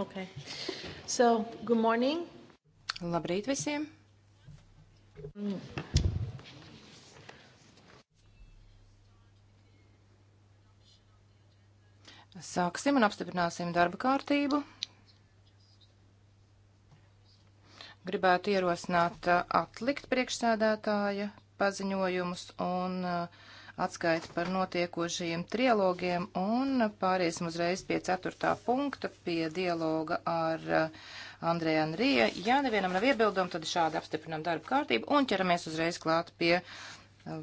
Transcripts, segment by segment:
Okay. So, good morning. Labrīt visiem. Mm. Sāksim un apstiprināsim darba kārtību. Gribētu ierosināt uh, atlikt priekšsēdētāja paziņojumus un uh, atskaiti par notiekošajiem trilogiem un pāriesim uzreiz pie ceturtā punkta, pie dialoga ar uh, Andrēju Anrija. Ja nevienam nav iebildumi, tad šādi apstiprinam darba kārtību un ķeramies uzreiz klāt pie uh,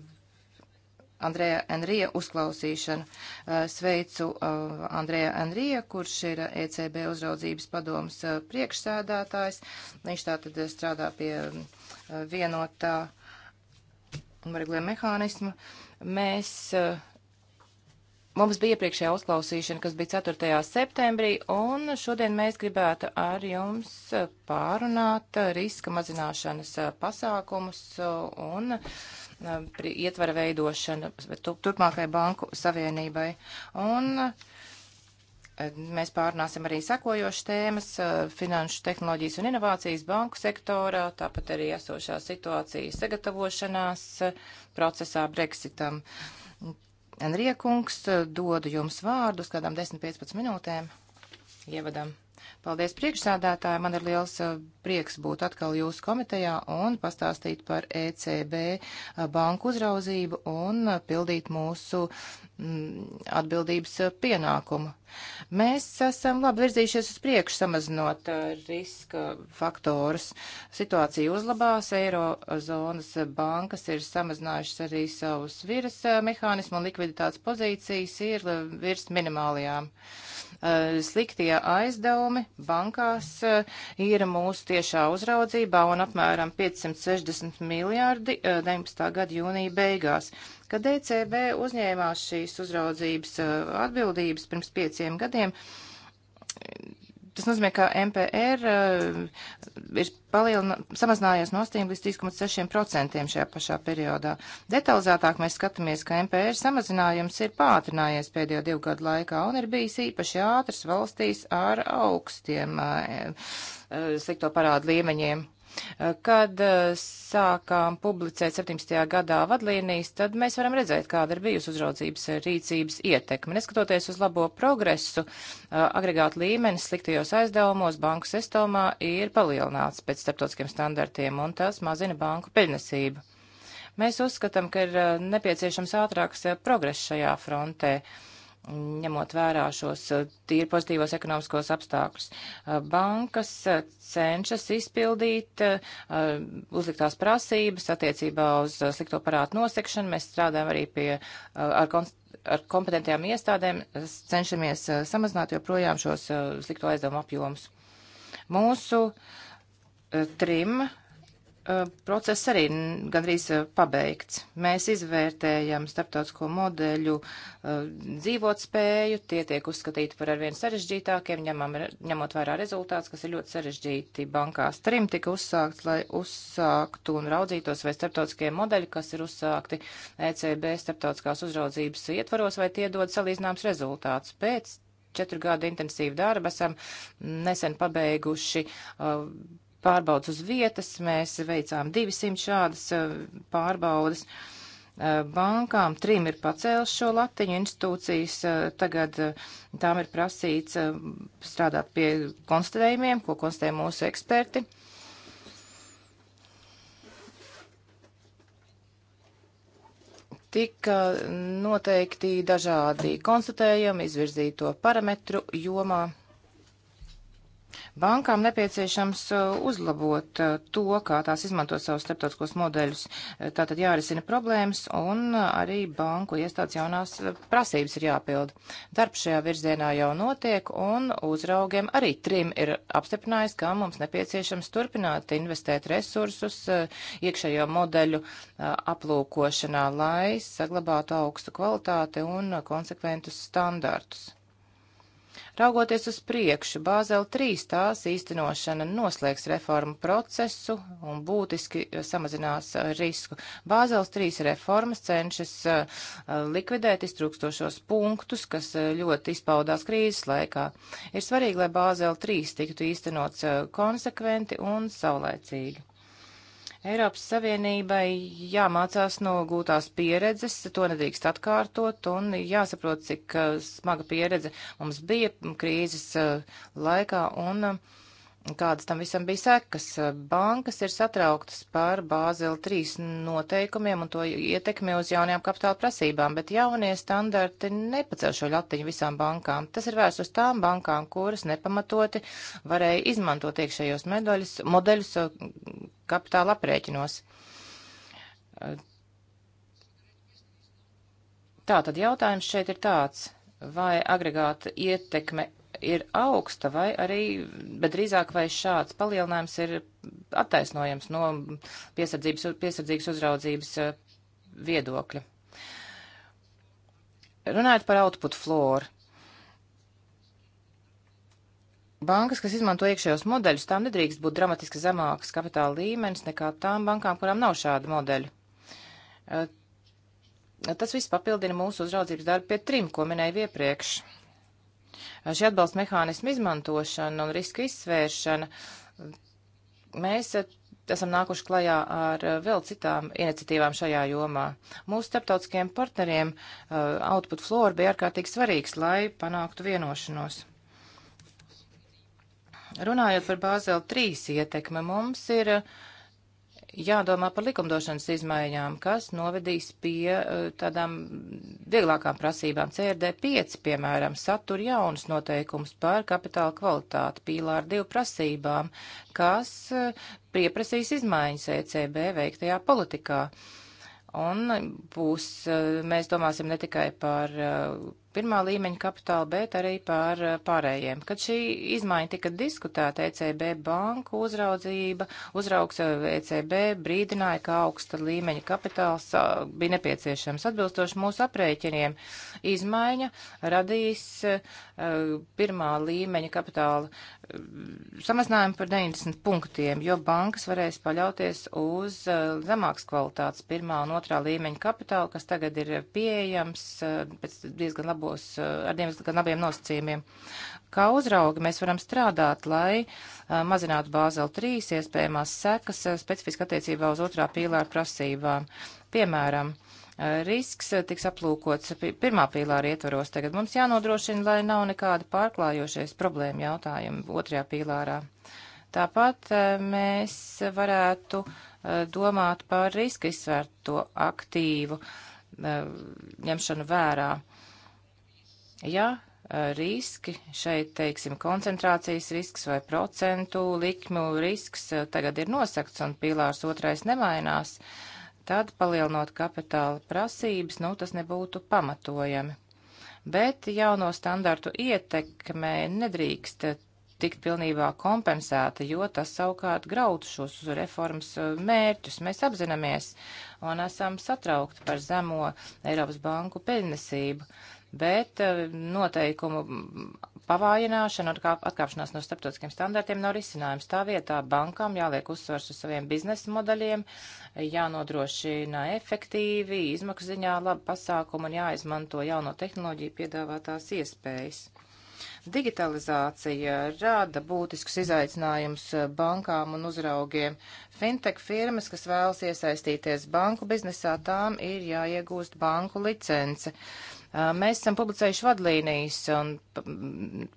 Andrēja Enrija uzklausīšanu. Uh, sveicu Andrēja Enrija, kurš ir ECB uzraudzības padomas priekšsēdētājs. Viņš tātad strādā pie um, vienotā regulējuma mehānisma. Uh, Mēs, eh, mums bija iepriekšējā uzklausīšana, kas bija 4. septembrī, un šodien mēs gribētu ar jums eh, pārunāt eh, riska mazināšanas pasākumus un ietvara veidošanu turpmākai banku savienībai. Un Mēs pārunāsim arī sekojošas tēmas eh, - finanšu tehnoloģijas un inovācijas banku sektorā, tāpat arī esošā situācija sagatavošanās eh, procesā Brexitam. Enriekungs, eh, dodu jums vārdu uz kādām 10-15 minūtēm ievadam. Paldies priekšsādātāji, man ir liels eh, prieks būt atkal jūsu komitejā un pastāstīt par ECB eh, banku uzraudzību un eh, pildīt mūsu mm, atbildības pienākumu. Mēs esam labi virzījušies uz priekšu, samazinot riska faktorus. Situācija uzlabās, Eirozonas bankas ir samazinājušas arī savus viras mehānismu un likviditātes pozīcijas ir virs minimālajām. Uh, Eh, sliktie aizdevumi bankās eh, ir mūsu tiešā uzraudzībā un apmēram 560 miljārdi 19. gada jūnija beigās. Kad ECB uzņēmās šīs uzraudzības eh, atbildības pirms pieciem gadiem, Tas nozīmē, ka MPR uh, ir palielina, samazinājies no 8 līdz 3,6% šajā pašā periodā. Detalizētāk mēs skatāmies, ka MPR samazinājums ir pātrinājies pēdējo divu gadu laikā un ir bijis īpaši ātrs valstīs ar augstiem uh, uh slikto parādu līmeņiem. Eh, kad eh, sākām publicēt 17. gadā vadlīnijas, tad mēs varam redzēt, kāda ir bijusi uzraudzības eh, rīcības ietekme. Neskatoties uz labo progresu, agregāta līmenis sliktajos aizdevumos banku sistēmā ir palielināts pēc starptautiskiem standartiem, un tas mazina banku peļnesību. Mēs uzskatām, ka ir nepieciešams ātrāks progress šajā frontē. Uh, ņemot vērā šos eh, tīri pozitīvos ekonomiskos apstākļus. Eh, bankas eh, cenšas izpildīt uzliktās prasības attiecībā uz slikto parādu nosekšanu. Mēs strādājam arī pie ar konstatējumu ar kompetentajām iestādēm cenšamies samazināt joprojām šos slikto aizdevumu apjomus. Mūsu trim Eh, process arī gandrīz eh, pabeigts. Mēs izvērtējam starptautisko modeļu eh, dzīvot spēju, tie tiek uzskatīti par arvien sarežģītākiem, ņemam, ņemot vērā rezultāts, kas ir ļoti sarežģīti bankās. Trim tika uzsākts, lai uzsāktu un raudzītos, vai starptautiskie modeļi, kas ir uzsākti ECB starptautiskās uzraudzības ietvaros, vai tie dod salīdzināms rezultāts. Pēc četru gadu intensīvu darbu esam nesen pabeiguši uh, pārbaudas uz vietas. Mēs veicām 200 šādas eh, pārbaudas. Eh, bankām trim ir pacēlis šo latiņu institūcijas, eh, tagad tām ir prasīts strādāt pie konstatējumiem, ko konstatē mūsu eksperti. tika noteikti dažādi konstatējumi izvirzīto parametru jomā. Bankām nepieciešams uh, uzlabot uh, to, kā tās izmanto savus starptautiskos modeļus. Uh, tātad jārisina problēmas un arī banku iestādes jaunās prasības ir jāpilda. Darbs šajā virzienā jau notiek un uzraugiem arī trim ir apstiprinājis, ka mums nepieciešams turpināt investēt resursus iekšējo modeļu aplūkošanā, lai saglabātu augstu kvalitāti un konsekventus standartus. Raugoties uz priekšu, Bāzela 3 tās īstenošana noslēgs reformu procesu un būtiski uh, samazinās uh, risku. Bāzels 3 reformas cenšas uh, likvidēt iztrūkstošos punktus, kas ļoti izpaudās krīzes laikā. Ir svarīgi, lai Bāzela 3 tiktu īstenots konsekventi un saulēcīgi. Eiropas Savienībai jāmācās no gūtās pieredzes, to nedrīkst atkārtot un jāsaprot, cik uh, smaga pieredze mums bija krīzes uh, laikā un uh, Kādas tam visam bija sekas? Bankas ir satrauktas par Bāzeli 3 noteikumiem un to ietekmi uz jaunajām kapitāla prasībām, bet jaunie standarti nepacēl šo latiņu visām bankām. Tas ir vērsts uz tām bankām, kuras nepamatoti varēja izmantot iekšējos medaļus, modeļus eh, kapitāla aprēķinos. Tātad jautājums šeit ir tāds, vai agregāta ietekme ir augsta, vai arī, bet drīzāk vai šāds palielinājums ir attaisnojams no piesardzības, piesardzīgas uzraudzības e, viedokļa. Runājot par output floor. Bankas, kas izmanto iekšējos modeļus, tām nedrīkst būt dramatiski zemāks kapitāla līmenis nekā tām bankām, kurām nav šādu modeļu. E, tas viss papildina mūsu uzraudzības darbu pie trim, ko minēju iepriekš. Šī atbalsta mehānisma izmantošana un riska izsvēršana. Mēs esam nākuši klajā ar eh, vēl citām iniciatīvām šajā jomā. Mūsu starptautiskajiem partneriem eh, Output Floor bija ārkārtīgi svarīgs, lai panāktu vienošanos. Runājot par Bāzeli 3 ietekme, mums ir uh, jādomā par likumdošanas izmaiņām, kas novedīs pie eh, tādām vieglākām prasībām. CRD5, piemēram, satur jaunus noteikumus par kapitāla kvalitāti, pīlāru divu prasībām, kas eh, pieprasīs izmaiņas ECB veiktajā politikā. Un eh, būs, mēs domāsim ne tikai par pirmā līmeņa kapitālu, bet arī par eh, pārējiem. Kad šī izmaiņa tika diskutēta, ECB banku uzraudzība, uzraugs ECB eh, e brīdināja, ka augsta līmeņa kapitāls eh, bija nepieciešams. Atbilstoši mūsu aprēķiniem, izmaiņa radīs pirmā līmeņa kapitāla samazinājumu par 90 punktiem, jo bankas varēs paļauties uz uh, zemākas kvalitātes pirmā un otrā līmeņa kapitāla, kas tagad ir pieejams uh, pēc diezgan labos, uh, ar diezgan labiem nosacījumiem. Kā uzraugi mēs varam strādāt, lai mazinātu Bāzeli 3 iespējamās sekas specifiski attiecībā uz otrā pīlāra prasībām. Piemēram, risks eh, tiks aplūkots pirmā pīlāra ietvaros. Tagad mums jānodrošina, lai nav nekāda pārklājošies problēma jautājumi otrajā pīlārā. Tāpat eh, mēs varētu eh, domāt par riska izsvērto aktīvu ņemšanu vērā. Ja riski šeit, teiksim, koncentrācijas risks vai procentu likmu risks tagad ir nosakts un pīlārs otrais nemainās, uh, tad palielinot kapitāla prasības, nu, tas nebūtu pamatojami. Bet jauno standartu ietekme nedrīkst tikt pilnībā kompensēta, jo tas savukārt grautu šos reformas uh, mērķus. Mēs apzināmies un esam satraukti par zemo Eiropas banku peļnesību. Uh, bet eh, noteikumu pavājināšana, atkāpšanās no starptautiskiem standartiem nav risinājums. Tā vietā bankām jāliek uzsvars uz saviem biznesa modeļiem, jānodrošina efektīvi, izmaksu ziņā labi pasākumi un jāizmanto jauno tehnoloģiju piedāvātās iespējas. Digitalizācija rada būtiskus izaicinājumus eh, bankām un uzraugiem. Fintech firmas, kas vēlas iesaistīties banku biznesā, tām ir jāiegūst banku licence. Uh, Mēs esam publicējuši vadlīnijas un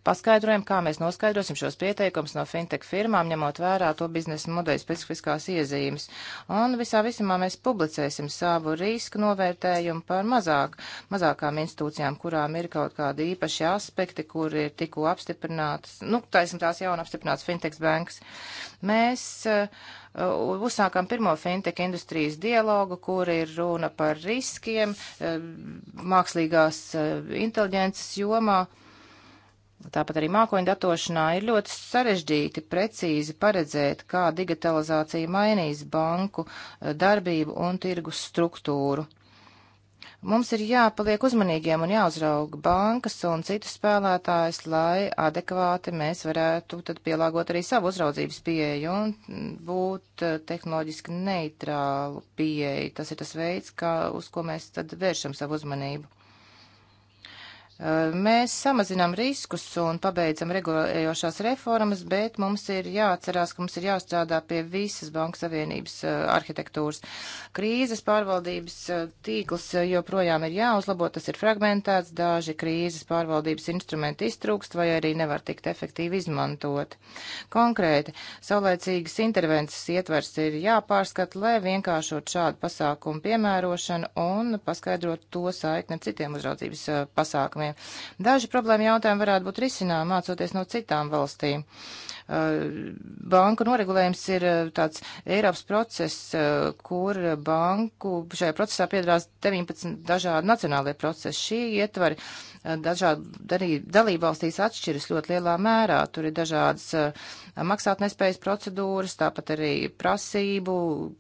paskaidrojam, kā mēs noskaidrosim šos pieteikumus no fintech firmām, ņemot vērā to biznesa modeļu specifiskās iezīmes. Un visā visumā mēs publicēsim savu risku novērtējumu par mazāk, mazākām institūcijām, kurām ir kaut kādi īpaši aspekti, kur ir tikko apstiprinātas, nu, taisnām tās jauna apstiprinātas fintech bankas. Mēs uh, Uh, uzsākam pirmo fintech industrijas dialogu, kur ir runa par riskiem uh, mākslīgās uh, inteliģences jomā. Tāpat arī mākoņu datošanā ir ļoti sarežģīti precīzi paredzēt, kā digitalizācija mainīs banku darbību un tirgus struktūru. Mums ir jāpaliek uzmanīgiem un jāuzrauga bankas un citus spēlētājus, lai adekvāti mēs varētu tad pielāgot arī savu uzraudzības pieeju un būt eh, tehnoloģiski neitrālu pieeju. Tas ir tas veids, kā, uz ko mēs tad vēršam savu uzmanību. Mēs samazinām riskus un pabeidzam regulējošās reformas, bet mums ir jāatcerās, ka mums ir jāstrādā pie visas Banka Savienības eh, arhitektūras. Krīzes pārvaldības eh, tīkls joprojām ir jāuzlabo, tas ir fragmentēts, daži krīzes pārvaldības instrumenti iztrūkst vai arī nevar tikt efektīvi izmantot. Konkrēti, saulēcīgas intervences ietvers ir jāpārskata, lai vienkāršot šādu pasākumu piemērošanu un paskaidrot to saikni ar citiem uzraudzības eh, pasākumiem Daži problēma jautājumi varētu būt risinām, mācoties no citām valstīm. Uh, Eh, banku noregulējums ir eh, tāds Eiropas process, eh, kur banku šajā procesā piedalās 19 dažādi nacionālie procesi. Šī ietvari dažādi dalībvalstīs atšķiras ļoti lielā mērā. Tur ir dažādas maksātnespējas procedūras, tāpat arī prasību,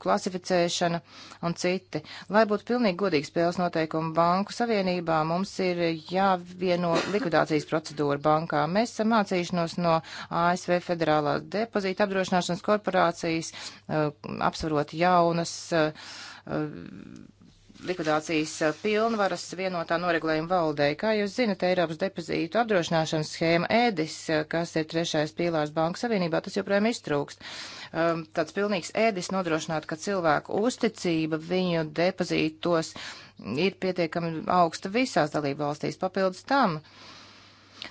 klasificēšana un citi. Lai būtu pilnīgi godīgi spēles noteikumi Banku Savienībā, mums ir jāvieno likvidācijas procedūra bankā. Mēs esam mācījušies no ASV federālajā Federālās depozīta apdrošināšanas korporācijas, eh, apsvarot jaunas eh, likvidācijas eh, pilnvaras vienotā noregulējuma valdei. Kā jūs zinat, Eiropas depozītu apdrošināšanas schēma ēdis, kas ir trešais pīlārs Banka Savienībā, tas joprojām iztrūkst. Um, tāds pilnīgs ēdis nodrošināt, ka cilvēku uzticība viņu depozītos ir pietiekami augsta visās dalību valstīs papildus tam. Uh,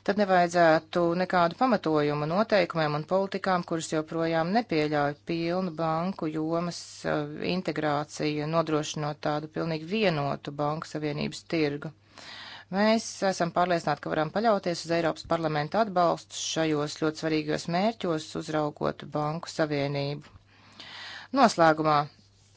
tad nevajadzētu nekādu pamatojumu noteikumiem un politikām, kuras joprojām nepieļauj pilnu banku jomas eh, integrāciju, nodrošinot tādu pilnīgi vienotu banku savienības tirgu. Mēs esam pārliecināti, ka varam paļauties uz Eiropas parlamenta atbalstu šajos ļoti svarīgos mērķos, uzraugot banku savienību. Noslēgumā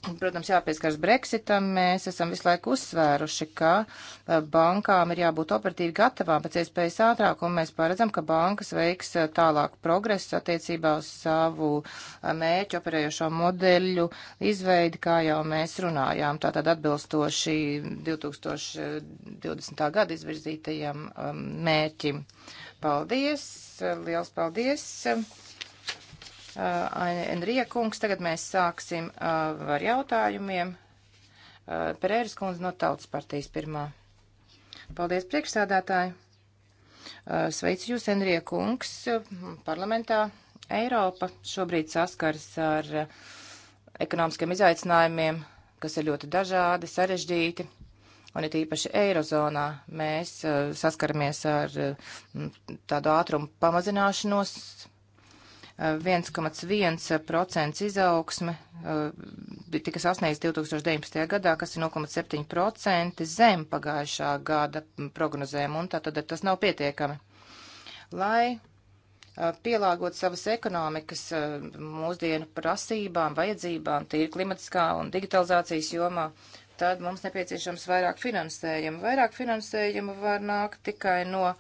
Protams, jāpieskars Brexitam. Mēs esam visu laiku uzsvēruši, ka eh, bankām ir jābūt operatīvi gatavām pēc iespējas ātrāk, un mēs paredzam, ka bankas veiks eh, tālāku progresu attiecībā uz savu eh, mērķu operējošo modeļu izveidi, kā jau mēs runājām, tātad atbilstoši 2020. gada izvirzītajam mērķim. Paldies! Liels paldies! Uh, Enrija kungs. Tagad mēs sāksim uh, ar jautājumiem. Uh, Pereiras kundze no Tautas partijas pirmā. Paldies, priekšsādātāji! Sveicu jūs, Enrija kungs, parlamentā. Eiropa šobrīd saskars ar ekonomiskiem izaicinājumiem, kas ir ļoti dažādi, sarežģīti. Un it īpaši Eirozonā mēs saskaramies ar tādu ātrumu pamazināšanos, 1,1% izaugsme eh, tika sasniegts 2019. gadā, kas ir 0,7% zem pagājušā gada prognozēm, un tātad tas nav pietiekami. Lai eh, pielāgot savas ekonomikas eh, mūsdienu prasībām, vajadzībām, tīri klimatiskā un digitalizācijas jomā, tad mums nepieciešams vairāk finansējumu. Vairāk finansējumu var nākt tikai no uh,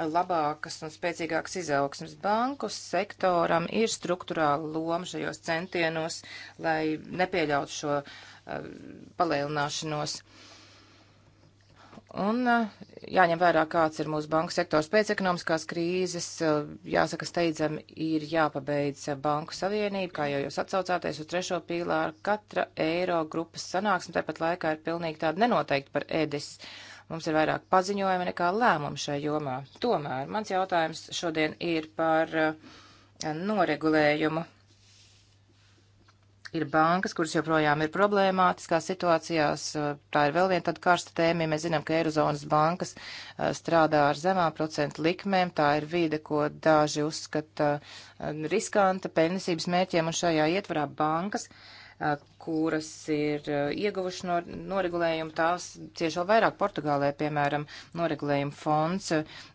labākas un spēcīgākas izaugsmas. Banku sektoram ir struktūrāla loma šajos centienos, lai nepieļautu šo uh, palielināšanos. Un uh, jāņem vērā, kāds ir mūsu banku sektors pēc ekonomiskās krīzes. Uh, jāsaka, steidzami ir jāpabeidz banku savienība, kā jau jūs atsaucāties uz trešo pīlāru. Katra eiro grupas sanāksme tāpat laikā ir pilnīgi tāda nenoteikta par edis. Uh, Mums ir vairāk paziņojumi nekā lēmumi šai jomā. Tomēr mans jautājums šodien ir par eh, noregulējumu. Ir bankas, kuras joprojām ir problemātiskās situācijās. Eh, tā ir vēl viena tāda karsta tēma. Mēs zinām, ka Eirozonas bankas eh, strādā ar zemām procentu likmēm. Tā ir vide, ko daži uzskata riskanta, pelnisības mērķiem un šajā ietvarā bankas. Uh, kuras ir ieguvuši no noregulējumu, tās cieši vēl vairāk Portugālē, piemēram, noregulējuma fonds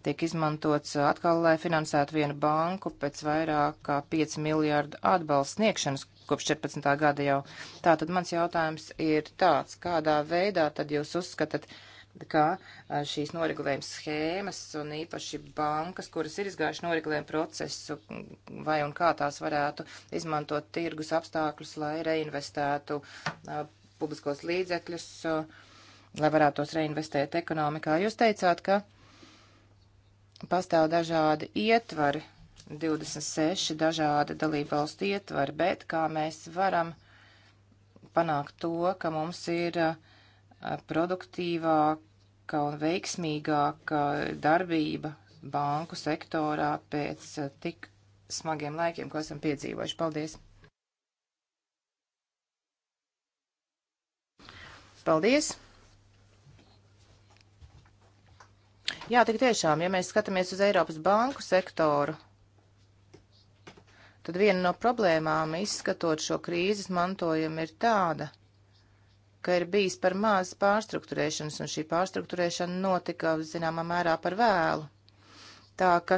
tiek izmantots atkal, lai finansētu vienu banku pēc vairāk kā 5 miljārdu atbalstu sniegšanas kopš 14. gada jau. Tātad mans jautājums ir tāds, kādā veidā tad jūs uzskatat, uh, kā šīs noregulējuma schēmas un īpaši bankas, kuras ir izgājuši noregulējuma procesu, vai un kā tās varētu izmantot tirgus apstākļus, lai reinvestētu uh, publiskos līdzekļus, uh, lai varētu tos reinvestēt ekonomikā. Jūs teicāt, ka pastāv dažādi ietvari, 26 dažādi dalību valstu ietvari, bet kā mēs varam panākt to, ka mums ir uh, produktīvāk ka veiksmīgāka darbība banku sektorā pēc tik smagiem laikiem, ko esam piedzīvojuši. Paldies! Paldies! Jā, tik tiešām, ja mēs skatāmies uz Eiropas banku sektoru, tad viena no problēmām, izskatot šo krīzes mantojumu, ir tāda – ka ir bijis par maz pārstruktūrēšanas, un šī pārstruktūrēšana notika zināmā mērā par vēlu. Tā ka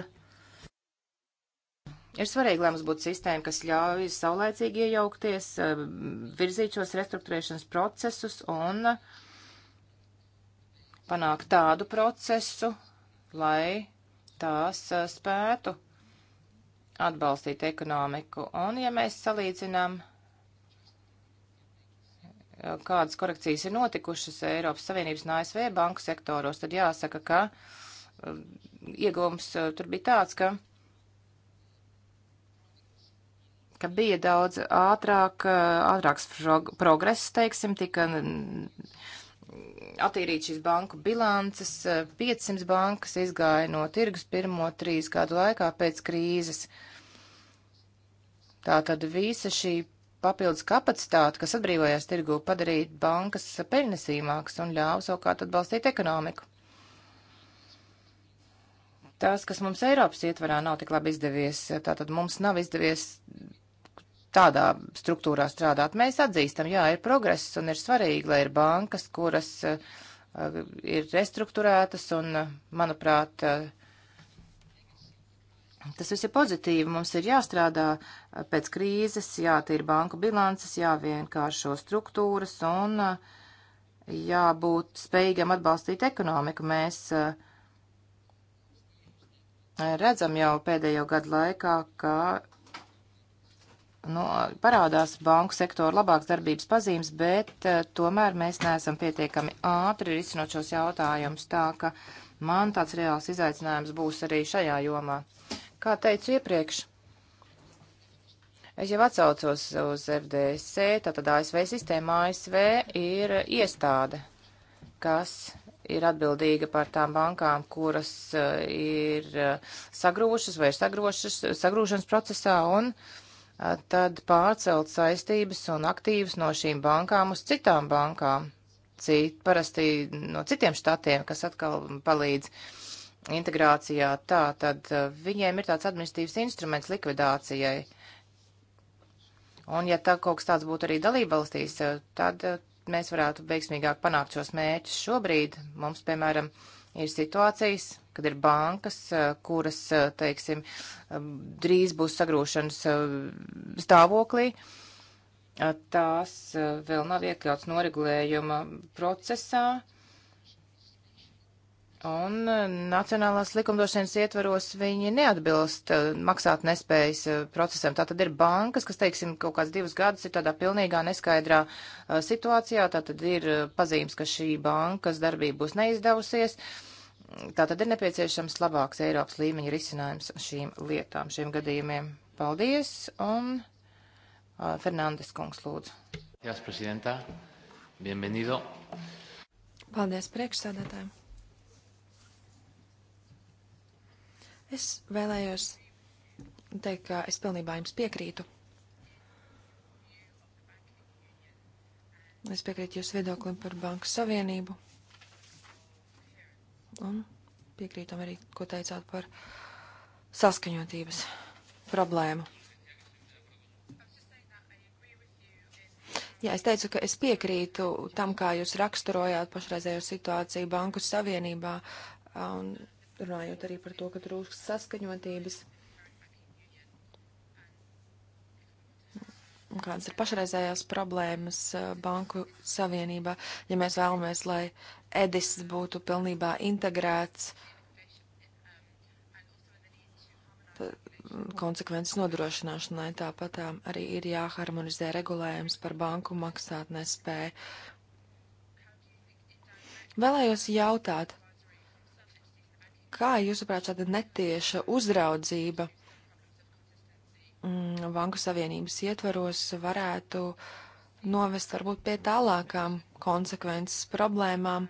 ir svarīgi, lai mums būtu sistēma, kas ļauj saulēcīgi iejaukties, eh, virzīt šos restruktūrēšanas procesus un panākt tādu procesu, lai tās eh, spētu atbalstīt ekonomiku. Un, ja mēs salīdzinām kādas korekcijas ir notikušas Eiropas Savienības un ASV banku sektoros, tad jāsaka, ka um, iegūms uh, tur bija tāds, ka, ka bija daudz ātrāk, uh, ātrāks progress, teiksim, tika attīrīt šīs banku bilances, 500 uh, bankas izgāja no tirgus pirmo trīs gadu laikā pēc krīzes. Tātad visa šī papildus kapacitāti, kas atbrīvojās tirgu, padarīt bankas peļnesīmākas un ļāva savukārt atbalstīt ekonomiku. Tās, kas mums Eiropas ietvarā nav tik labi izdevies, tātad mums nav izdevies tādā struktūrā strādāt. Mēs atzīstam, jā, ir progress un ir svarīgi, lai ir bankas, kuras uh, ir restruktūrētas un, eh, manuprāt, uh, Tas viss ir pozitīvi. Mums ir jāstrādā eh, pēc krīzes, jātīra banku bilances, jāvienkāršo struktūras un eh, jābūt spējīgam atbalstīt ekonomiku. Mēs eh, redzam jau pēdējo gadu laikā, ka nu, parādās banku sektora labāks darbības pazīmes, bet tomēr mēs neesam pietiekami ātri risinot šos jautājumus, tā ka man tāds reāls izaicinājums būs arī šajā jomā. Kā teicu iepriekš, es jau atsaucos uz FDC, tātad ASV sistēma ASV ir iestāde, kas ir atbildīga par tām bankām, kuras eh, ir eh, sagrūšas vai ir sagrūšas, sagrūšanas procesā un eh, tad pārcelt saistības un aktīvas no šīm bankām uz citām bankām, cit, parasti no citiem štatiem, kas atkal palīdz uh, integrācijā. Tā tad uh, viņiem ir tāds administratīvs instruments likvidācijai. Un ja tā kaut kas tāds būtu arī dalībvalstīs, uh, tad uh, mēs varētu veiksmīgāk panākt šos mērķus. Šobrīd mums, piemēram, ir situācijas, kad ir bankas, kuras, teiksim, um, drīz būs sagrūšanas stāvoklī. Tās vēl nav iekļauts noregulējuma procesā. Un eh, nacionālās likumdošanas ietvaros viņi neatbilst eh, maksāt nespējas eh, procesam. Tātad ir bankas, kas, teiksim, kaut kāds divus gadus ir tādā pilnīgā neskaidrā situācijā, tātad ir pazīmes, ka šī bankas darbība būs neizdevusies. Tātad ir nepieciešams labāks Eiropas līmeņa risinājums šīm lietām, šiem gadījumiem. Paldies, un uh, Fernandes kungs lūdzu. Jās, prezidentā, bienvenido. Paldies, priekšsēdētājiem. Es vēlējos teikt, ka es pilnībā jums piekrītu. Es piekrītu jūsu viedoklim par Banku Savienību. Un piekrītam arī, ko teicāt par saskaņotības problēmu. Jā, es teicu, ka es piekrītu tam, kā jūs raksturojāt pašreizējo situāciju Banku Savienībā. Un runājot arī par to, ka trūkst saskaņotības. Un kādas ir pašreizējās problēmas uh, banku savienībā, ja mēs vēlamies, lai Edis būtu pilnībā integrēts, konsekvences nodrošināšanai tāpat arī ir jāharmonizē regulējums par banku maksātnespēju. Vēlējos jautāt, Kā jūsuprāt, tāda netieša uzraudzība mm, Banku Savienības ietvaros varētu novest varbūt pie tālākām konsekvences problēmām?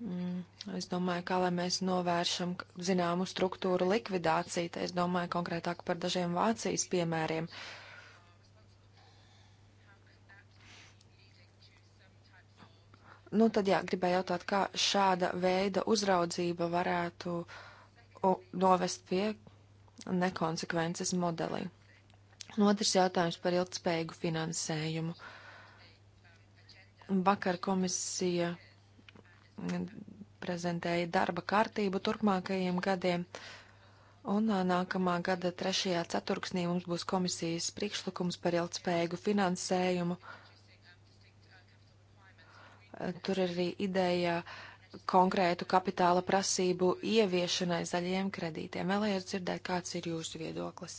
Mm, es domāju, kā lai mēs novēršam zināmu struktūru likvidāciju, es domāju konkrētāk par dažiem Vācijas piemēriem. Uh, Nu, tad jā, gribēju jautāt, kā šāda veida uzraudzība varētu novest pie nekonsekvences modelī. Un otrs jautājums par ilgspējīgu finansējumu. Vakar komisija prezentēja darba kārtību turpmākajiem gadiem, un nākamā gada 3. ceturksnī mums būs komisijas priekšlikums par ilgspējīgu finansējumu. Uh, Eh, tur ir arī ideja konkrētu kapitāla prasību ieviešanai zaļiem kredītiem. Vēlējos dzirdēt, kāds ir jūsu viedoklis.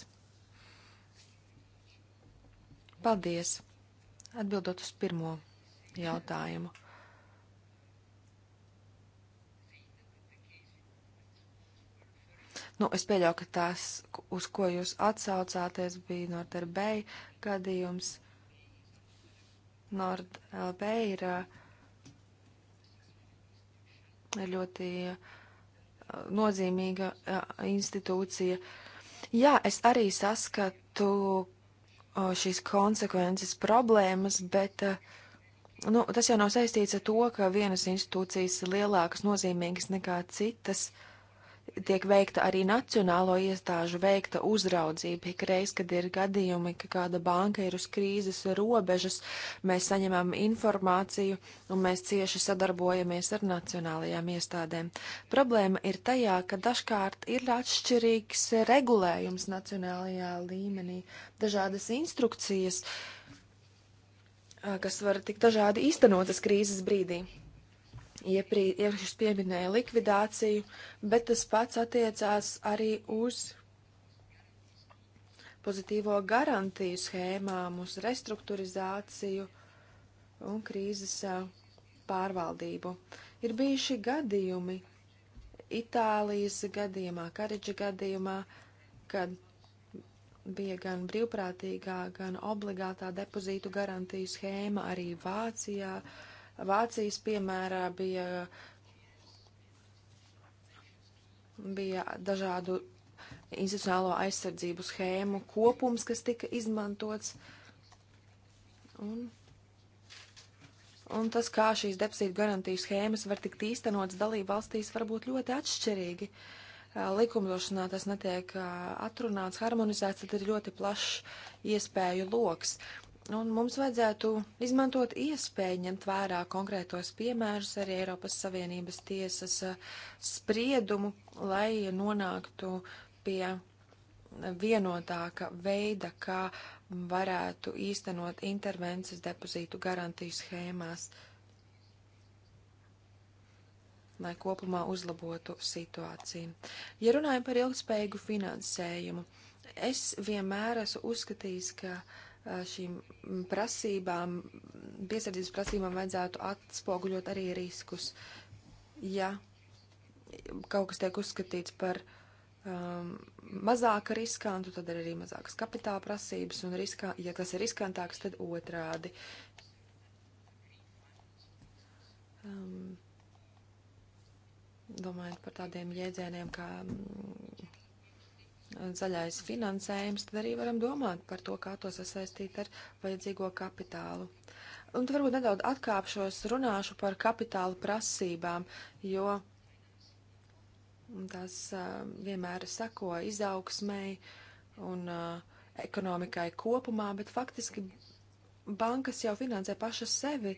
Paldies! Atbildot uz pirmo jautājumu. Nu, es pieļauju, ka tās, uz ko jūs atsaucāties, bija Norderbeja gadījums. NordLB ir uh, ļoti eh, nozīmīga eh, institūcija. Jā, es arī saskatu eh, šīs konsekvences problēmas, bet nu, tas jau nav saistīts ar to, ka vienas institūcijas ir lielākas, nozīmīgas nekā citas. Uh, tiek veikta arī nacionālo iestāžu veikta uzraudzība. Ikreiz, kad ir gadījumi, ka kāda banka ir uz krīzes robežas, mēs saņemam informāciju un mēs cieši sadarbojamies ar nacionālajām iestādēm. Problēma ir tajā, ka dažkārt ir atšķirīgs regulējums nacionālajā līmenī, dažādas instrukcijas, kas var tik dažādi īstenotas krīzes brīdī. Iepriekš pieminēja likvidāciju, bet tas pats attiecās arī uz pozitīvo garantiju schēmām, uz restruktūrizāciju un krīzes pārvaldību. Ir bijuši gadījumi, Itālijas gadījumā, Kariģa gadījumā, kad bija gan brīvprātīgā, gan obligātā depozītu garantiju schēma arī Vācijā. Uh, Vācijas piemērā bija, bija dažādu institucionālo aizsardzību schēmu kopums, kas tika izmantots. Un, un tas, kā šīs depozītu garantiju schēmas var tikt īstenots dalību valstīs, var būt ļoti atšķirīgi. Likumdošanā tas netiek atrunāts, harmonizēts, tad ir ļoti plašs iespēju loks. Un mums vajadzētu izmantot iespēju ņemt vērā konkrētos piemērus arī Eiropas Savienības tiesas uh, spriedumu, lai nonāktu pie uh, vienotāka veida, kā varētu īstenot intervences depozītu garantiju schēmās, lai kopumā uzlabotu situāciju. Ja runājam par ilgspējīgu finansējumu, es vienmēr esmu uzskatījis, ka uh, šīm prasībām, piesardzības prasībām vajadzētu atspoguļot arī riskus. Ja kaut kas tiek uzskatīts par um, mazāk riskantu, tad ir arī mazākas kapitāla prasības, un riskā, ja tas ir riskantāks, tad otrādi. Um, domājot par tādiem jēdzieniem kā mm, zaļais finansējums, tad arī varam domāt par to, kā to sasaistīt ar vajadzīgo kapitālu. Un tad varbūt nedaudz atkāpšos, runāšu par kapitāla prasībām, jo tās uh, vienmēr sako izaugsmēji un uh, ekonomikai kopumā, bet faktiski bankas jau finansē pašas sevi,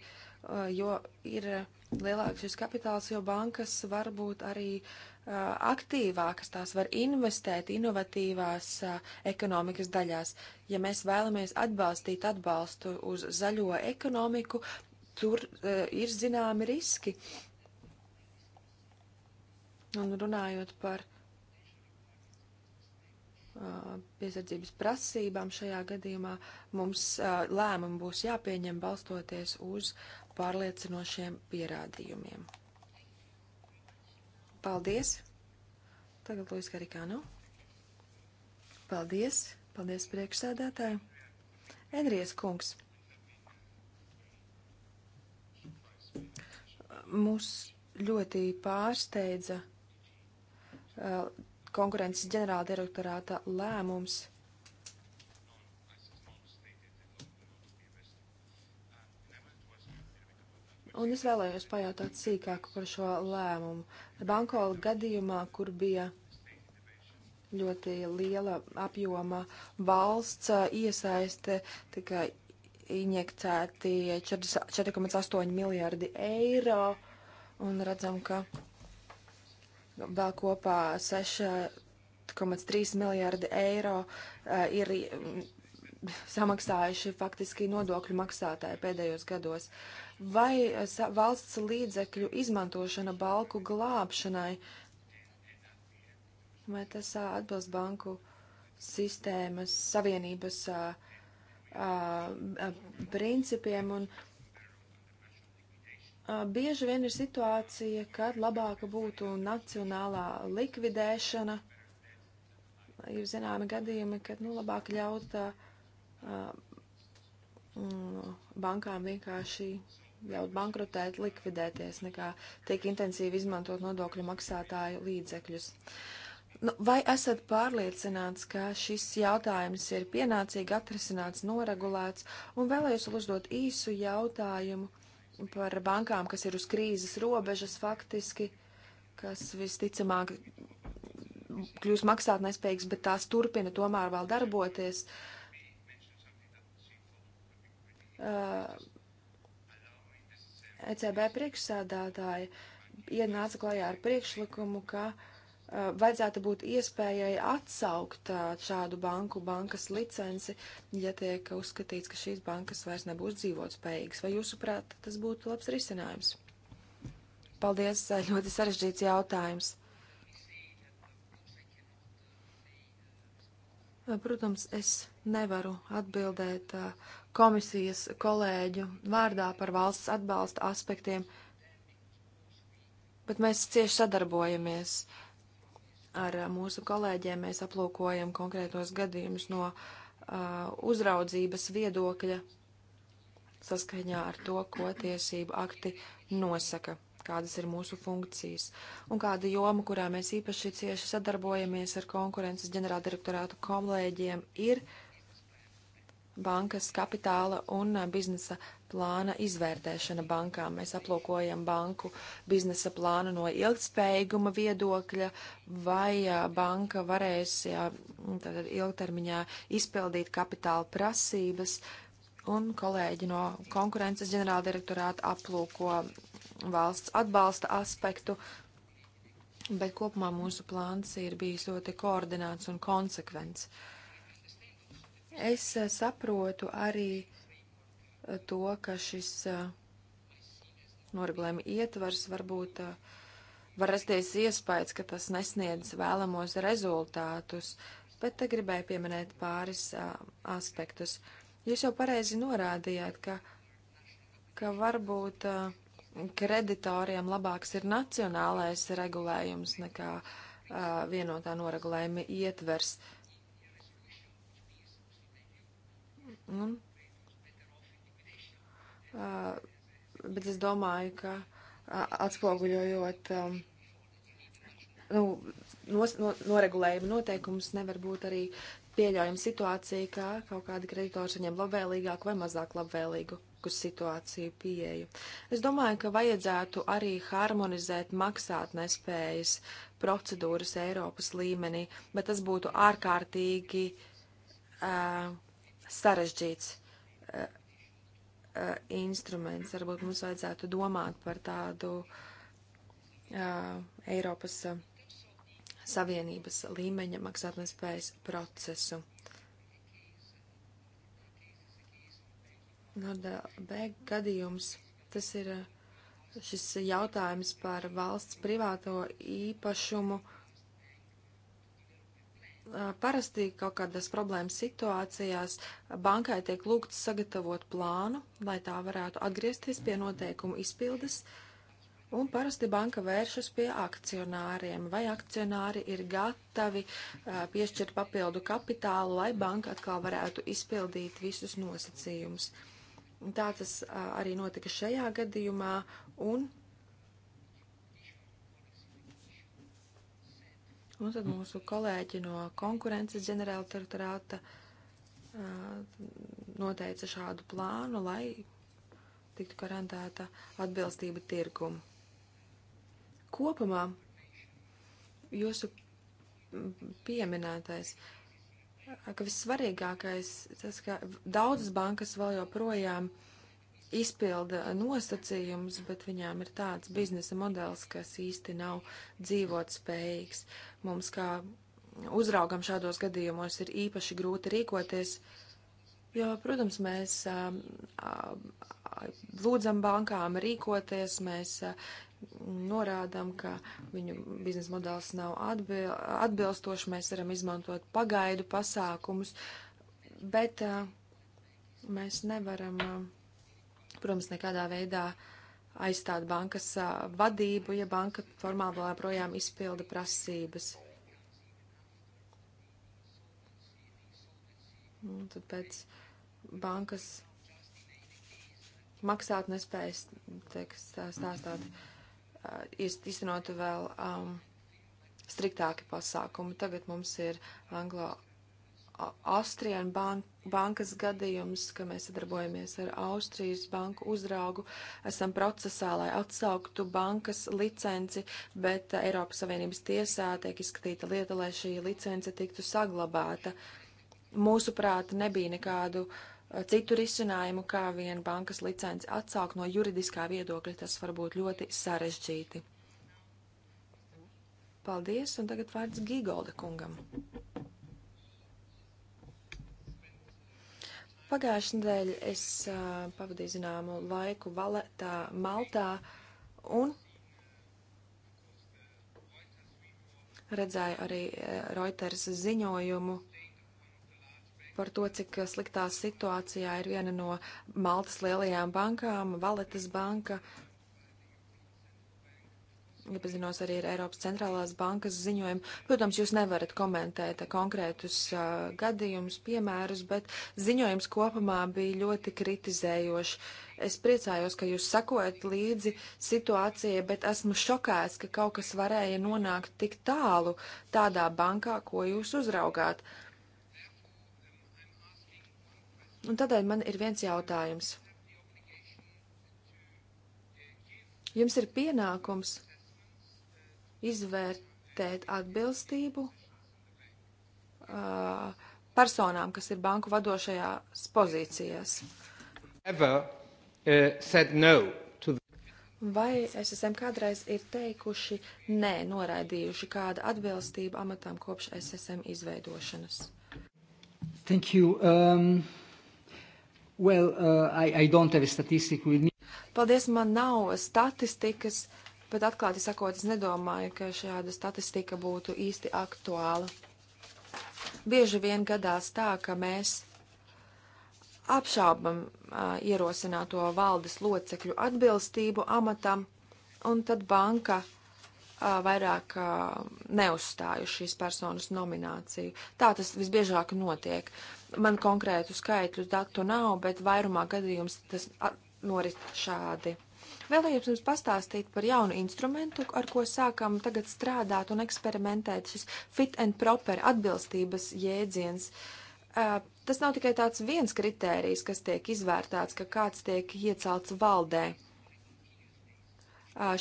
uh, jo ir lielāks šis kapitāls, jo bankas varbūt arī uh, aktīvākas, tās var investēt inovatīvās ekonomikas daļās. Ja mēs vēlamies atbalstīt atbalstu uz zaļo ekonomiku, tur ir zināmi riski. Un runājot par piesardzības prasībām šajā gadījumā, mums lēmumi būs jāpieņem balstoties uz pārliecinošiem pierādījumiem. Paldies! Tagad Lūis Garikānu. Paldies! Paldies priekšsēdētāji! Enrijas kungs! Mūs ļoti pārsteidza uh, konkurences ģenerāla direktorāta lēmums Un es vēlējos pajautāt sīkāk par šo lēmumu. Bankola gadījumā, kur bija ļoti liela apjoma valsts iesaiste, tika injekcēti 4,8 miljardi eiro, un redzam, ka vēl kopā 6,3 miljardi eiro ir samaksājuši faktiski nodokļu maksātāji pēdējos gados. Vai eh, valsts līdzekļu izmantošana banku glābšanai, vai tas eh, atbilst banku sistēmas savienības a, a, a, principiem un eh, Bieži vien ir situācija, kad labāka būtu nacionālā likvidēšana. Ir zināmi gadījumi, kad nu, labāk ļaut uh, Mm, bankām vienkārši ļaut bankrotēt, likvidēties, nekā tiek intensīvi izmantot nodokļu maksātāju līdzekļus. Nu, vai esat pārliecināts, ka šis jautājums ir pienācīgi atrisināts, noregulēts, un vēlējos uzdot īsu jautājumu par bankām, kas ir uz krīzes robežas faktiski, kas visticamāk kļūs maksātnespējīgs, bet tās turpina tomēr vēl darboties. Uh, uh, eh, ECB priekšsādātāji ienāca klajā ar priekšlikumu, ka uh, vajadzētu būt iespējai atsaukt uh, šādu banku bankas licenci, ja tiek uzskatīts, ka šīs bankas vairs nebūs dzīvotspējīgas. Vai jūsuprāt, tas būtu labs risinājums? Paldies, ļoti sarežģīts jautājums. Protams, es nevaru atbildēt uh, komisijas kolēģu vārdā par valsts atbalsta aspektiem, bet mēs cieši sadarbojamies ar mūsu kolēģiem. Mēs aplūkojam konkrētos gadījumus no uh, uzraudzības viedokļa saskaņā ar to, ko tiesību akti nosaka, kādas ir mūsu funkcijas un kāda joma, kurā mēs īpaši cieši sadarbojamies ar konkurences ģenerāldirektorātu kolēģiem, ir uh, bankas kapitāla un eh, biznesa plāna izvērtēšana bankām. Mēs aplūkojam banku biznesa plānu no ilgspējīguma viedokļa, vai eh, banka varēs jā, ilgtermiņā izpildīt kapitāla prasības, un kolēģi no konkurences ģenerāldirektorāta aplūko valsts atbalsta aspektu, bet kopumā mūsu plāns ir bijis ļoti koordināts un konsekvents. Uh, Es eh, saprotu arī eh, to, ka šis eh, noregulējuma ietvars varbūt var rasties iespējas, ka tas nesniedz vēlamos rezultātus, bet te gribēju pieminēt pāris aspektus. Jūs jau pareizi norādījāt, ka, ka varbūt kreditoriem labāks ir nacionālais regulējums nekā vienotā noregulējuma ietvers. Uh, Un, nu, uh, bet es domāju, ka uh, atspoguļojot um, nu, nos, no, noregulējuma noteikumus, nevar būt arī pieļaujama situācija, ka kaut kādi kreditori saņem labvēlīgāku vai mazāk labvēlīgu situāciju pieeju. Es domāju, ka vajadzētu arī harmonizēt maksātnespējas procedūras Eiropas līmenī, bet tas būtu ārkārtīgi uh, sarežģīts uh, uh, instruments. Varbūt mums vajadzētu domāt par tādu uh, Eiropas uh, Savienības līmeņa maksātnespējas procesu. Nordbēg nu, gadījums, tas ir šis jautājums par valsts privāto īpašumu uh, Parasti kaut kādās problēmas situācijās bankai tiek lūgts sagatavot plānu, lai tā varētu atgriezties pie noteikumu izpildes, un parasti banka vēršas pie akcionāriem, vai akcionāri ir gatavi piešķirt papildu kapitālu, lai banka atkal varētu izpildīt visus nosacījumus. Tā tas arī notika šajā gadījumā, un Un nu, tad mūsu kolēģi no konkurences ģenerāla teritorāta noteica šādu plānu, lai tiktu garantēta atbilstība tirgumu. Kopumā jūsu pieminētais, ka vissvarīgākais tas, ka daudzas bankas vēl joprojām uh, izpilda nosacījumus, bet viņām ir tāds biznesa modelis, kas īsti nav dzīvot spējīgs. Mums kā uzraugam šādos gadījumos ir īpaši grūti rīkoties, jo, protams, mēs a, a, a, lūdzam bankām rīkoties, mēs uh, norādām, ka viņu biznesa modelis nav atbil, atbilstošs, mēs varam izmantot pagaidu pasākumus, bet uh, mēs nevaram. Uh, Protams, nekādā veidā aizstāt bankas vadību, ja banka formāli vēl projām izpilda prasības. Un nu, tad pēc bankas maksāt nespējas, teiks, stāstāt, īstenot vēl um, striktāki pasākumi. Tagad mums ir anglo Austrijan bank, bankas gadījums, ka mēs sadarbojamies ar Austrijas banku uzraugu, esam procesā, lai atsauktu bankas licenci, bet Eiropas Savienības tiesā tiek izskatīta lieta, lai šī licence tiktu saglabāta. Mūsuprāt, nebija nekādu eh, citu risinājumu, kā vien bankas licenci atsaukt no juridiskā viedokļa, tas var būt ļoti sarežģīti. Paldies, un tagad vārds Gigolda kungam. Pagājušajā nedēļā es uh, pavadīju zināmu laiku Valetā, Maltā un redzēju arī Reuters ziņojumu par to, cik sliktā situācijā ir viena no Maltas lielajām bankām, Valetas banka, iepazinos arī ar Eiropas centrālās bankas ziņojumu. Protams, jūs nevarat komentēt konkrētus uh, gadījumus, piemērus, bet ziņojums kopumā bija ļoti kritizējošs. Es priecājos, ka jūs sakojat līdzi situācijai, bet esmu šokēts, ka kaut kas varēja nonākt tik tālu tādā bankā, ko jūs uzraugāt. Un tādēļ man ir viens jautājums. Jums ir pienākums izvērtēt atbilstību uh, personām, kas ir banku vadošajās pozīcijās. Ever, uh, no the... Vai SSM kādreiz ir teikuši nē, noraidījuši kāda atbilstība amatām kopš SSM izveidošanas? Thank you. Um... Well, uh, I, I don't have a statistic with me. Paldies, man nav statistikas bet atklāti sakot, es nedomāju, ka šāda statistika būtu īsti aktuāla. Bieži vien gadās tā, ka mēs apšaubam uh, ierosināto valdes locekļu atbilstību amatam, un tad banka uh, vairāk uh, neuzstāju šīs personas nomināciju. Tā tas visbiežāk notiek. Man konkrētu skaitļu datu nav, bet vairumā gadījums tas norit šādi. Vēlējos jums pastāstīt par jaunu instrumentu, ar ko sākam tagad strādāt un eksperimentēt. Šis fit and proper atbilstības jēdziens. Tas nav tikai tāds viens kritērijs, kas tiek izvērtēts, ka kāds tiek iecelts valdē.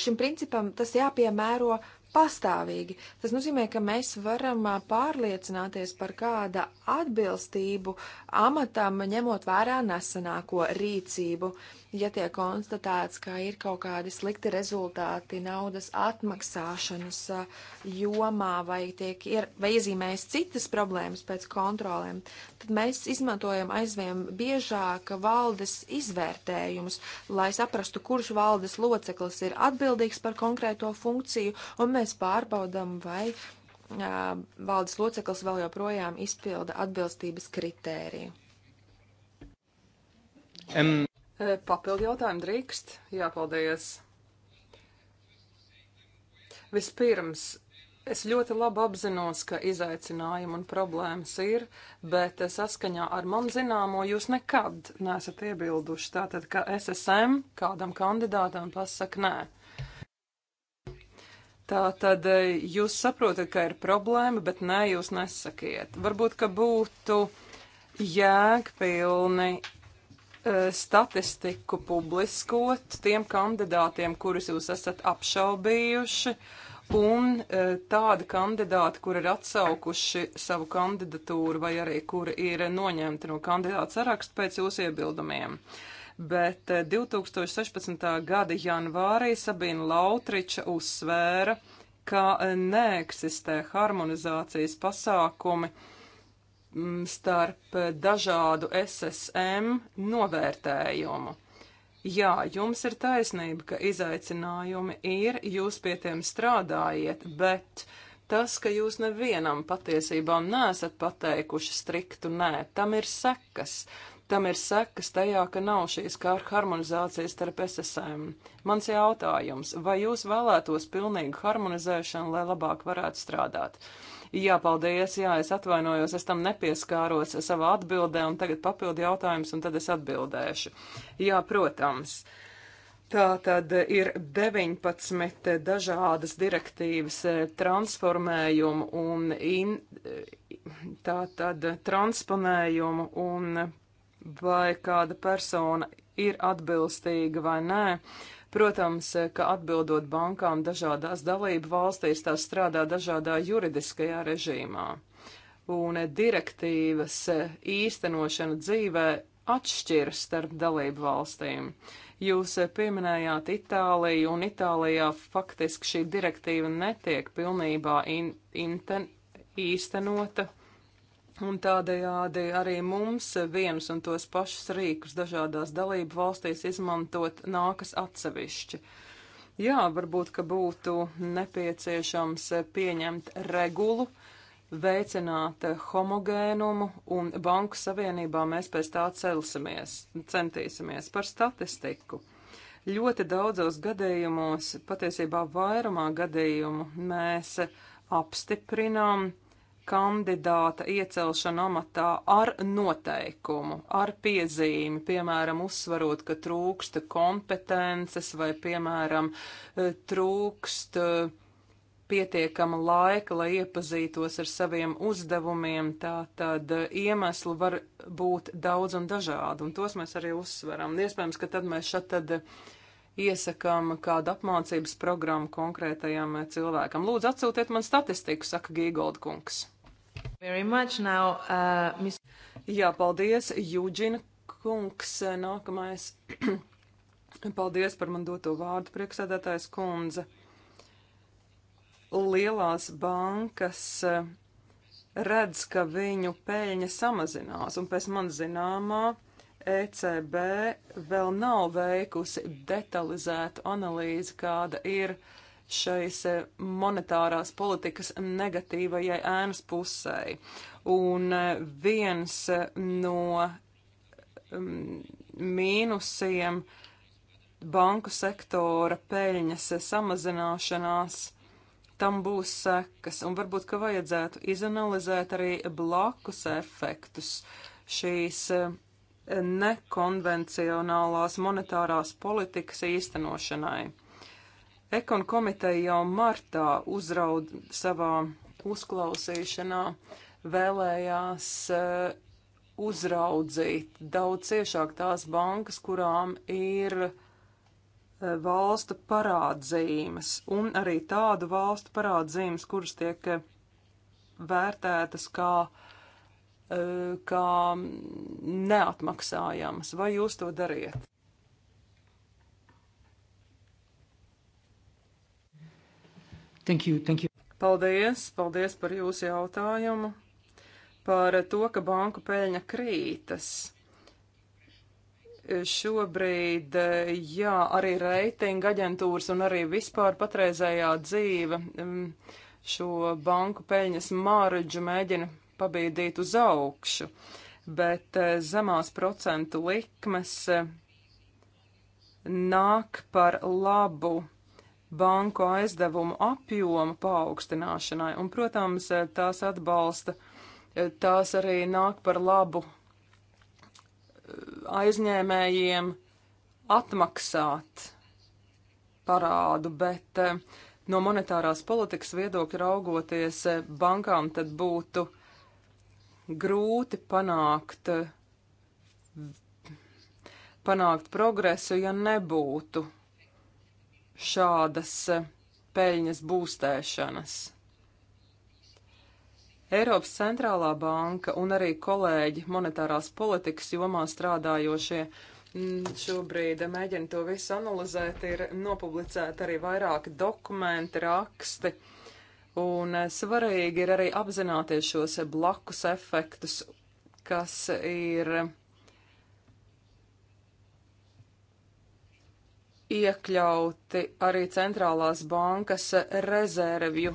Šim principam tas jāpiemēro pastāvīgi. Tas nozīmē, ka mēs varam pārliecināties par kāda atbilstību amatam, ņemot vērā nesenāko rīcību. Uh, ja tiek konstatēts, ka ir kaut kādi slikti rezultāti naudas atmaksāšanas jomā vai tiek ir, vai iezīmējas citas problēmas pēc kontrolēm, tad mēs izmantojam aizvien biežāk valdes izvērtējumus, lai saprastu, kurš valdes loceklis ir atbildīgs par konkrēto funkciju, un mēs pārbaudam, vai valdes loceklis vēl joprojām izpilda atbilstības kritēriju. Um. E, papildu jautājumu drīkst? Jā, paldies. Vispirms, es ļoti labi apzinos, ka izaicinājumi un problēmas ir, bet saskaņā ar man zināmo jūs nekad nesat iebilduši. Tātad, ka SSM kādam kandidātam pasaka nē. Tātad e, jūs saprotat, ka ir problēma, bet nē, jūs nesakiet. Varbūt, ka būtu jēgpilni Eh, statistiku publiskot tiem kandidātiem, kurus jūs esat apšaubījuši, un eh, tādi kandidāti, kuri ir atsaukuši savu kandidatūru vai arī kuri ir noņemti no kandidāta saraksta pēc jūsu iebildumiem. Bet 2016. Eh, gada janvārī Sabina Lautriča uzsvēra, ka neeksistē harmonizācijas pasākumi uh, Mm, starp dažādu SSM novērtējumu. Jā, jums ir taisnība, ka izaicinājumi ir, jūs pie tiem strādājiet, bet tas, ka jūs nevienam patiesībā nesat pateikuši striktu nē, tam ir sekas. Tam ir sekas tajā, ka nav šīs kā harmonizācijas starp SSM. Mans jautājums, vai jūs vēlētos pilnīgu harmonizēšanu, lai labāk varētu strādāt? Uh, Jā, paldies, jā, es atvainojos, es tam nepieskāros savā atbildē, un tagad papildu jautājums, un tad es atbildēšu. Jā, protams. Tā tad ir 19 dažādas direktīvas eh, transformējumu un in, eh, tā tad transponējumu un vai kāda persona ir atbilstīga vai nē. Protams, ka atbildot bankām dažādās dalību valstīs, tās strādā dažādā juridiskajā režīmā. Un direktīvas īstenošana dzīvē atšķiras starp dalību valstīm. Jūs pieminējāt Itāliju, un Itālijā faktiski šī direktīva netiek pilnībā in, inten, īstenota Un tādējādi arī mums vienus un tos pašus rīkus dažādās dalību valstīs izmantot nākas atsevišķi. Jā, varbūt, ka būtu nepieciešams pieņemt regulu, veicināt homogēnumu, un Banku Savienībā mēs pēc tā celsimies, centīsimies par statistiku. Ļoti daudzos gadījumos, patiesībā vairumā gadījumu, mēs apstiprinām kandidāta iecelšanu amatā ar noteikumu, ar piezīmi, piemēram, uzsvarot, ka trūksta kompetences vai, piemēram, e, trūksta e, pietiekama laika, lai iepazītos ar saviem uzdevumiem, tā tad e, iemesli var būt daudz un dažādi, un tos mēs arī uzsveram. Iespējams, ka tad mēs šat tad iesakām kādu apmācības programmu konkrētajam cilvēkam. Lūdzu, atsūtiet man statistiku, saka Gīgold kungs. Now, uh, mis... Jā, paldies, Jūģina kungs. Nākamais. paldies par man doto vārdu, prieksēdētājs kundze. Lielās bankas uh, redz, ka viņu peļņa samazinās, un pēc man zināmā ECB vēl nav veikusi detalizētu analīzi, kāda ir uh, šais e, monetārās politikas negatīvajai ēnas pusē. Un e, viens e, no mīnusiem banku sektora peļņas samazināšanās tam būs sekas, un varbūt, ka vajadzētu izanalizēt arī blakus efektus šīs nekonvencionālās monetārās politikas īstenošanai. Ekon komiteja jau martā uzraud savā uzklausīšanā vēlējās eh, uzraudzīt daudz ciešāk tās bankas, kurām ir eh, valstu parādzīmes, un arī tādu valstu parādzīmes, kuras tiek eh, vērtētas kā, kā neatmaksājamas. Vai jūs to dariet? Thank you, thank you. Paldies, paldies par jūsu jautājumu, par to, ka banku peļņa krītas. Šobrīd, jā, arī reitinga aģentūras un arī vispār patreizējā dzīve mm, šo banku peļņas māraģu mēģina pabīdīt uz augšu, bet eh, zemās procentu likmes eh, nāk par labu banku aizdevumu apjomu paaugstināšanai, un, protams, eh, tās atbalsta, eh, tās arī nāk par labu eh, aizņēmējiem atmaksāt parādu, bet no monetārās politikas viedokļa raugoties bankām tad būtu grūti panākt, panākt progresu, ja nebūtu šādas e, peļņas būstēšanas. Eiropas centrālā banka un arī kolēģi monetārās politikas jomā strādājošie mm, šobrīd mēģina to visu analizēt, ir nopublicēti arī vairāki dokumenti, raksti, un e, svarīgi ir arī apzināties šos blakus efektus, kas ir iekļauti arī centrālās bankas rezervju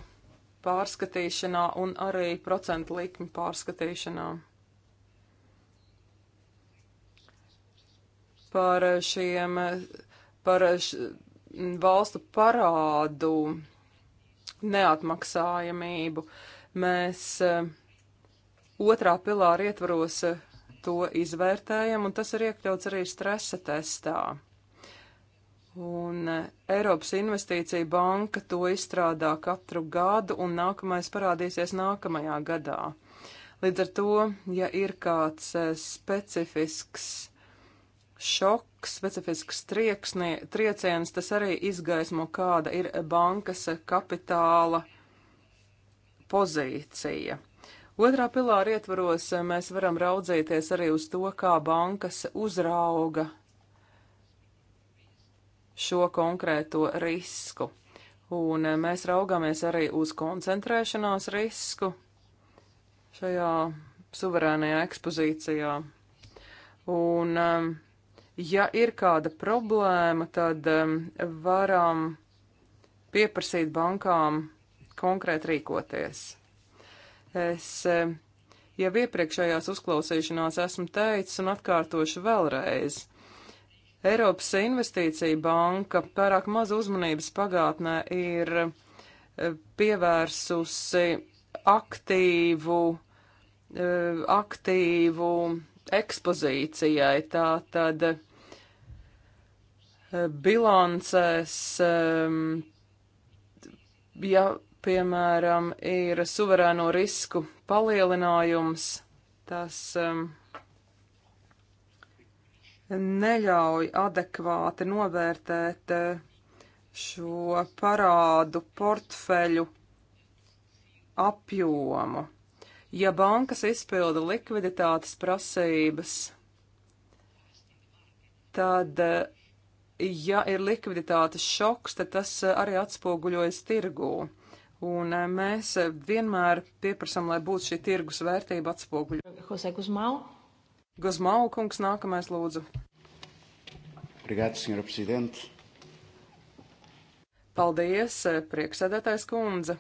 pārskatīšanā un arī procentu likmi pārskatīšanā. Par šiem, par š, valstu parādu neatmaksājamību mēs eh, otrā pilāra ietvaros eh, to izvērtējam, un tas ir iekļauts arī stresa testā. Un eh, Eiropas Investīcija banka to izstrādā katru gadu, un nākamais parādīsies nākamajā gadā. Līdz ar to, ja ir kāds eh, specifisks šoks, specifisks trieksnie, trieciens, tas arī izgaismo, kāda ir bankas kapitāla pozīcija. Otrā pilāra ietvaros eh, mēs varam raudzīties arī uz to, kā bankas uzrauga šo konkrēto risku. Un eh, mēs raugāmies arī uz koncentrēšanās risku šajā suverēnajā ekspozīcijā. Un, eh, ja ir kāda problēma, tad eh, varam pieprasīt bankām konkrēti rīkoties. Es jau iepriekšējās uzklausīšanās esmu teicis un atkārtošu vēlreiz Eiropas Investīcija banka pārāk maz uzmanības pagātnē ir eh, pievērsusi aktīvu, eh, aktīvu ekspozīcijai, tā tad eh, bilancēs, ja, piemēram, ir suverēno risku palielinājums, tas um, neļauj adekvāti novērtēt eh, šo parādu portfeļu apjomu. Ja bankas izpilda likviditātes prasības, tad, eh, ja ir likviditātes šoks, tad tas eh, arī atspoguļojas tirgū. Un mēs vienmēr pieprasām, lai būtu šī tirgus vērtība atspoguļota. Gozmau kungs nākamais lūdzu. Obrigado, senhora presidente. Paldies, eh, prieksēdētājs kundze.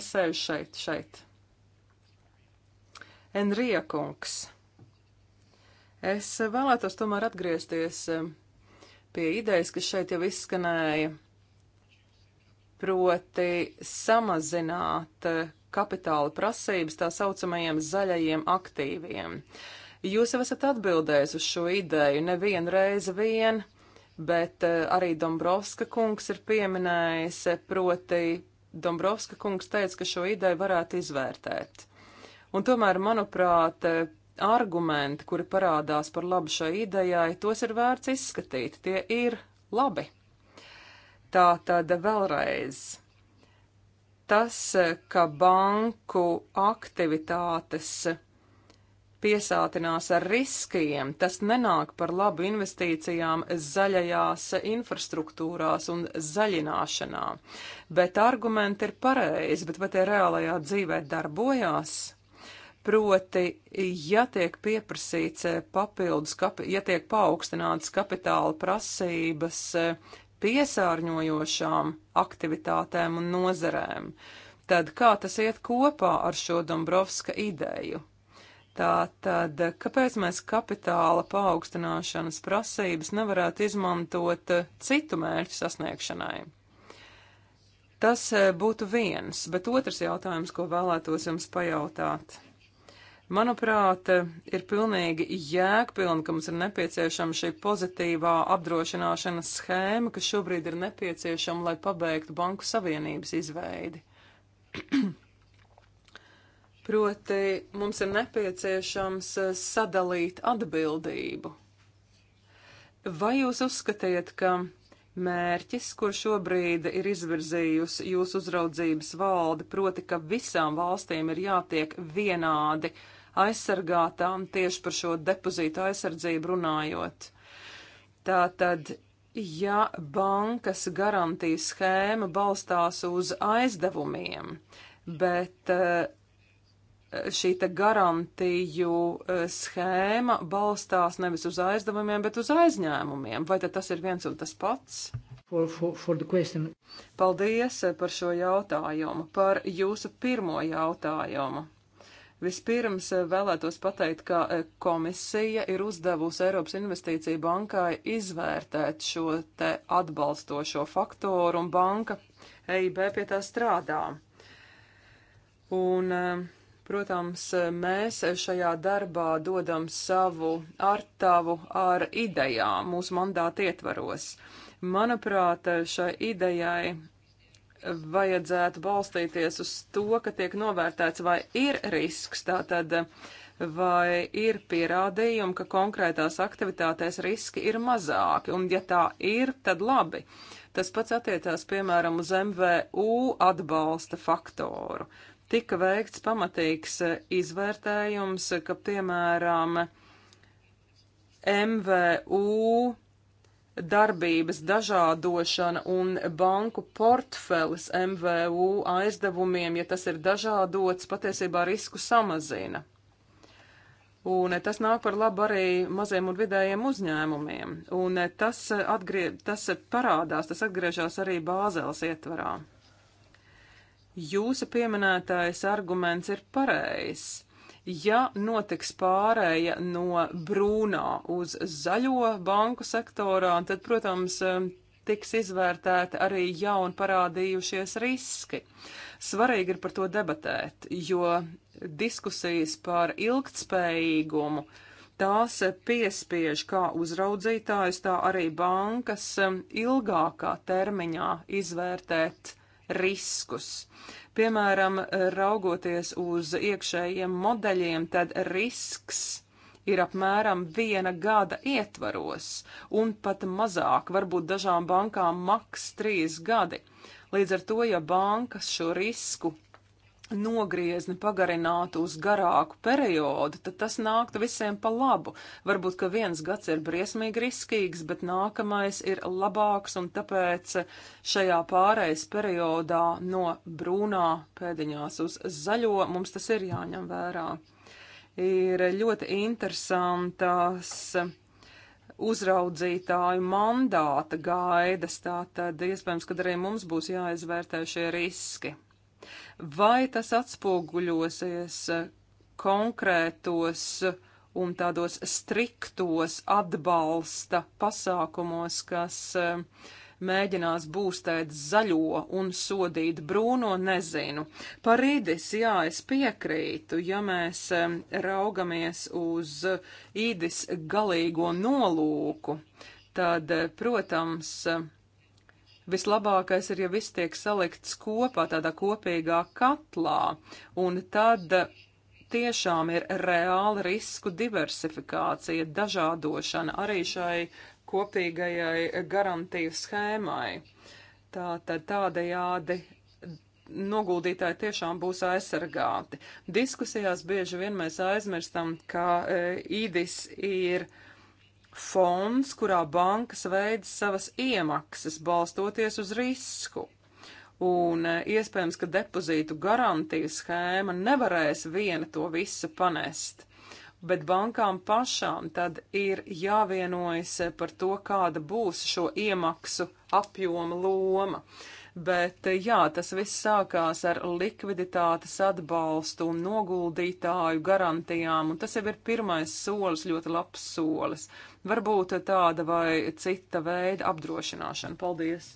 Es sēžu šeit, šeit. Enrija kungs. Es vēlētos tomēr atgriezties eh, pie idejas, kas šeit jau izskanēja, proti samazināt eh, kapitāla prasības tā saucamajiem zaļajiem aktīviem. Uh, Jūs jau esat atbildējis uz šo ideju nevienu reizi vien, bet eh, arī Dombrovska kungs ir pieminējis, eh, proti Dombrovska kungs teica, ka šo ideju varētu izvērtēt. Un tomēr, manuprāt, eh, argumenti, kuri parādās par labu šai idejai, tos ir vērts izskatīt. Tie ir labi. Tā tad vēlreiz. Tas, ka banku aktivitātes piesātinās ar riskiem, tas nenāk par labu investīcijām zaļajās infrastruktūrās un zaļināšanā. Bet argumenti ir pareizi, bet vai tie reālajā dzīvē darbojās? Proti, ja tiek pieprasīts eh, papildus, ja tiek paaugstinātas kapitāla prasības eh, piesārņojošām aktivitātēm un nozerēm, tad kā tas iet kopā ar šo Dombrovska ideju? Tā tad, kāpēc mēs kapitāla paaugstināšanas prasības nevarētu izmantot citu mērķu sasniegšanai? Tas e, būtu viens, bet otrs jautājums, ko vēlētos jums pajautāt. Manuprāt, e, ir pilnīgi jēgpilni, ka mums ir nepieciešama šī pozitīvā apdrošināšanas schēma, kas šobrīd ir nepieciešama, lai pabeigtu Banku Savienības izveidi. Proti mums ir nepieciešams eh, sadalīt atbildību. Vai jūs uzskatiet, ka mērķis, kur šobrīd ir izvirzījusi jūsu uzraudzības valde, proti, ka visām valstīm ir jātiek vienādi aizsargātām tieši par šo depozītu aizsardzību runājot? Tātad ja bankas garantijas schēma balstās uz aizdevumiem, bet eh, šī garantiju e, schēma balstās nevis uz aizdevumiem, bet uz aizņēmumiem. Vai tas ir viens un tas pats? For, for, for Paldies e, par šo jautājumu, par jūsu pirmo jautājumu. Vispirms e, vēlētos pateikt, ka komisija ir uzdevusi Eiropas Investīcija bankai izvērtēt šo te atbalstošo faktoru, un banka EIB pie tā strādā. Un, uh, Protams, mēs šajā darbā dodam savu artavu ar idejām mūsu mandāta ietvaros. Manuprāt, šai idejai vajadzētu balstīties uz to, ka tiek novērtēts, vai ir risks, tātad vai ir pierādījumi, ka konkrētās aktivitātēs riski ir mazāki, un ja tā ir, tad labi. Tas pats attiecās, piemēram, uz MVU atbalsta faktoru tika veikts pamatīgs eh, izvērtējums, eh, ka, piemēram, MVU darbības dažādošana un banku portfelis MVU aizdevumiem, ja tas ir dažādots, patiesībā risku samazina. Un eh, tas nāk par labu arī maziem un vidējiem uzņēmumiem. Un tas, atgrie, tas parādās, tas atgriežas arī bāzēls ietvarā. Jūsu pieminētais arguments ir pareizs. Ja notiks pārēja no brūnā uz zaļo banku sektorā, tad, protams, um, tiks izvērtēti arī jauni parādījušies riski. Svarīgi ir par to debatēt, jo diskusijas par ilgtspējīgumu tās piespiež kā uzraudzītājs, tā arī bankas um, ilgākā termiņā izvērtēt riskus. Piemēram, raugoties uz iekšējiem modeļiem, tad risks ir apmēram viena gada ietvaros, un pat mazāk, varbūt dažām bankām maks trīs gadi. Līdz ar to, ja bankas šo risku nogriezni pagarinātu uz garāku periodu, tad tas nāktu visiem pa labu. Varbūt, ka viens gads ir briesmīgi riskīgs, bet nākamais ir labāks, un tāpēc šajā pārejas periodā no brūnā pēdiņās uz zaļo mums tas ir jāņem vērā. Ir ļoti interesantas uzraudzītāju mandāta gaidas, tātad iespējams, ka arī mums būs jāizvērtē šie riski. Vai tas atspoguļosies eh, konkrētos un tādos striktos atbalsta pasākumos, kas eh, mēģinās būstēt zaļo un sodīt brūno, nezinu. Par īdis, jā, es piekrītu, ja mēs eh, raugamies uz īdis galīgo nolūku, tad, protams, Vislabākais ir, ja viss tiek salikts kopā tādā kopīgā katlā, un tad tiešām ir reāli risku diversifikācija, dažādošana arī šai kopīgajai garantiju schēmai. Tātad tādajādi noguldītāji tiešām būs aizsargāti. Diskusijās bieži vien mēs aizmirstam, ka e, IDIS ir uh, fonds, kurā bankas veids savas iemaksas balstoties uz risku. Un e, iespējams, ka depozītu garantiju schēma nevarēs viena to visu panest. Bet bankām pašām tad ir jāvienojas par to, kāda būs šo iemaksu apjoma loma. Bet jā, tas viss sākās ar likviditātes atbalstu un noguldītāju garantijām, un tas jau ir pirmais solis, ļoti labs solis. Varbūt tāda vai cita veida apdrošināšana. Paldies!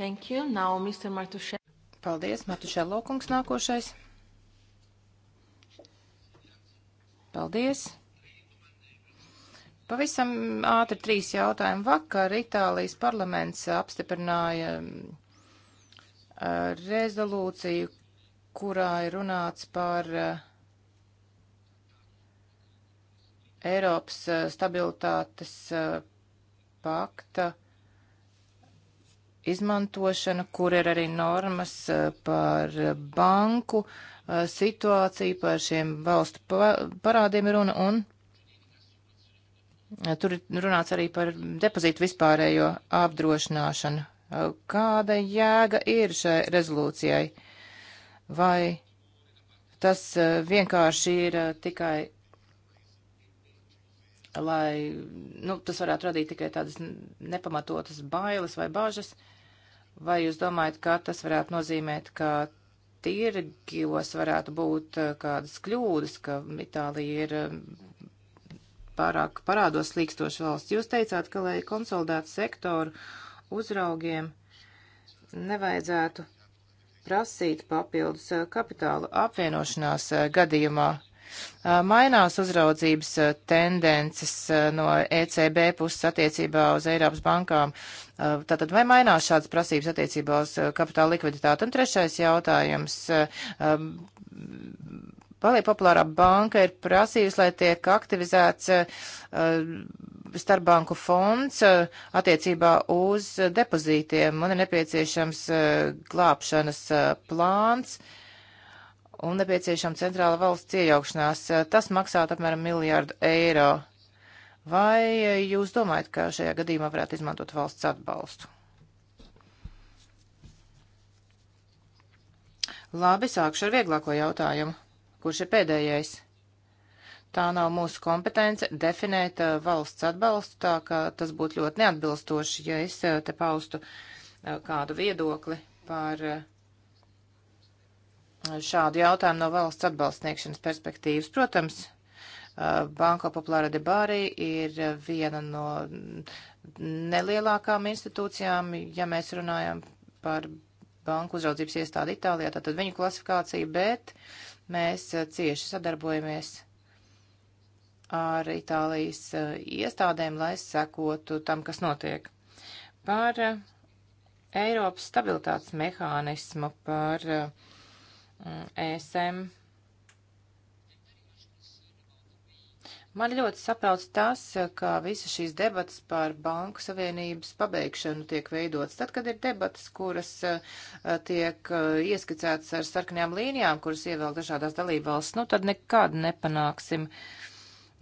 Thank you. Now, Mr. Martušē. Paldies, Martušēlo kungs nākošais. Paldies! Pavisam ātri trīs jautājumi. Vakar Itālijas parlaments apstiprināja rezolūciju, kurā ir runāts par eh, Eiropas eh, stabilitātes eh, pakta izmantošanu, kur ir arī normas par banku situāciju, par šiem valstu parādiem runa un tur runāts arī par depozītu vispārējo apdrošināšanu. Kāda jēga ir šai rezolūcijai? Vai tas eh, vienkārši ir eh, tikai, lai, nu, tas varētu radīt tikai tādas nepamatotas bailes vai bažas? Vai jūs domājat, ka tas varētu nozīmēt, ka tirgos varētu būt eh, kādas kļūdas, ka Itālija ir pārāk parādos slīkstoša valsts? Jūs teicāt, ka, lai konsolidētu sektoru, uh, uzraugiem nevajadzētu prasīt papildus eh, kapitāla apvienošanās eh, gadījumā. Eh, mainās uzraudzības tendences no ECB puses attiecībā uz Eiropas bankām. Tātad vai mainās šādas prasības attiecībā uz kapitāla likviditāti? Un trešais jautājums. Palīja populārā banka ir prasījusi, lai tiek aktivizēts uh, starpbanku fonds eh, attiecībā uz depozītiem un ir nepieciešams eh, glābšanas eh, plāns un nepieciešama centrāla valsts iejaukšanās. Tas maksātu apmēram miljārdu eiro. Vai jūs domājat, ka šajā gadījumā varētu izmantot valsts atbalstu? Labi, sākšu ar vieglāko jautājumu. Kurš ir pēdējais? Tā nav mūsu kompetence definēt uh, valsts atbalstu, tā ka tas būtu ļoti neatbilstoši, ja es uh, te paustu uh, kādu viedokli par uh, šādu jautājumu no valsts atbalstniekšanas perspektīvas. Protams, uh, Banko Populāra de Bari ir viena no nelielākām institūcijām, ja mēs runājam par banku uzraudzības iestādi Itālijā, tātad viņu klasifikācija, bet mēs uh, cieši sadarbojamies ar Itālijas eh, iestādēm, lai sekotu tam, kas notiek. Par eh, Eiropas stabilitātes mehānismu, par eh, ESM. Man ļoti saprauc tas, ka visa šīs debatas par Banku Savienības pabeigšanu tiek veidotas. Tad, kad ir debatas, kuras tiek ieskicētas ar sarkanajām līnijām, kuras ievēl dažādās dalībvalsts, nu tad nekad nepanāksim uh,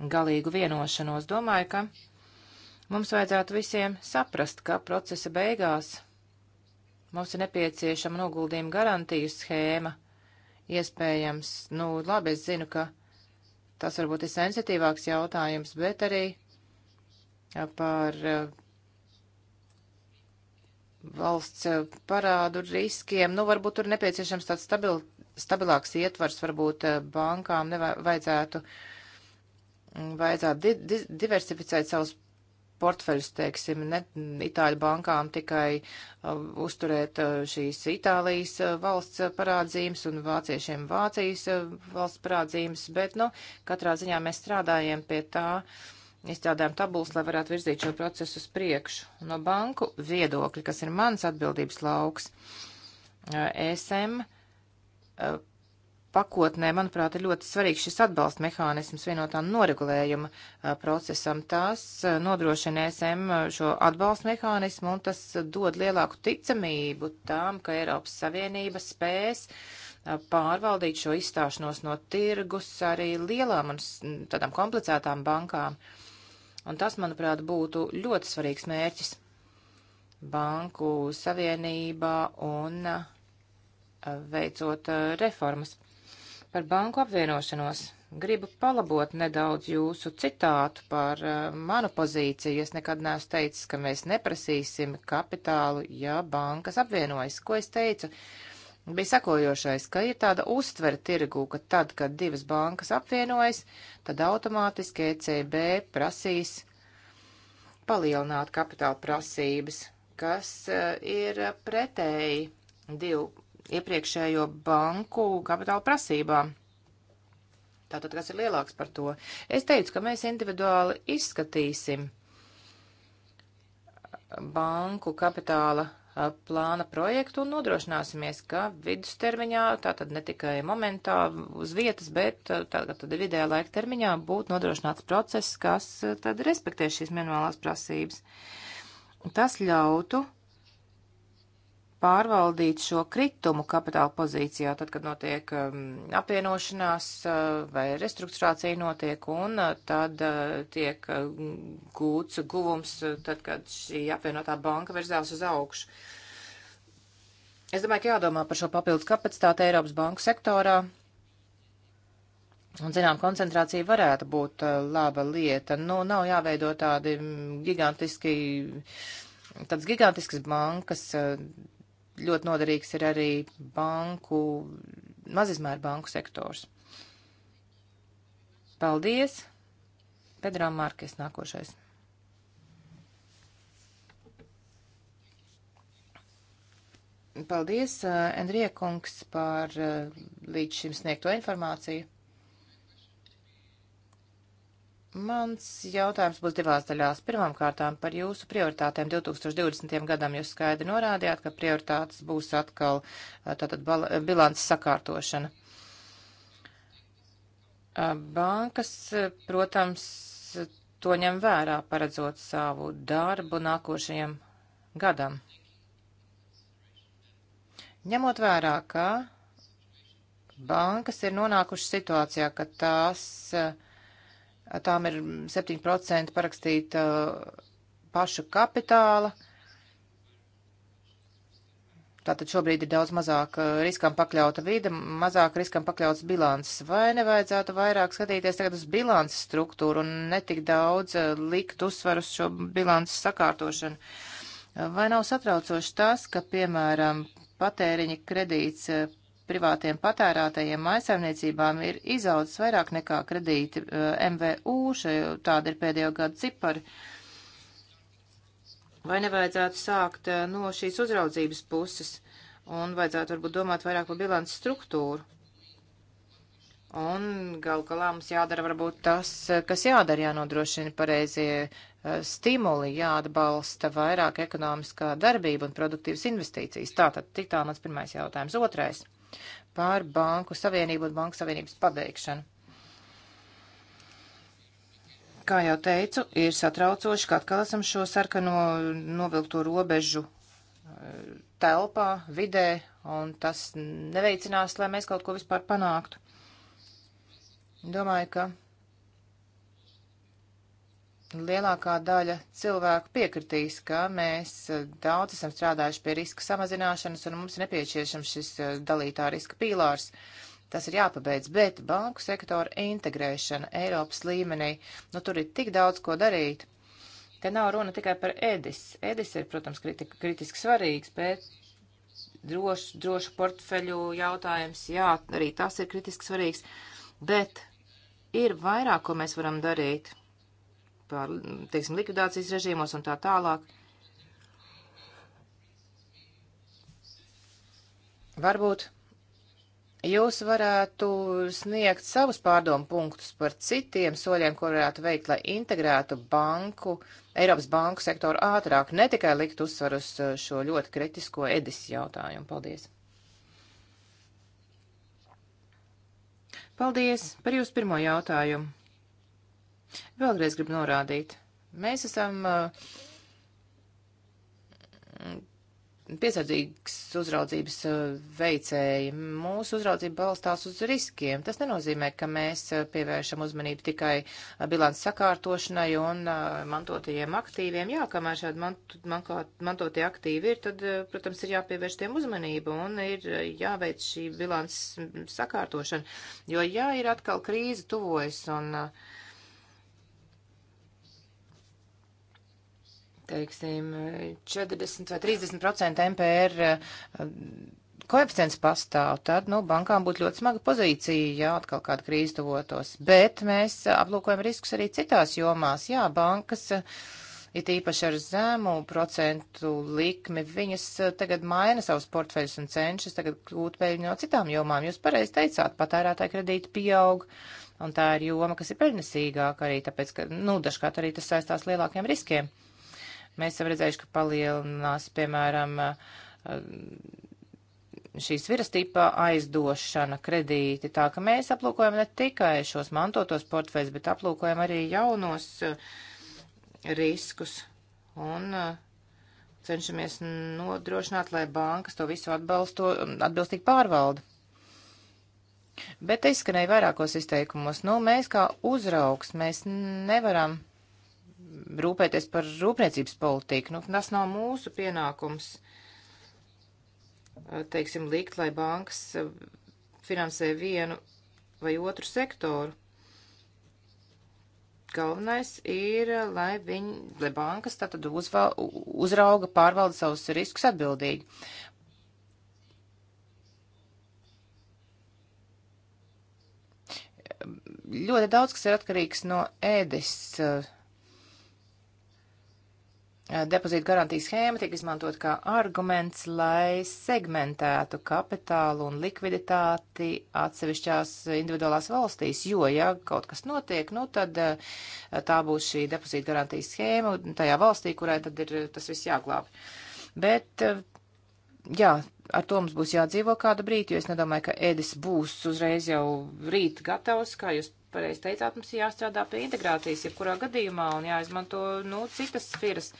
galīgu vienošanos. Domāju, ka mums vajadzētu visiem saprast, ka procesa beigās mums ir nepieciešama noguldījuma garantiju schēma. Iespējams, nu labi, es zinu, ka tas varbūt ir sensitīvāks jautājums, bet arī par valsts parādu riskiem. Nu, varbūt tur nepieciešams tāds stabil, stabilāks ietvars, varbūt bankām nevajadzētu nevajadzētu vajadzētu di di diversificēt savus portfeļus, teiksim, ne Itāļu bankām tikai uh, uzturēt uh, šīs Itālijas uh, valsts uh, parādzīmes un vāciešiem Vācijas uh, valsts parādzīmes, bet, nu, katrā ziņā mēs strādājam pie tā, izstrādājam tabulas, lai varētu virzīt šo procesu uz priekšu. No banku viedokļa, kas ir mans atbildības lauks, uh, ESM uh, pakotnē, manuprāt, ir ļoti svarīgs šis atbalsta mehānisms vienotām noregulējuma procesam. Tās nodrošina SM šo atbalsta mehānismu un tas dod lielāku ticamību tām, ka Eiropas Savienība spēs pārvaldīt šo izstāšanos no tirgus arī lielām un tādām komplicētām bankām. Un tas, manuprāt, būtu ļoti svarīgs mērķis banku savienībā un veicot reformas. Par banku apvienošanos gribu palabot nedaudz jūsu citātu par uh, manu pozīciju. Es nekad neesmu teicis, ka mēs neprasīsim kapitālu, ja bankas apvienojas. Ko es teicu? bija sakojošais, ka ir tāda uztvere tirgū, ka tad, kad divas bankas apvienojas, tad automātiski ECB prasīs palielināt kapitāla prasības, kas eh, ir pretēji divu iepriekšējo banku kapitāla prasībām. Tātad, kas ir lielāks par to? Es teicu, ka mēs individuāli izskatīsim banku kapitāla plāna projektu un nodrošināsimies, ka vidustermiņā, tātad ne tikai momentā uz vietas, bet tātad tad vidējā laika termiņā būtu nodrošināts process, kas tad respektē šīs minimālās prasības. Tas ļautu uh, pārvaldīt šo kritumu kapitāla pozīcijā, tad, kad notiek um, apvienošanās uh, vai restruktūrācija notiek, un uh, tad uh, tiek uh, gūts guvums, uh, tad, kad šī apvienotā banka virzās uz augšu. Es domāju, ka jādomā par šo papildus kapacitāti Eiropas banku sektorā. Un, zinām, koncentrācija varētu būt uh, laba lieta. Nu, nav jāveido tādi mm, gigantiski, tāds gigantisks bankas. Uh, Ļoti noderīgs ir arī banku, mazizmēru banku sektors. Paldies! Pedrā Mārkes nākošais. Paldies, eh, Enriekungs, par eh, līdz šim sniegto informāciju. Mans jautājums būs divās daļās. Pirmām kārtām par jūsu prioritātēm 2020. gadam jūs skaidri norādījāt, ka prioritātes būs atkal tātad bilances sakārtošana. Bankas, protams, to ņem vērā, paredzot savu darbu nākošajam gadam. Ņemot vērā, ka bankas ir nonākušas situācijā, ka tās uh, tām ir 7% parakstīta uh, paša kapitāla. Tātad šobrīd ir daudz mazāk uh, riskam pakļauta vide, mazāk riskam pakļauts bilanses. Vai nevajadzētu vairāk skatīties tagad uz bilanses struktūru un netik daudz uh, likt uzsvaru uz šo bilanses sakārtošanu? Vai nav satraucoši tas, ka, piemēram, patēriņa kredīts privātiem patērētajiem maisaimniecībām ir izaudzis vairāk nekā kredīti eh, MVU, še, tāda ir pēdējo gadu cipari. Vai nevajadzētu sākt eh, no šīs uzraudzības puses un vajadzētu varbūt domāt vairāk par bilances struktūru? Un gal galā mums jādara varbūt tas, eh, kas jādara, jānodrošina pareizie stimuli, jāatbalsta vairāk ekonomiskā darbība un produktīvas investīcijas. Tātad tik tā mans pirmais jautājums. Otrais pār Banku Savienību un Banku Savienības pabeigšanu. Kā jau teicu, ir satraucoši, ka atkal esam šo sarkano novilkto robežu eh, telpā, vidē, un tas neveicinās, lai mēs kaut ko vispār panāktu. Domāju, ka lielākā daļa cilvēku piekritīs, ka mēs eh, daudz esam strādājuši pie riska samazināšanas un mums ir nepieciešams šis eh, dalītā riska pīlārs. Tas ir jāpabeidz, bet banku sektora integrēšana Eiropas līmenī, nu tur ir tik daudz ko darīt. Te nav runa tikai par Edis. Edis ir, protams, kritika, kritiski svarīgs, bet drošu, drošu portfeļu jautājums, jā, arī tas ir kritiski svarīgs, bet ir vairāk, ko mēs varam darīt par, teiksim, likvidācijas režīmos un tā tālāk. Varbūt Jūs varētu sniegt savus pārdomu punktus par citiem soļiem, ko varētu veikt, lai integrētu banku, Eiropas banku sektoru ātrāk, ne tikai likt uzsvaru uz uh, šo ļoti kritisko edis jautājumu. Paldies! Paldies par jūsu pirmo jautājumu. Vēlreiz gribu norādīt. Mēs esam uh, piesardzīgas uzraudzības uh, veicēji. Mūsu uzraudzība balstās uz riskiem. Tas nenozīmē, ka mēs uh, pievēršam uzmanību tikai bilants sakārtošanai un mantotajiem aktīviem. Jā, kamēr šādi mant, mant, mantotie aktīvi ir, tad, protams, ir jāpievērš tiem uzmanību un ir jāveic šī bilants sakārtošana. Jo, jā, ir atkal krīze tuvojas un uh, teiksim, 40 vai 30 procentu MPR eh, koeficients pastāv, tad, nu, bankām būtu ļoti smaga pozīcija, ja atkal kāda krīze tuvotos. Bet mēs aplūkojam riskus arī citās jomās. Jā, bankas eh, it īpaši ar zemu procentu likmi, viņas eh, tagad maina savus portfeļus un cenšas tagad kļūt peļņu no citām jomām. Jūs pareizi teicāt, patērētāja kredīti pieaug, un tā ir joma, kas ir peļnesīgāka arī, tāpēc, ka, nu, dažkārt arī tas saistās lielākiem riskiem. Mēs esam redzējuši, ka palielinās, piemēram, eh, šīs virastipa aizdošana kredīti, tā ka mēs aplūkojam ne tikai šos mantotos portfeļus, bet aplūkojam arī jaunos eh, riskus un eh, cenšamies nodrošināt, lai bankas to visu atbalsto, atbilstīgi pārvalda. Bet izskanēja vairākos izteikumos. Nu, mēs kā uzraugs, mēs nevaram rūpēties par rūpniecības politiku. Nu, tas nav mūsu pienākums, eh, teiksim, likt, lai bankas eh, finansē vienu vai otru sektoru. Galvenais ir, lai, viņi, lai bankas tātad uzval, uzrauga, pārvalda savus riskus atbildīgi. Ļoti daudz, kas ir atkarīgs no ēdes uh, depozītu garantijas schēma tiek izmantot kā arguments, lai segmentētu kapitālu un likviditāti atsevišķās individuālās valstīs, jo, ja kaut kas notiek, nu tad eh, tā būs šī depozītu garantijas schēma tajā valstī, kurai tad ir eh, tas viss jāglāb. Bet, eh, jā, ar to mums būs jādzīvo kādu brīdi, jo es nedomāju, ka Edis būs uzreiz jau rīt gatavs, kā jūs pareizi teicāt, mums jāstrādā pie integrācijas, jebkurā gadījumā, un jāizmanto, nu, citas sfiras.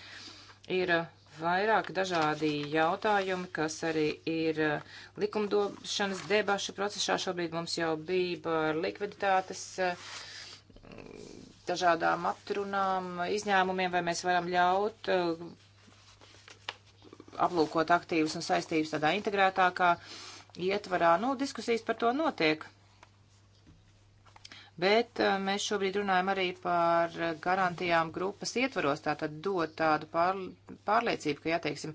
Ir uh, vairāki dažādi jautājumi, kas arī ir uh, likumdošanas debašu procesā. Šobrīd mums jau bija par likviditātes uh, dažādām aptrunām, izņēmumiem, vai mēs varam ļaut aplūkot aktīvas un saistības tādā integrētākā ietvarā. Nu, diskusijas par to notiek bet eh, mēs šobrīd runājam arī par garantijām grupas ietvaros, tātad dot tādu pār, pārliecību, ka, ja, teiksim,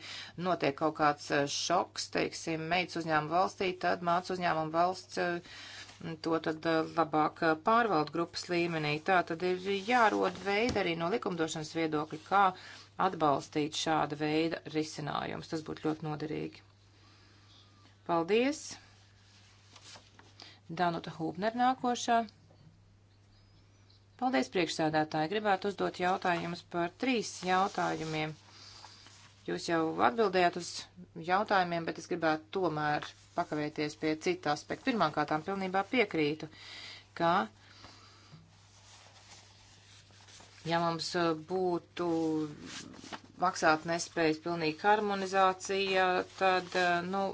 notiek kaut kāds eh, šoks, teiksim, meitas uzņēmuma valstī, tad māc uzņēmuma valsts eh, to tad labāk pārvalda grupas līmenī. Tā tad ir jārod veidi arī no likumdošanas viedokļa, kā atbalstīt šāda veida risinājums. Tas būtu ļoti noderīgi. Paldies! Danuta Hūbner nākošā. Paldies, priekšsēdētāji. Gribētu uzdot jautājumus par trīs jautājumiem. Jūs jau atbildējāt uz jautājumiem, bet es gribētu tomēr pakavēties pie cita aspekta. Pirmkārtām pilnībā piekrītu, ka ja mums uh, būtu maksāt nespējas pilnīga harmonizācija, tad, uh, nu,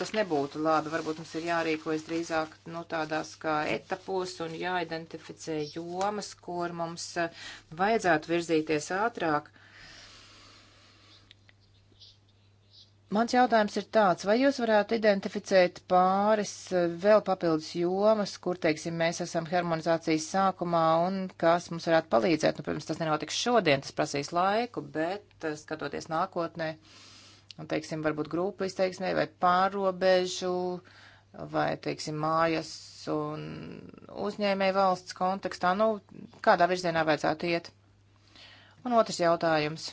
tas nebūtu labi. Varbūt mums ir jārīkojas drīzāk nu, tādās kā etapos un jāidentificē jomas, kur mums uh, vajadzētu virzīties ātrāk. Mans jautājums ir tāds, vai jūs varētu identificēt pāris uh, vēl papildus jomas, kur, teiksim, mēs esam harmonizācijas sākumā un kas mums varētu palīdzēt? Nu, protams, tas nenotiks šodien, tas prasīs laiku, bet uh, skatoties nākotnē. Uh, un, nu, teiksim, varbūt grupu izteiksmē vai pārobežu vai, teiksim, mājas un uzņēmēja valsts kontekstā, nu, kādā virzienā vajadzētu iet. Un otrs jautājums.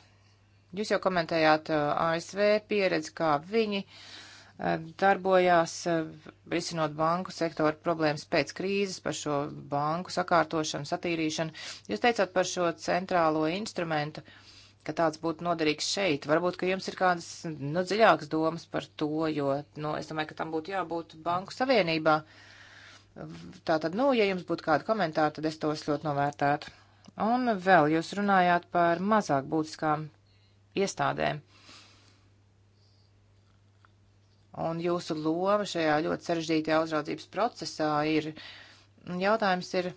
Jūs jau komentējāt uh, ASV pieredzi, kā viņi uh, darbojās, uh, risinot banku sektoru problēmas pēc krīzes, par šo banku sakārtošanu, satīrīšanu. Jūs teicāt par šo centrālo instrumentu. Uh, ka tāds būtu noderīgs šeit. Varbūt, ka jums ir kādas nu, dziļākas domas par to, jo nu, es domāju, ka tam būtu jābūt Banku Savienībā. Tā tad, nu, ja jums būtu kādi komentāri, tad es tos ļoti novērtētu. Un vēl jūs runājāt par mazāk būtiskām iestādēm. Un jūsu loma šajā ļoti sarežģītajā uzraudzības procesā ir, jautājums ir,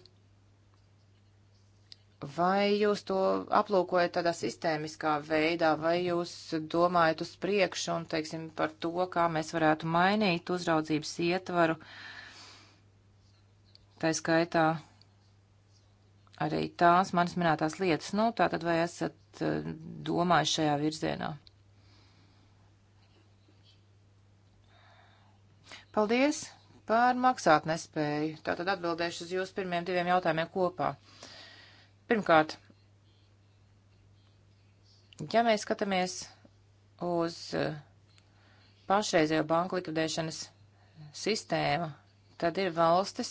Vai jūs to aplūkojat tādā sistēmiskā veidā, vai jūs domājat uz priekšu un, teiksim, par to, kā mēs varētu mainīt uzraudzības ietvaru, tā skaitā arī tās manis minētās lietas, nu, tā tad vai esat eh, domājuši šajā virzienā? Paldies par maksātnespēju. Tātad atbildēšu uz jūsu pirmiem diviem jautājumiem kopā. Uh, Pirmkārt, ja mēs skatāmies uz uh, pašreizējo banku likvidēšanas sistēmu, tad ir valstis,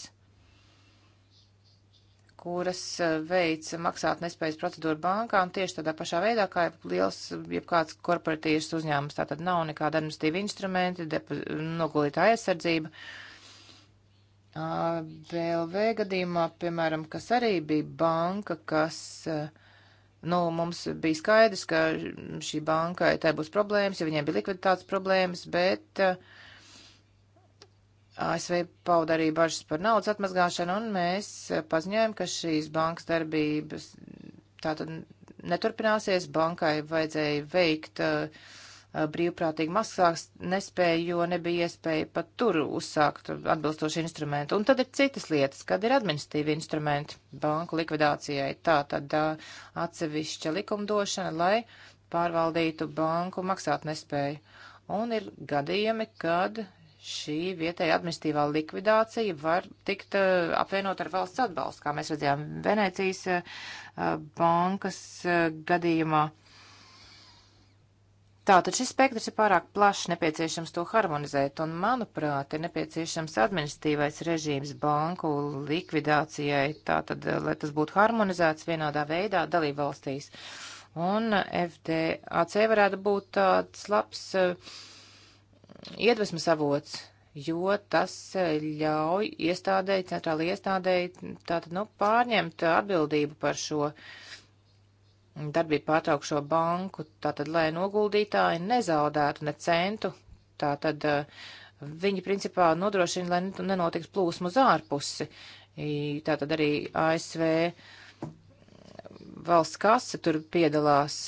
kuras uh, veic maksāt nespējas procedūru bankām tieši tādā pašā veidā, kā jeb liels, jeb kāds korporatīvs uzņēmums. Tā tad nav nekāda administratīva instrumenta, noguldīta aizsardzība. Uh, VLV gadījumā, piemēram, kas arī bija banka, kas, nu, mums bija skaidrs, ka šī bankai tai būs problēmas, jo viņiem bija likviditātes problēmas, bet ASV pauda arī bažas par naudas atmazgāšanu, un mēs paziņojam, ka šīs bankas darbības tātad neturpināsies, bankai vajadzēja veikt uh, Uh, brīvprātīgi maksās nespēja, jo nebija iespēja pat tur uzsākt atbilstoši instrumentu. Un tad ir citas lietas, kad ir administratīvi instrumenti banku likvidācijai. Tā tad uh, atsevišķa likumdošana, lai pārvaldītu banku maksāt nespēju. Un ir gadījumi, kad šī vietēja administratīvā likvidācija var tikt uh, apvienot ar valsts atbalstu, kā mēs redzējām Venecijas uh, bankas uh, gadījumā. Uh, Tātad šis spektrs ir pārāk plašs, nepieciešams to harmonizēt, un, manuprāt, ir nepieciešams administratīvais režīms banku likvidācijai, tātad, eh, lai tas būtu harmonizēts vienādā veidā dalībvalstīs. Un eh, FDAC varētu būt tāds labs eh, iedvesmas avots, jo tas ļauj iestādēji, centrāli iestādēji, tātad, nu, pārņemt atbildību par šo uh, darbību pārtraukšo banku, tātad, lai noguldītāji nezaudētu ne centu, tātad eh, viņi principā nodrošina, lai nenotiks plūsmu uz ārpusi, tātad arī ASV eh, valsts kasa tur piedalās.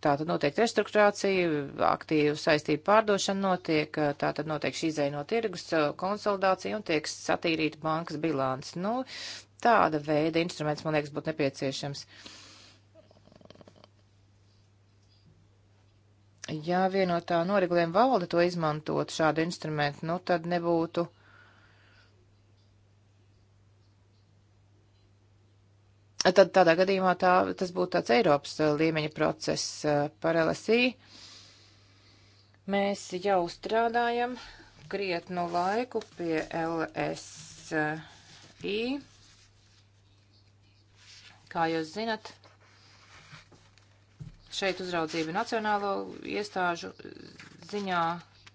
Tātad notiek restruktūrācija, aktīvu saistību pārdošana notiek, eh, tātad notiek šī izēja no tirgus, konsolidācija un tiek satīrīta bankas bilants. Nu, tāda veida instruments, man liekas, būtu nepieciešams. Uh, Ja vienotā noregulējuma valde to izmantot šādu instrumentu, nu tad nebūtu. Tad tādā gadījumā tā, tas būtu tāds Eiropas uh, līmeņa process uh, par LSI. Mēs jau strādājam krietnu laiku pie LSI. Kā jūs zinat, Šeit uzraudzība nacionālo iestāžu ziņā,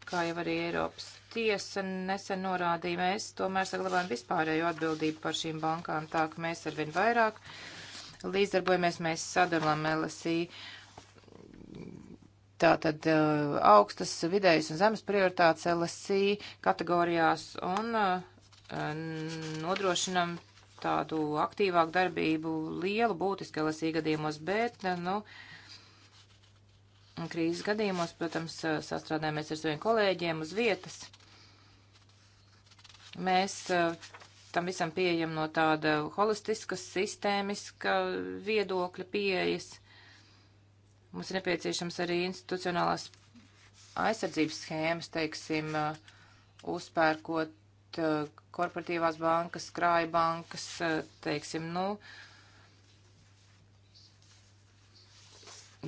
kā jau arī Eiropas tiesa nesen norādīja, mēs tomēr saglabājam vispārējo atbildību par šīm bankām, tā ka mēs arvien vairāk līdzdarbojamies, mēs sadalām LSI. Tātad uh, augstas, vidējas un zemes prioritātes LSI kategorijās un uh, nodrošinam tādu aktīvāku darbību lielu būtisku LSI gadījumos, bet, uh, nu, uh, Krīzes gadījumos, protams, sastrādājamies ar saviem kolēģiem uz vietas. Mēs tam visam pieejam no tāda holistiskas, sistēmiska viedokļa pieejas. Mums ir nepieciešams arī institucionālās aizsardzības schēmas, teiksim, uzpērkot korporatīvās bankas, krājbankas, teiksim, nu, uh,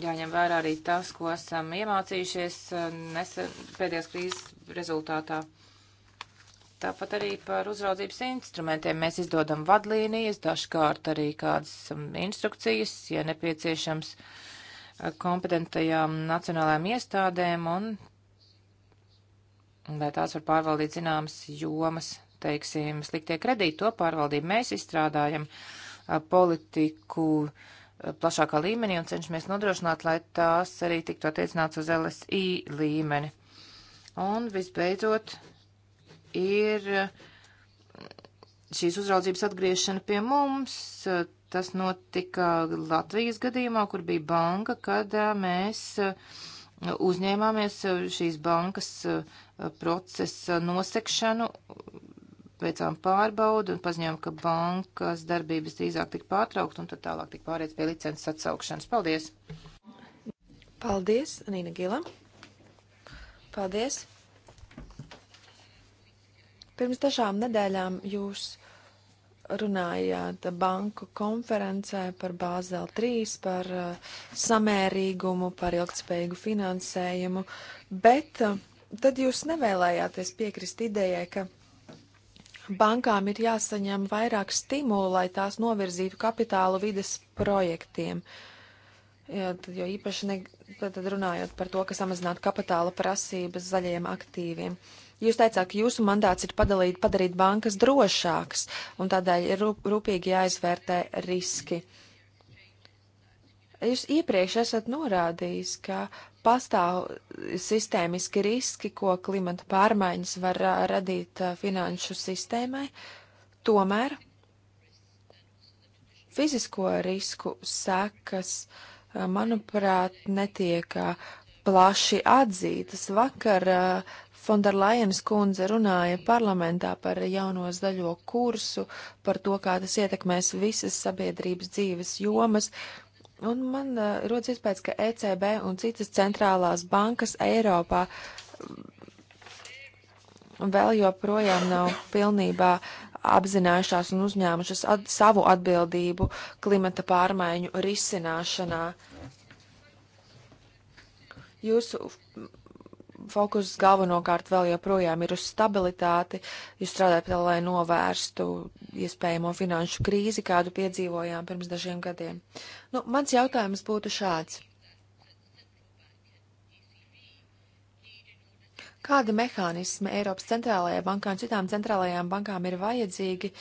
jāņem vērā arī tas, ko esam iemācījušies uh, nesen pēdējās krīzes rezultātā. Tāpat arī par uzraudzības instrumentiem mēs izdodam vadlīnijas, dažkārt arī kādas um, instrukcijas, ja nepieciešams, uh, kompetentajām nacionālajām iestādēm un lai tās var pārvaldīt zināmas jomas, teiksim, sliktie kredīti, to pārvaldību mēs izstrādājam uh, politiku. Uh, Eh, plašākā līmenī un cenšamies nodrošināt, lai tās arī tiktu attiecināts uz LSI līmeni. Un visbeidzot ir eh, šīs uzraudzības atgriešana pie mums. Eh, tas notika Latvijas gadījumā, kur bija banka, kad mēs uzņēmāmies šīs bankas procesa nosekšanu veicām pārbaudu un paziņojām, ka bankas darbības drīzāk tika pārtraukt un tad tālāk tika pārēc pie licences atsaukšanas. Paldies! Paldies, Nīna Gila! Paldies! Pirms dažām nedēļām jūs runājāt banku konferencē par Bāzeli 3, par uh, samērīgumu, par ilgtspējīgu finansējumu, bet uh, tad jūs nevēlējāties piekrist idejai, ka bankām ir jāsaņem vairāk stimulu, lai tās novirzītu kapitālu vides projektiem. Ja, tad, jo īpaši ne, tad, tad runājot par to, ka samazinātu kapitāla prasības zaļajiem aktīviem. Jūs teicāt, ka jūsu mandāts ir padalīt, padarīt bankas drošākas, un tādēļ ir rūp, rūpīgi jāizvērtē riski. Jūs iepriekš esat norādījis, ka pastāv sistēmiski riski, ko klimata pārmaiņas var radīt finanšu sistēmai. Tomēr fizisko risku sekas, manuprāt, netiek plaši atzītas. Vakar Fonderlajenas kundze runāja parlamentā par jauno zaļo kursu, par to, kā tas ietekmēs visas sabiedrības dzīves jomas. Uh, Un man uh, rodas iespējas, ka ECB un citas centrālās bankas Eiropā vēl joprojām nav pilnībā apzinājušās un uzņēmušas at savu atbildību klimata pārmaiņu risināšanā. Jūsu fokus galvenokārt vēl joprojām ir uz stabilitāti, jūs strādājat, lai novērstu iespējamo finanšu krīzi, kādu piedzīvojām pirms dažiem gadiem. Nu, mans jautājums būtu šāds. Kādi mehānismi Eiropas centrālajai bankai un citām centrālajām bankām ir vajadzīgi,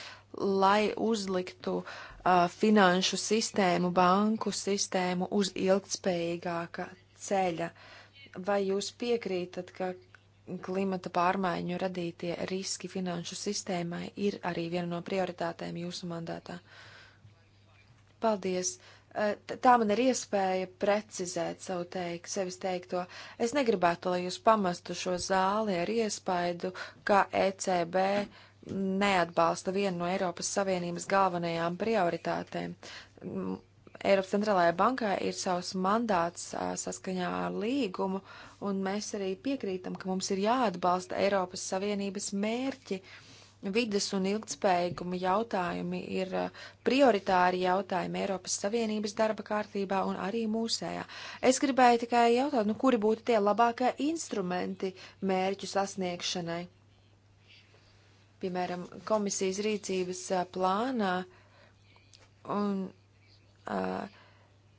lai uzliktu uh, finanšu sistēmu, banku sistēmu uz ilgtspējīgāka ceļa? Uh, vai jūs piekrītat, ka klimata pārmaiņu radītie riski finanšu sistēmai ir arī viena no prioritātēm jūsu mandātā? Paldies! Tā man ir iespēja precizēt savu teik, sevis teikto. Es negribētu, lai jūs pamestu šo zāli ar iespaidu, ka ECB neatbalsta vienu no Eiropas Savienības galvenajām prioritātēm Eiropas centrālajai bankai ir savs mandāts a, saskaņā ar līgumu, un mēs arī piekrītam, ka mums ir jāatbalsta Eiropas Savienības mērķi. Vides un ilgtspējīguma jautājumi ir a, prioritāri jautājumi Eiropas Savienības darba kārtībā un arī mūsējā. Es gribēju tikai jautāt, nu, kuri būtu tie labākie instrumenti mērķu sasniegšanai? Piemēram, komisijas rīcības a, plānā. Un Uh,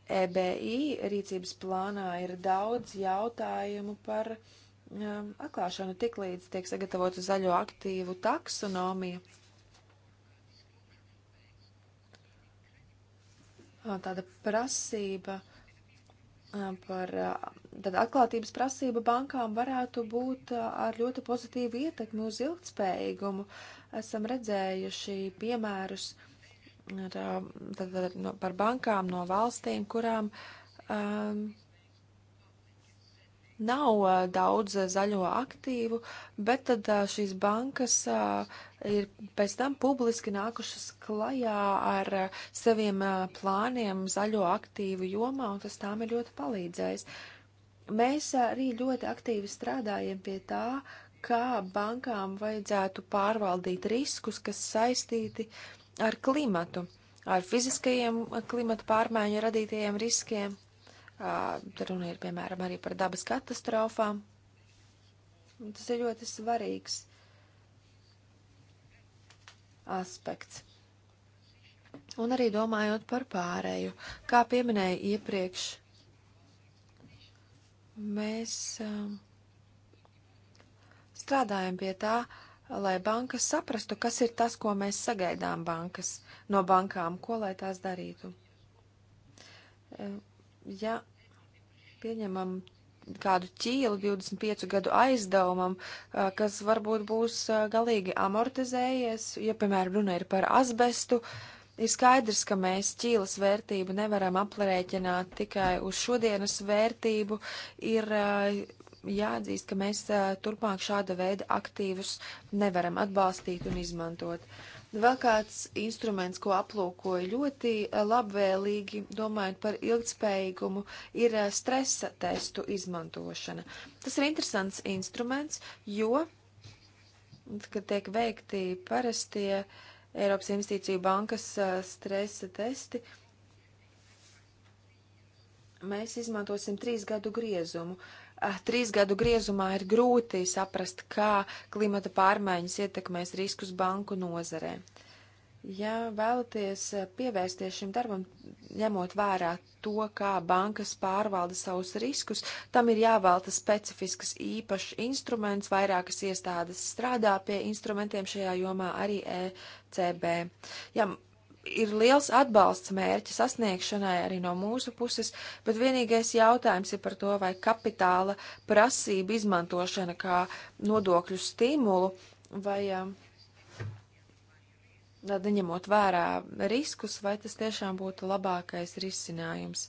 EBI rīcības plānā ir daudz jautājumu par um, atklāšanu tik līdz tiek sagatavota zaļo aktīvu taksonomija. Uh, tāda prasība uh, par tad atklātības prasība bankām varētu būt ar ļoti pozitīvu ietekmi uz ilgtspējīgumu. Esam redzējuši piemērus uh, ar, tad, tad, no, nu, par bankām no valstīm, kurām um, nav uh, daudz zaļo aktīvu, bet tad uh, šīs bankas uh, ir pēc tam publiski nākušas klajā ar uh, saviem uh, plāniem zaļo aktīvu jomā, un tas tām ir ļoti palīdzējis. Mēs uh, arī ļoti aktīvi strādājam pie tā, kā bankām vajadzētu pārvaldīt riskus, kas saistīti uh, ar klimatu, ar fiziskajiem klimata pārmaiņu radītajiem riskiem. Te runa ir piemēram arī par dabas katastrofām. Tas ir ļoti svarīgs aspekts. Un arī domājot par pārēju, kā pieminēju iepriekš, mēs um, strādājam pie tā, uh, lai bankas saprastu, kas ir tas, ko mēs sagaidām bankas, no bankām, ko lai tās darītu. E, ja pieņemam kādu ķīlu 25 gadu aizdevumam, e, kas varbūt būs e, galīgi amortizējies, ja, piemēram, runa ir par asbestu, ir skaidrs, ka mēs ķīlas vērtību nevaram aplēķināt tikai uz šodienas vērtību, ir jāatzīst, ka mēs turpmāk šāda veida aktīvus nevaram atbalstīt un izmantot. Vēl kāds instruments, ko aplūkoju ļoti labvēlīgi, domājot par ilgtspējīgumu, ir stresa testu izmantošana. Tas ir interesants instruments, jo, kad tiek veikti parastie Eiropas Investīciju bankas stresa testi, mēs izmantosim trīs gadu griezumu. Uh, Ah, trīs gadu griezumā ir grūti saprast, kā klimata pārmaiņas ietekmēs riskus banku nozarē. Ja vēlaties ah, pievērsties šim darbam, ņemot vērā to, kā bankas pārvalda savus riskus, tam ir jāvelta specifisks īpašs instruments, vairākas iestādes strādā pie instrumentiem šajā jomā arī ECB. Ja ir liels atbalsts mērķa sasniegšanai arī no mūsu puses, bet vienīgais jautājums ir par to, vai kapitāla prasība izmantošana kā nodokļu stimulu vai tad, um, neņemot vērā riskus, vai tas tiešām būtu labākais risinājums.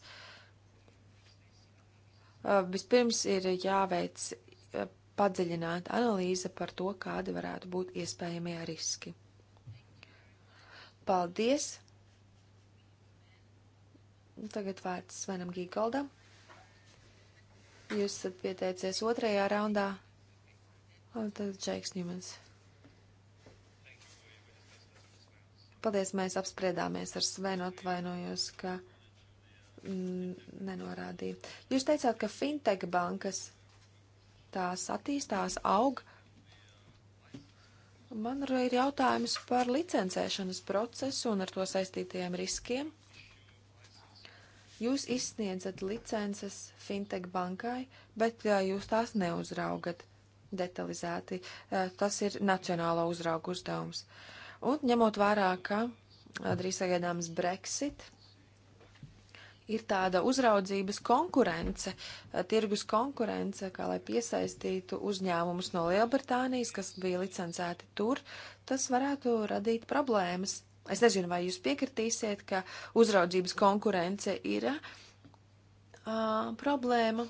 Uh, vispirms ir jāveic uh, padziļināta analīze par to, kādi varētu būt iespējamie riski. Paldies! Tagad vārds Svenam Gīgoldam. Jūs esat pieteicies otrajā raundā. Un tad Džeiks Ņumans. Paldies, mēs apspriedāmies ar Svenu, atvainojos, ka nenorādīju. Jūs teicāt, ka fintech bankas tās attīstās, aug, Man ir jautājums par licencēšanas procesu un ar to saistītajiem riskiem. Jūs izsniedzat licences fintech bankai, bet jūs tās neuzraugat detalizēti. Tas ir nacionāla uzrauga uzdevums. Un ņemot vērā, ka drīz sagaidāms Brexit, ir tāda uzraudzības konkurence, eh, tirgus konkurence, kā lai piesaistītu uzņēmumus no Lielbritānijas, kas bija licencēti tur, tas varētu radīt problēmas. Es nezinu, vai jūs piekritīsiet, ka uzraudzības konkurence ir uh, problēma.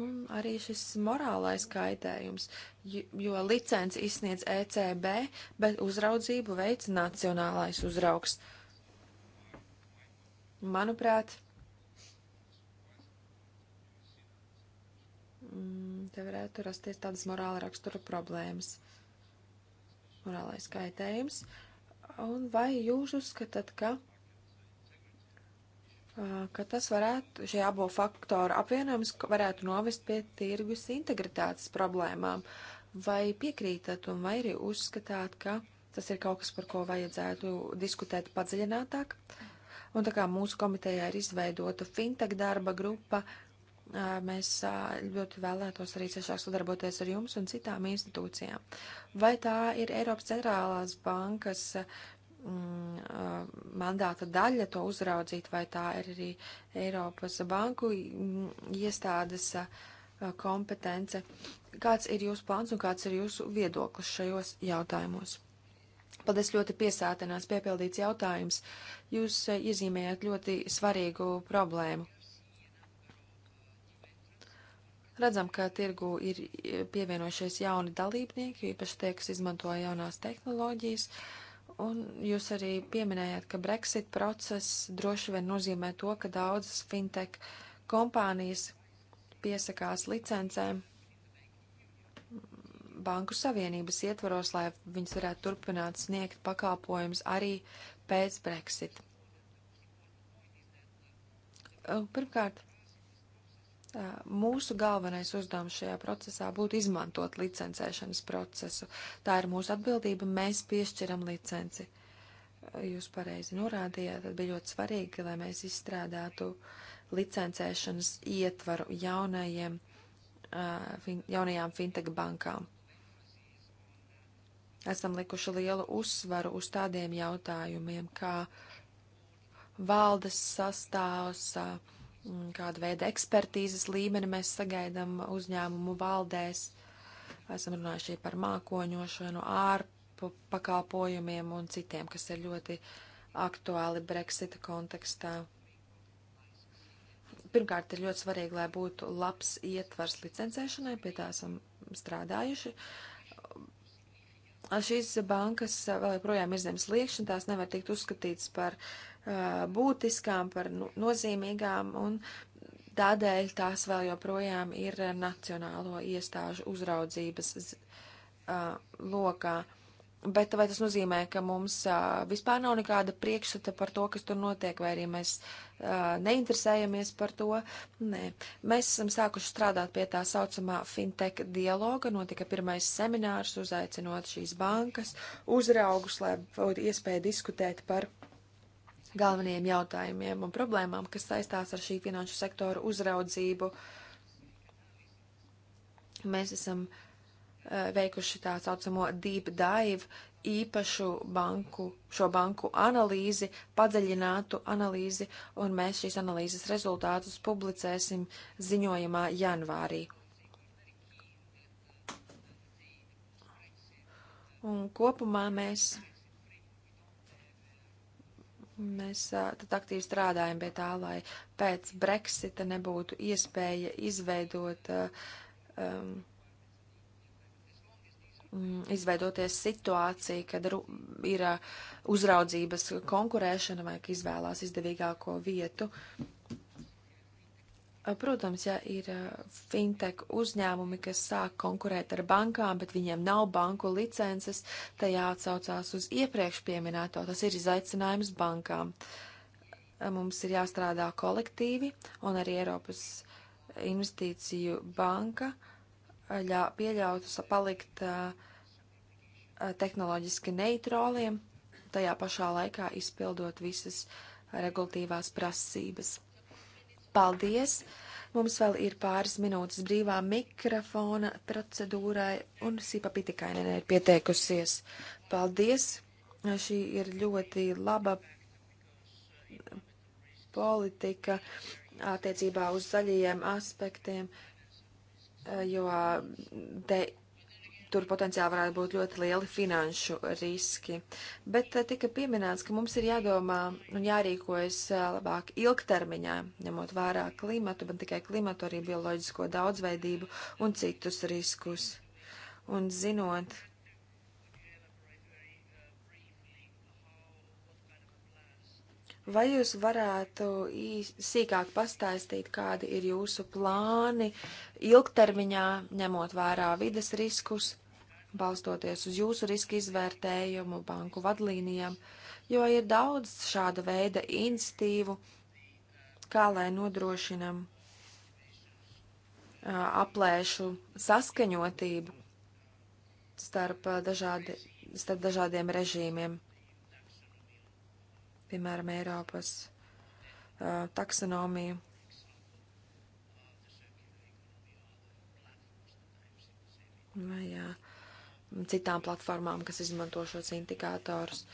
Un arī šis morālais kaitējums, jo, jo licenci izsniedz ECB, bet uzraudzību veic Nacionālais uzraugs. Uh, Manuprāt, mm, te varētu rasties tādas morāla rakstura problēmas, morālais kaitējums. Un vai jūs uzskatāt, ka, ka tas varētu, šie abo faktoru apvienojums varētu novest pie tirgus integritātes problēmām? Vai piekrītat un vai arī uzskatāt, ka tas ir kaut kas, par ko vajadzētu diskutēt padziļinātāk? Uh, Un tā kā mūsu komitejā ir izveidota fintech darba grupa, mēs ļoti vēlētos arī ciešāk sadarboties ar jums un citām institūcijām. Vai tā ir Eiropas centrālās bankas mm, mandāta daļa to uzraudzīt, vai tā ir arī Eiropas banku mm, iestādes kompetence? Kāds ir jūsu plāns un kāds ir jūsu viedoklis šajos jautājumos? Paldies, ļoti piesātināts, piepildīts jautājums. Jūs eh, iezīmējat ļoti svarīgu problēmu. Redzam, ka tirgu ir eh, pievienojušies jauni dalībnieki, īpaši tie, kas izmanto jaunās tehnoloģijas, un jūs arī pieminējāt, ka Brexit process droši vien nozīmē to, ka daudzas fintech kompānijas piesakās licencēm Banku Savienības ietvaros, lai viņas varētu turpināt sniegt pakalpojumus arī pēc Brexit. Pirmkārt, mūsu galvenais uzdevums šajā procesā būtu izmantot licencēšanas procesu. Tā ir mūsu atbildība, mēs piešķiram licenci. Jūs pareizi norādījāt, tad bija ļoti svarīgi, lai mēs izstrādātu licencēšanas ietvaru jaunajiem, jaunajām fintech bankām esam likuši lielu uzsvaru uz tādiem jautājumiem, kā valdes sastāvs, kāda veida ekspertīzes līmeni mēs sagaidām uzņēmumu valdēs. Esam runājuši par mākoņošanu, ārpu pakalpojumiem un citiem, kas ir ļoti aktuāli Brexita kontekstā. Pirmkārt, ir ļoti svarīgi, lai būtu labs ietvars licencēšanai, pie tā esam strādājuši. Uh, Šīs bankas uh, vēl joprojām ir zemes liekšņa, tās nevar tikt uzskatītas par uh, būtiskām, par nu, nozīmīgām, un tādēļ tās vēl joprojām ir uh, nacionālo iestāžu uzraudzības uh, lokā. Uh, Bet vai tas nozīmē, ka mums uh, vispār nav nekāda priekšstata par to, kas tur notiek, vai arī mēs uh, neinteresējamies par to? Nē. Mēs esam sākuši strādāt pie tā saucamā fintech dialoga. Notika pirmais seminārs, uzaicinot šīs bankas uzraugus, lai būtu iespēja diskutēt par galvenajiem jautājumiem un problēmām, kas saistās ar šī finanšu sektora uzraudzību. Mēs esam uh, Uh, veikuši tā saucamo deep dive īpašu banku, šo banku analīzi, padziļinātu analīzi, un mēs šīs analīzes rezultātus publicēsim ziņojumā janvārī. Un kopumā mēs, mēs uh, tad aktīvi strādājam pie tā, lai pēc Brexita nebūtu iespēja izveidot uh, um, Mm, izveidoties situācija, kad ir uh, uzraudzības konkurēšana vai ka izvēlās izdevīgāko vietu. Uh, protams, ja ir uh, fintech uzņēmumi, kas sāk konkurēt ar bankām, bet viņiem nav banku licences, te jāatsaucās uz iepriekš pieminēto. Tas ir izaicinājums bankām. Mums ir jāstrādā kolektīvi, un arī Eiropas investīciju banka uh, ļā, pieļautu palikt tehnoloģiski neitrāliem, tajā pašā laikā izpildot visas regulatīvās prasības. Paldies! Mums vēl ir pāris minūtes brīvā mikrofona procedūrai, un Sīpa Pitikainen ir pieteikusies. Paldies! Šī ir ļoti laba politika attiecībā uz zaļajiem aspektiem. Uh, Eh, jo te tur potenciāli varētu būt ļoti lieli finanšu riski. Bet eh, tika pieminēts, ka mums ir jādomā un jārīkojas eh, labāk ilgtermiņā, ņemot vērā klimatu, bet tikai klimatu, arī bioloģisko daudzveidību un citus riskus. Un zinot, Vai jūs varētu īs, sīkāk pastāstīt, kādi ir jūsu plāni ilgtermiņā, ņemot vērā vides riskus, balstoties uz jūsu riska izvērtējumu, banku vadlīnijām, jo ir daudz šāda veida institīvu, kā lai nodrošinam aplēšu saskaņotību starp, dažādi, starp dažādiem režīmiem piemēram, Eiropas uh, taksonomiju. Vai jā, citām platformām, kas izmanto šos indikātors.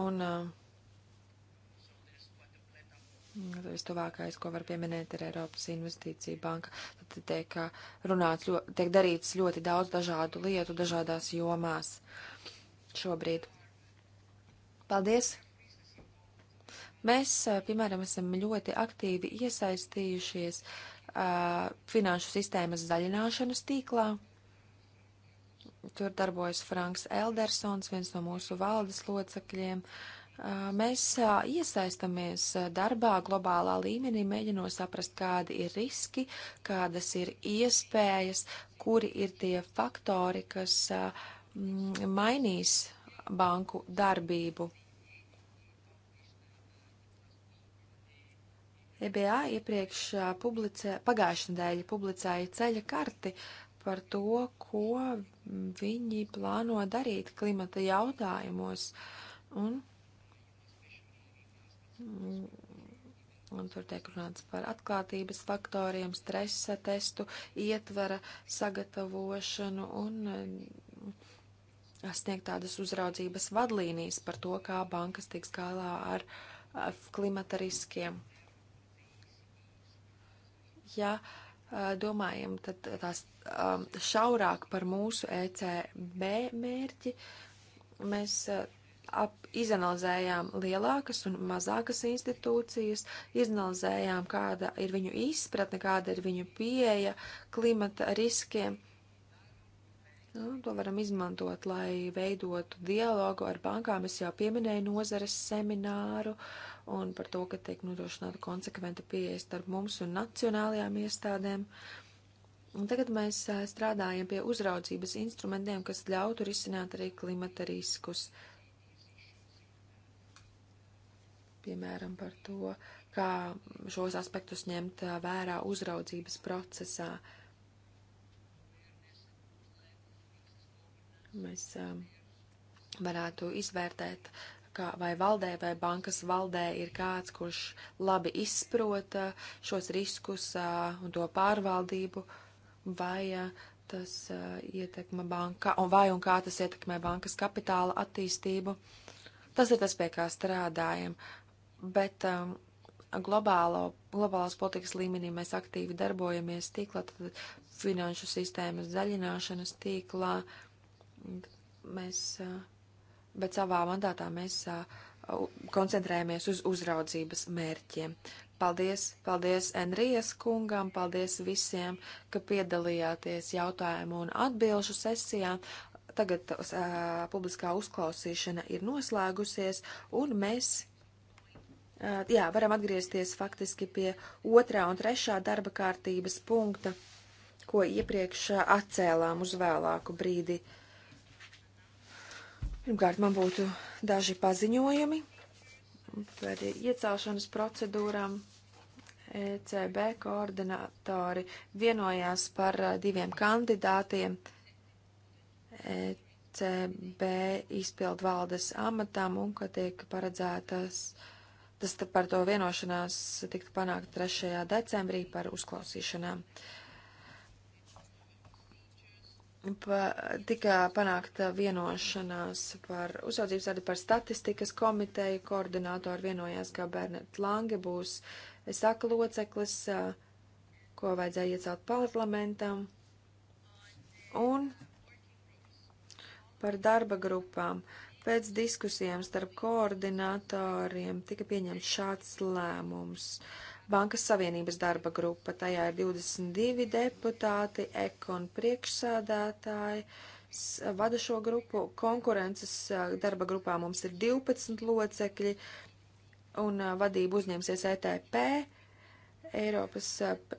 Un uh, Vistuvākais, ko var pieminēt, ir Eiropas Investīcija banka. Tad tiek, runāts, ļoti, tiek darīts ļoti daudz dažādu lietu dažādās jomās šobrīd. Paldies! Mēs, piemēram, esam ļoti aktīvi iesaistījušies uh, finanšu sistēmas zaļināšanas tīklā. Tur darbojas Franks Eldersons, viens no mūsu valdes locekļiem. Uh, mēs uh, iesaistamies darbā globālā līmenī, mēģinot saprast, kādi ir riski, kādas ir iespējas, kuri ir tie faktori, kas mainīs banku darbību EBA iepriekš publicē, pagājušajā nedēļā publicēja ceļa karti par to, ko viņi plāno darīt klimata jautājumos. Un, mm, un tur tiek runāts par atklātības faktoriem, stresa testu, ietvara sagatavošanu un sniegt tādas uzraudzības vadlīnijas par to, kā bankas tiks galā ar klimata riskiem ja domājam tad tās šaurāk par mūsu ECB mērķi, mēs ap, izanalizējām lielākas un mazākas institūcijas, izanalizējām, kāda ir viņu izpratne, kāda ir viņu pieeja klimata riskiem. Nu, to varam izmantot, lai veidotu dialogu ar bankām. Es jau pieminēju nozares semināru un par to, ka tiek nodrošināta konsekventa pieeja starp mums un nacionālajām iestādēm. Un tagad mēs strādājam pie uzraudzības instrumentiem, kas ļautu risināt arī klimata riskus. Piemēram, par to, kā šos aspektus ņemt vērā uzraudzības procesā. Uh, Mēs varētu izvērtēt, kā vai valdē vai bankas valdē ir kāds, kurš labi izprota šos riskus un to pārvaldību, vai tas ietekmē banka, un vai un kā tas ietekmē bankas kapitāla attīstību. Tas ir tas, pie kā strādājam. Bet um, globālo, globālās politikas līmenī mēs aktīvi darbojamies tīklā, tad finanšu sistēmas zaļināšanas tīklā. Uh, Mēs, bet savā mandātā mēs koncentrējamies uz uzraudzības mērķiem. Paldies, paldies Enrijas kungam, paldies visiem, ka piedalījāties jautājumu un atbilžu sesijā. Tagad uh, publiskā uzklausīšana ir noslēgusies, un mēs uh, jā, varam atgriezties faktiski pie otrā un trešā darba kārtības punkta, ko iepriekš uh, atcēlām uz vēlāku brīdi. Uh, Pirmkārt, man būtu daži paziņojumi par iecelšanas procedūrām. ECB koordinatori vienojās par diviem kandidātiem ECB izpildvaldes amatam un ka tiek paredzētas, tas par to vienošanās tiktu panākt 3. decembrī par uzklausīšanām. Uh, pa, tika panākta vienošanās par uzraudzības tādu par statistikas komiteju. Koordinātori vienojās, ka Bernat Lange būs saka loceklis, ko vajadzēja iecelt parlamentam. Un par darba grupām. Pēc diskusijām starp koordinatoriem tika pieņemts šāds lēmums. Uh, Bankas Savienības darba grupa. Tajā ir 22 deputāti, ekon priekšsādātāji, vada šo grupu. Konkurences darba grupā mums ir 12 locekļi, un vadību uzņemsies ETP. Eiropas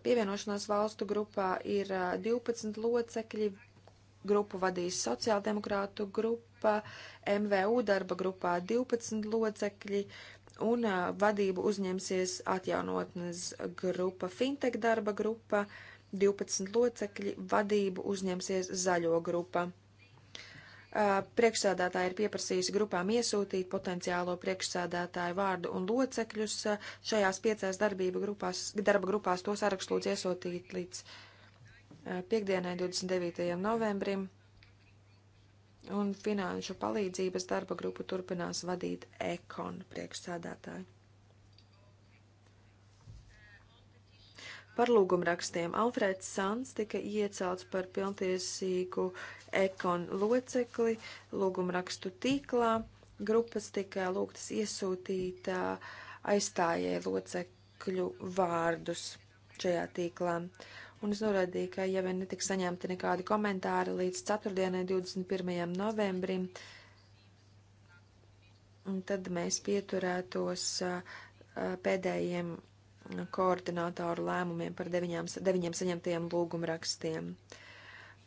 pievienošanās valstu grupā ir 12 locekļi, grupu vadīs sociāldemokrātu grupa, MVU darba grupā 12 locekļi, un vadību uzņemsies atjaunotnes grupa Fintech darba grupa, 12 locekļi, vadību uzņemsies zaļo grupa. Priekšsādātāji ir pieprasījusi grupām iesūtīt potenciālo priekšsādātāju vārdu un locekļus. Šajās piecās grupās, darba grupās to sarakstu lūdzu iesūtīt līdz piekdienai 29. novembrim un finanšu palīdzības darba grupu turpinās vadīt ekon priekšsādātāji. Par lūgumrakstiem Alfrēds Sans tika iecelts par pilntiesīgu ekon locekli lūgumrakstu tīklā. Grupas tika lūgtas iesūtīt aizstājēju locekļu vārdus šajā tīklā un es norādīju, ka, ja vien netiks saņemti nekādi komentāri līdz ceturtdienai, 21. novembrim, tad mēs pieturētos pēdējiem koordinātoru lēmumiem par deviņām, deviņiem saņemtajiem lūgumrakstiem.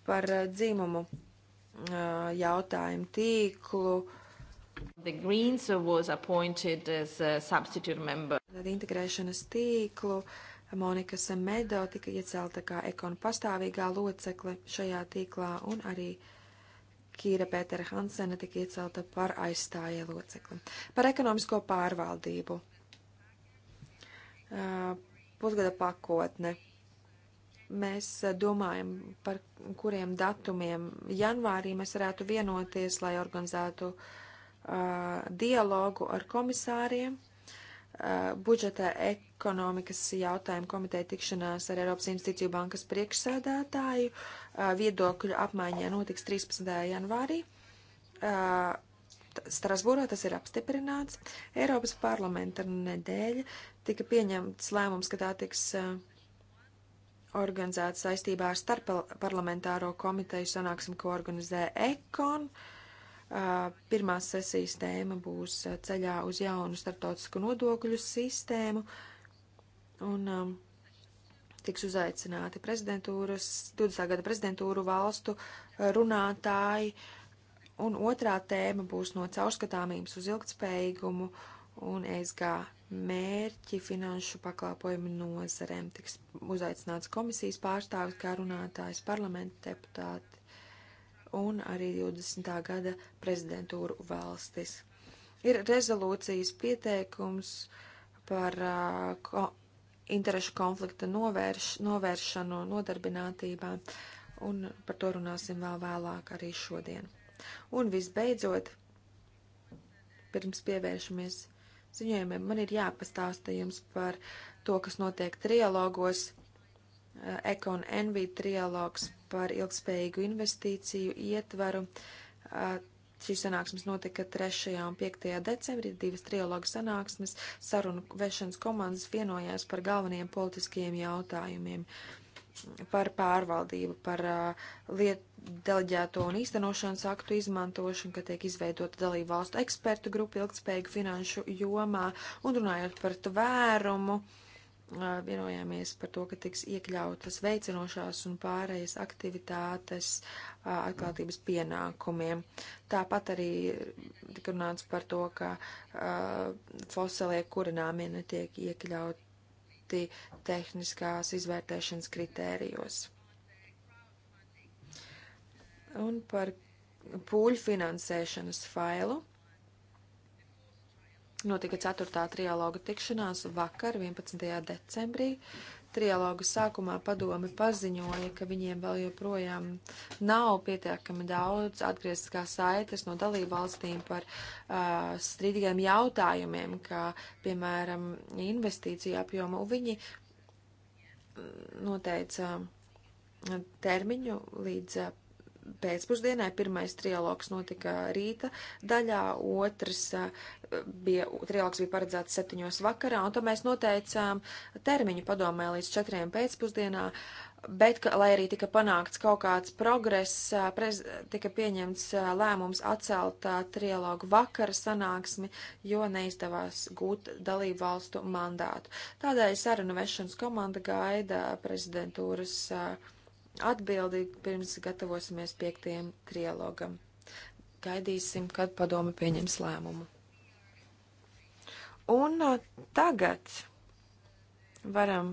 Par dzimumu jautājumu tīklu. The Greens was appointed as a substitute member. Tad integrēšanas tīklu. Uh, Monika Semedo tika iecelta kā ekonu pastāvīgā locekle šajā tīklā, un arī Kīra Pētera Hansena tika iecelta par aizstājie locekli. Par ekonomisko pārvaldību. Uh, pusgada pakotne. Mēs uh, domājam, par kuriem datumiem janvārī mēs varētu vienoties, lai organizētu uh, dialogu ar komisāriem. Uh, Eh, budžeta ekonomikas jautājumu komiteja tikšanās ar Eiropas Investīciju bankas priekšsēdētāju. Eh, viedokļu apmaiņā notiks 13. janvārī. Eh, Strasbūrā tas ir apstiprināts. Eiropas parlamenta nedēļa tika pieņemts lēmums, ka tā tiks organizēta saistībā ar starpparlamentāro komiteju sanāksmi, ko organizē Ekon. Uh, Pirmās sesijas tēma būs ceļā uz jaunu startautisku nodokļu sistēmu. Un, um, tiks uzaicināti prezidentūras, 20. gada prezidentūru valstu runātāji, un otrā tēma būs no caurskatāmības uz ilgtspējīgumu un ESG mērķi finanšu pakalpojumu nozarēm. Tiks uzaicināts komisijas pārstāvis, kā runātājs, parlamenta deputāti un arī 20. gada prezidentūru valstis. Ir rezolūcijas pieteikums par uh, ko, interešu konflikta novērš, novēršanu nodarbinātībā, un par to runāsim vēl vēlāk arī šodien. Un visbeidzot, pirms pievēršamies ziņojumiem, man ir jāpastāsta jums par to, kas notiek trialogos. Ekon Envī trialogs par ilgspējīgu investīciju ietvaru. Šīs sanāksmes notika 3. un 5. decembrī, divas trialoga sanāksmes. Sarunu vešanas komandas vienojās par galvenajiem politiskajiem jautājumiem par pārvaldību, par uh, lietu deleģēto un īstenošanas aktu izmantošanu, ka tiek izveidota dalību valstu ekspertu grupa ilgspējīgu finanšu jomā un runājot par tvērumu. Uh, vienojāmies par to, ka tiks iekļautas veicinošās un pārējas aktivitātes atklātības pienākumiem. Tāpat arī tika runāts par to, ka fosilie kurināmie netiek iekļauti tehniskās izvērtēšanas kritērijos. Un par pūļu finansēšanas failu Notika 4. trialoga tikšanās vakar, 11. decembrī. Trialoga sākumā padome paziņoja, ka viņiem vēl joprojām nav pietiekami daudz atgrieztiskās saites no dalību valstīm par uh, strīdīgiem jautājumiem, kā piemēram investīcija apjomu. Viņi noteica termiņu līdz pēcpusdienai. Pirmais trialogs notika rīta daļā, otrs eh, bija, trialogs bija paredzēts septiņos vakarā, un tad mēs noteicām termiņu padomē līdz četriem pēcpusdienā, bet, ka, lai arī tika panākts kaut kāds progress, eh, prez, tika pieņemts eh, lēmums atcelt trialogu vakara sanāksmi, jo neizdevās gūt dalību valstu mandātu. Tādēļ sarunu vešanas komanda gaida prezidentūras uh, atbildīgi pirms gatavosimies piektajam trialogam. Gaidīsim, kad padome pieņems lēmumu. Un uh, tagad varam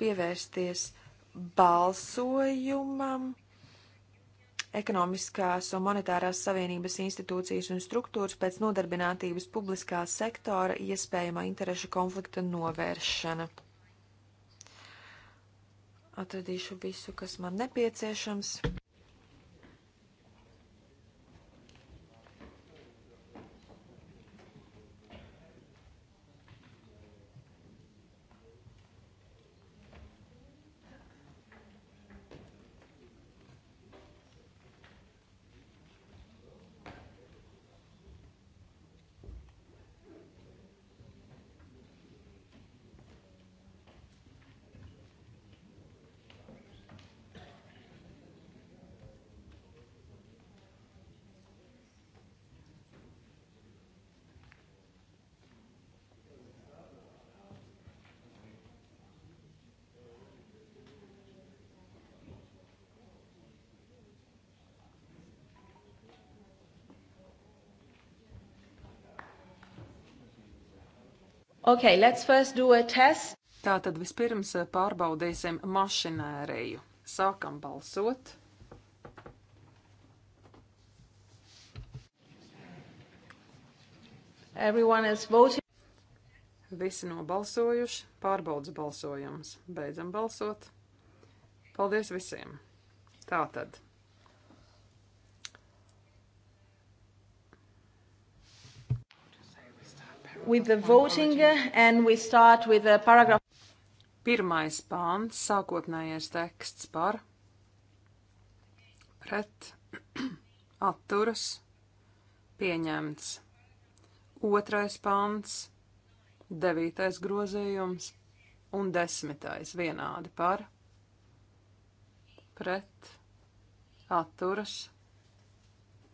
pievērsties balsojumam ekonomiskās un monetārās savienības institūcijas un struktūras pēc nodarbinātības publiskā sektora iespējamā interešu konflikta novēršana. Atradīšu visu, kas man nepieciešams. Okay, let's first do a test. Tā tad vispirms eh, pārbaudīsim mašinēriju. Sākam balsot. Everyone is voting. Visi nobalsojuši, pārbaudas balsojums. Beidzam balsot. Paldies visiem! Tātad with the voting and we start with the paragraph. Pirmais pāns, sākotnējais teksts par pret atturas pieņemts. Otrais pāns, devītais grozījums un desmitais vienādi par pret atturas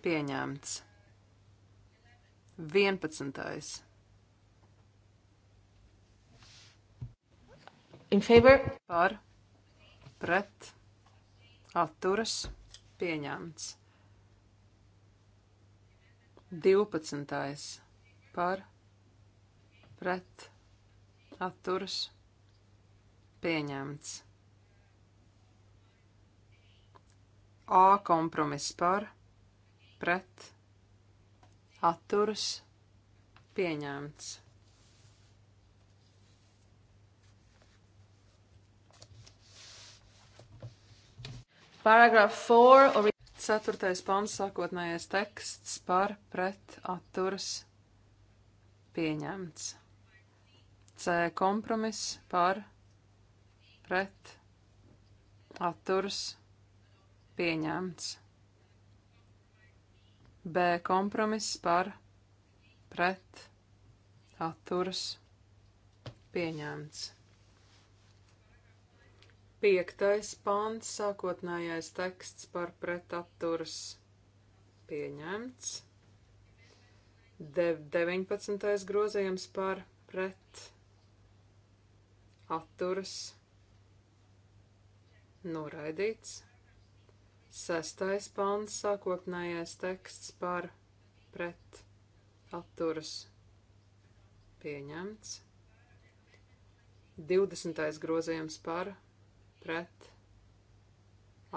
pieņemts. Vienpadsmitais In favor? Par, pret, atturas, pieņemts. 12. par, pret, atturas, pieņemts. A kompromiss par, pret, atturas, pieņemts. Paragraf 4. Or... Ceturtais pants sākotnējais teksts par pret atturs pieņemts. C kompromiss par pret atturs pieņemts. B kompromiss par pret atturs pieņemts. Piektais pants, sākotnējais teksts par pretaturas pieņemts. De 19. grozījums par pret atturas noraidīts. Sestais pants, sākotnējais teksts par pret atturas pieņemts. 20. grozījums par pret pret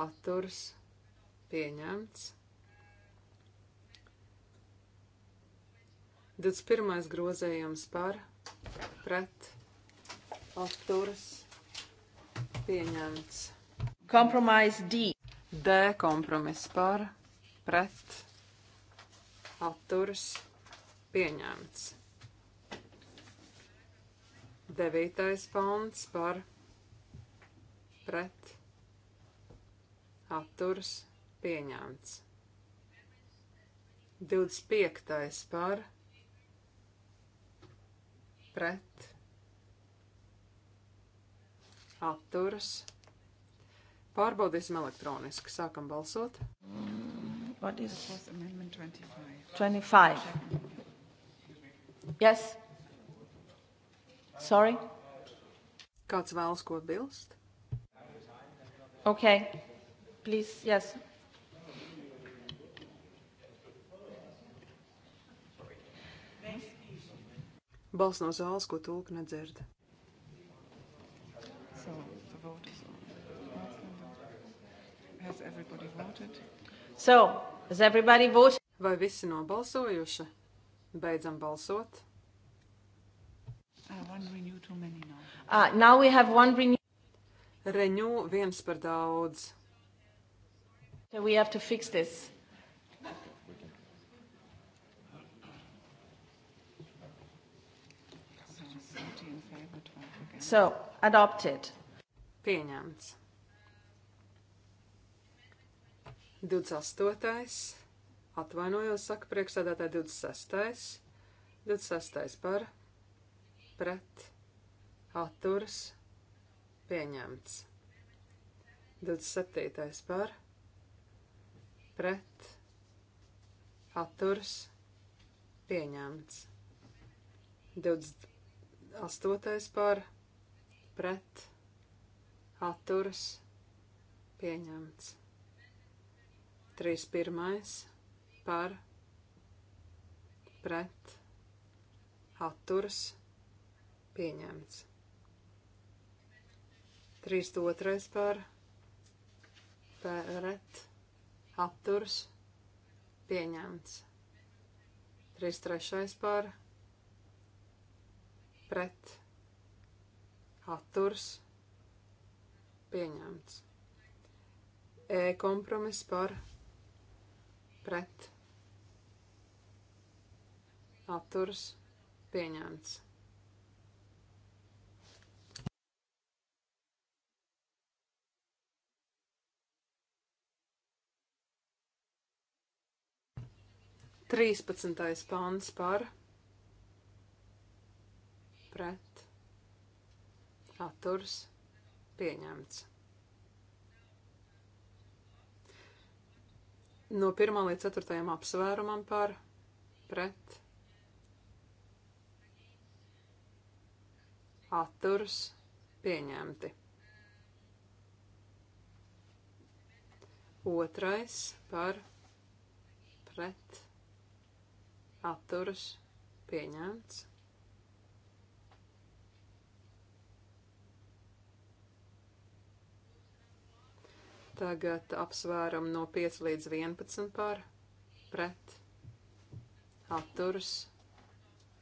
atturs pieņemts. 21. grozējums par pret atturas pieņemts. Kompromise D. D kompromiss par pret atturas pieņemts. 9. pants par pret atturas pieņemts. 25. par pret atturas. Pārbaudīsim elektroniski. Sākam balsot. What is it? Amendment 25. 25. Yes. Sorry. Kāds vēlas ko bilst? Okay. Please, yes. Balss no zāles, ko tulka nedzird. So the vote is on. Has everybody voted? So, has everybody voted? Vai visi nobalsojuši? Beidzam balsot. Uh, one renew too many now. Uh, now we have one renew. Reņū viens par daudz. So we have to fix this. So, adopted. Pieņemts. 28. Atvainojos, saka priekšsēdētāji 26. 26. par pret atturas pieņemts. 27. par pret atturs pieņemts. 28. par pret atturs pieņemts. 31. par pret atturs pieņemts. 32. par pret atturs pieņemts. 33. par pret atturs pieņemts. E kompromiss par pret atturs pieņemts. 13. pāns par pret atturs pieņemts. No 1 līdz 4 apsvērumam par pret atturs pieņemti. Otrais par pret atturs pieņemti atturas pieņemts. Tagad apsvēram no 5 līdz 11 par pret atturas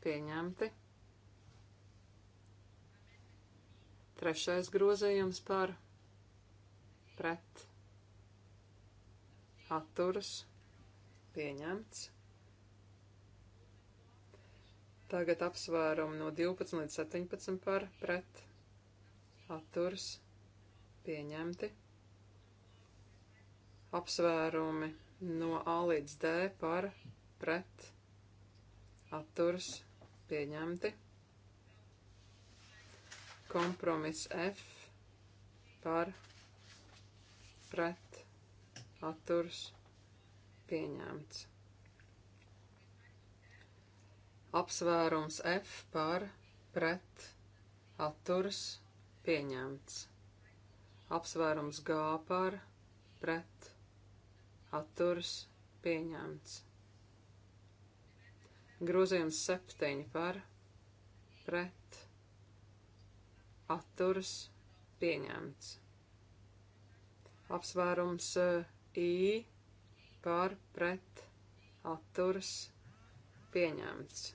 pieņemti. Trešais grozījums par pret atturas pieņemts. Tagad apsvērumi no 12 līdz 17 par pret atturs pieņemti. Apsvērumi no A līdz D par pret atturs pieņemti. Kompromiss F par pret atturs pieņemts apsvērums F par pret atturs pieņemts. Apsvērums G par pret atturs pieņemts. Grozījums 7 par pret atturs pieņemts. Apsvērums eh, I par pret atturs pieņemts pieņemts.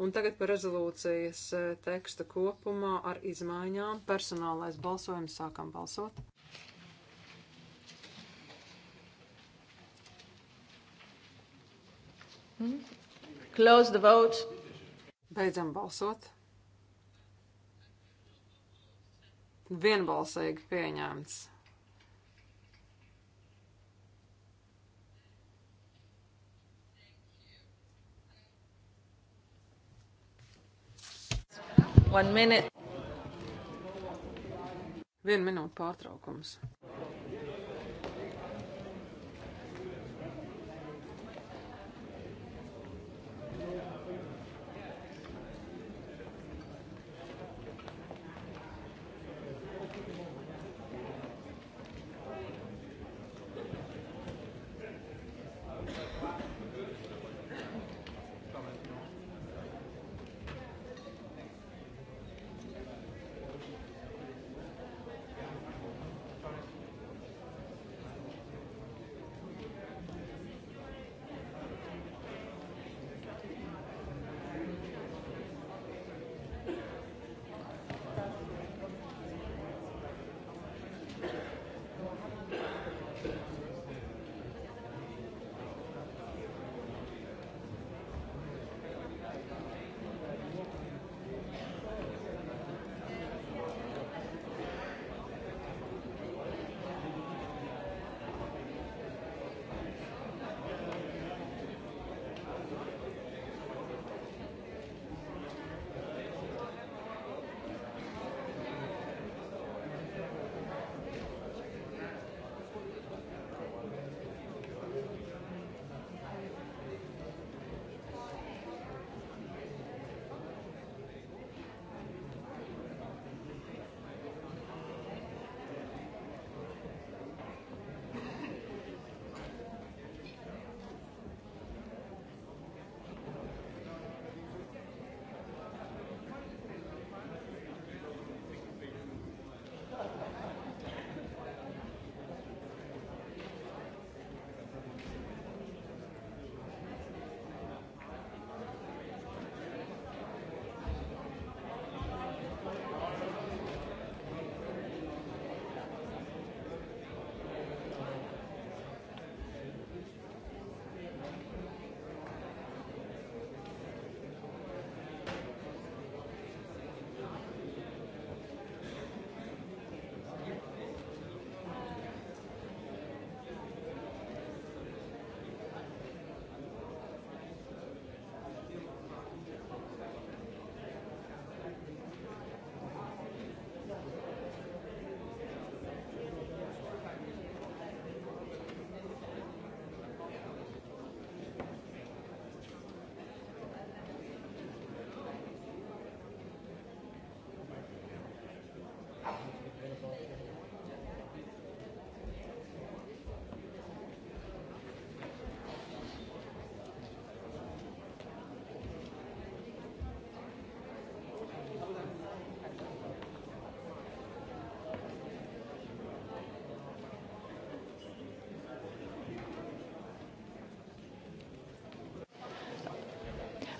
Un tagad par rezolūcijas e, teksta kopumā ar izmaiņām. Personālais balsojums sākam balsot. Hmm? Close the vote. Beidzam balsot. Vienbalsīgi pieņemts. One minute. Vienu minūtu pārtraukums.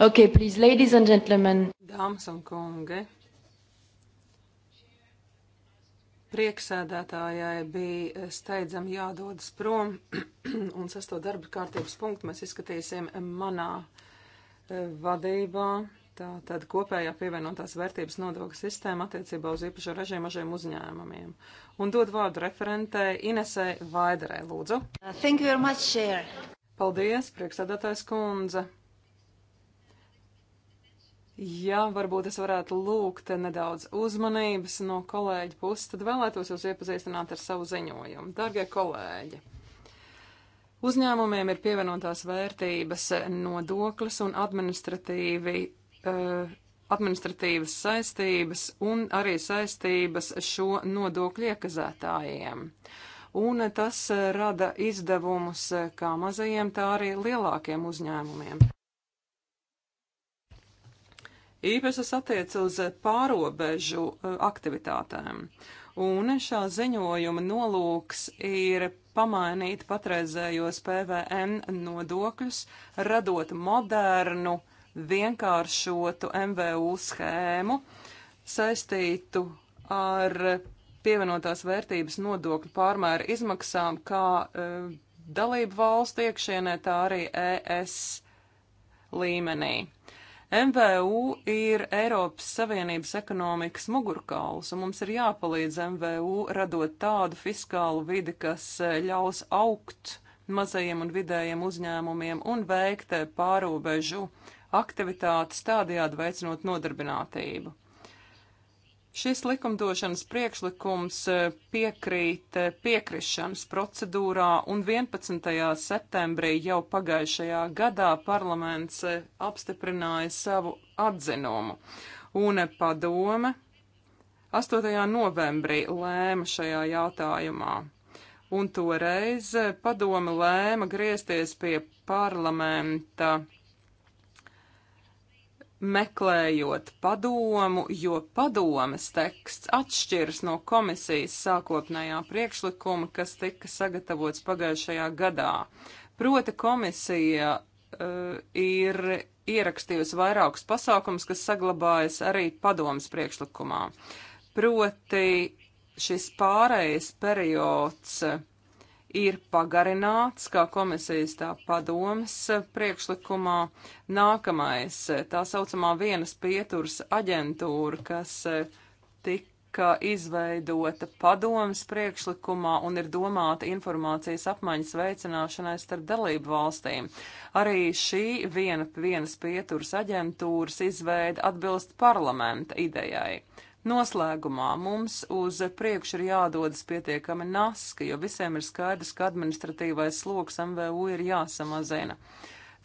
Okay, please, ladies and gentlemen. Dāmas un kungi. Prieksēdētājai bija steidzami jādodas prom, un sesto darba kārtības punktu mēs izskatīsim manā e, vadībā. Tātad kopējā pievienotās vērtības nodokļa sistēma attiecībā uz īpašo režīmu mažiem uzņēmumiem. Un dod vārdu referentē Inesē Vaiderē, lūdzu. Thank you very much, Chair. Paldies, priekšsēdētājs kundze. Ja varbūt es varētu lūgt nedaudz uzmanības no kolēģa puses, tad vēlētos jūs iepazīstināt ar savu ziņojumu. Dargie kolēģi! Uzņēmumiem ir pievienotās vērtības nodoklis un administratīvi, uh, administratīvas saistības un arī saistības šo nodokļu iekazētājiem un tas rada izdevumus eh, kā mazajiem, tā arī lielākiem uzņēmumiem. Īpaši tas attiec uz pārobežu uh, aktivitātēm. Un šā ziņojuma nolūks ir pamainīt patreizējos PVN nodokļus, radot modernu, vienkāršotu MVU schēmu saistītu ar pievienotās vērtības nodokļu pārmēru izmaksām, kā e, dalību valstu iekšienē, tā arī ES līmenī. MVU ir Eiropas Savienības ekonomikas mugurkauls, un mums ir jāpalīdz MVU radot tādu fiskālu vidi, kas eh, ļaus augt mazajiem un vidējiem uzņēmumiem un veikt eh, pārobežu aktivitātes, tādējādi veicinot nodarbinātību. Šis likumdošanas priekšlikums e, piekrīt e, piekrišanas procedūrā un 11. septembrī jau pagājušajā gadā parlaments e, apstiprināja savu atzinumu. Un padome 8. novembrī lēma šajā jautājumā. Un toreiz padome lēma griezties pie parlamenta meklējot padomu, jo padomes teksts atšķiras no komisijas sākotnējā priekšlikuma, kas tika sagatavots pagājušajā gadā. Proti komisija uh, ir ierakstījusi vairākus pasākumus, kas saglabājas arī padomes priekšlikumā. Proti šis pārējais periods uh, ir pagarināts, kā komisijas tā padomas priekšlikumā. Nākamais tā saucamā vienas pieturas aģentūra, kas e, tika izveidota padomas priekšlikumā un ir domāta informācijas apmaiņas veicināšanai starp dalību valstīm. Arī šī viena, vienas pieturas aģentūras izveida atbilst parlamenta idejai. Noslēgumā mums uz priekšu ir jādodas pietiekami naski, jo visiem ir skaidrs, ka administratīvais sloks MVU ir jāsamazina.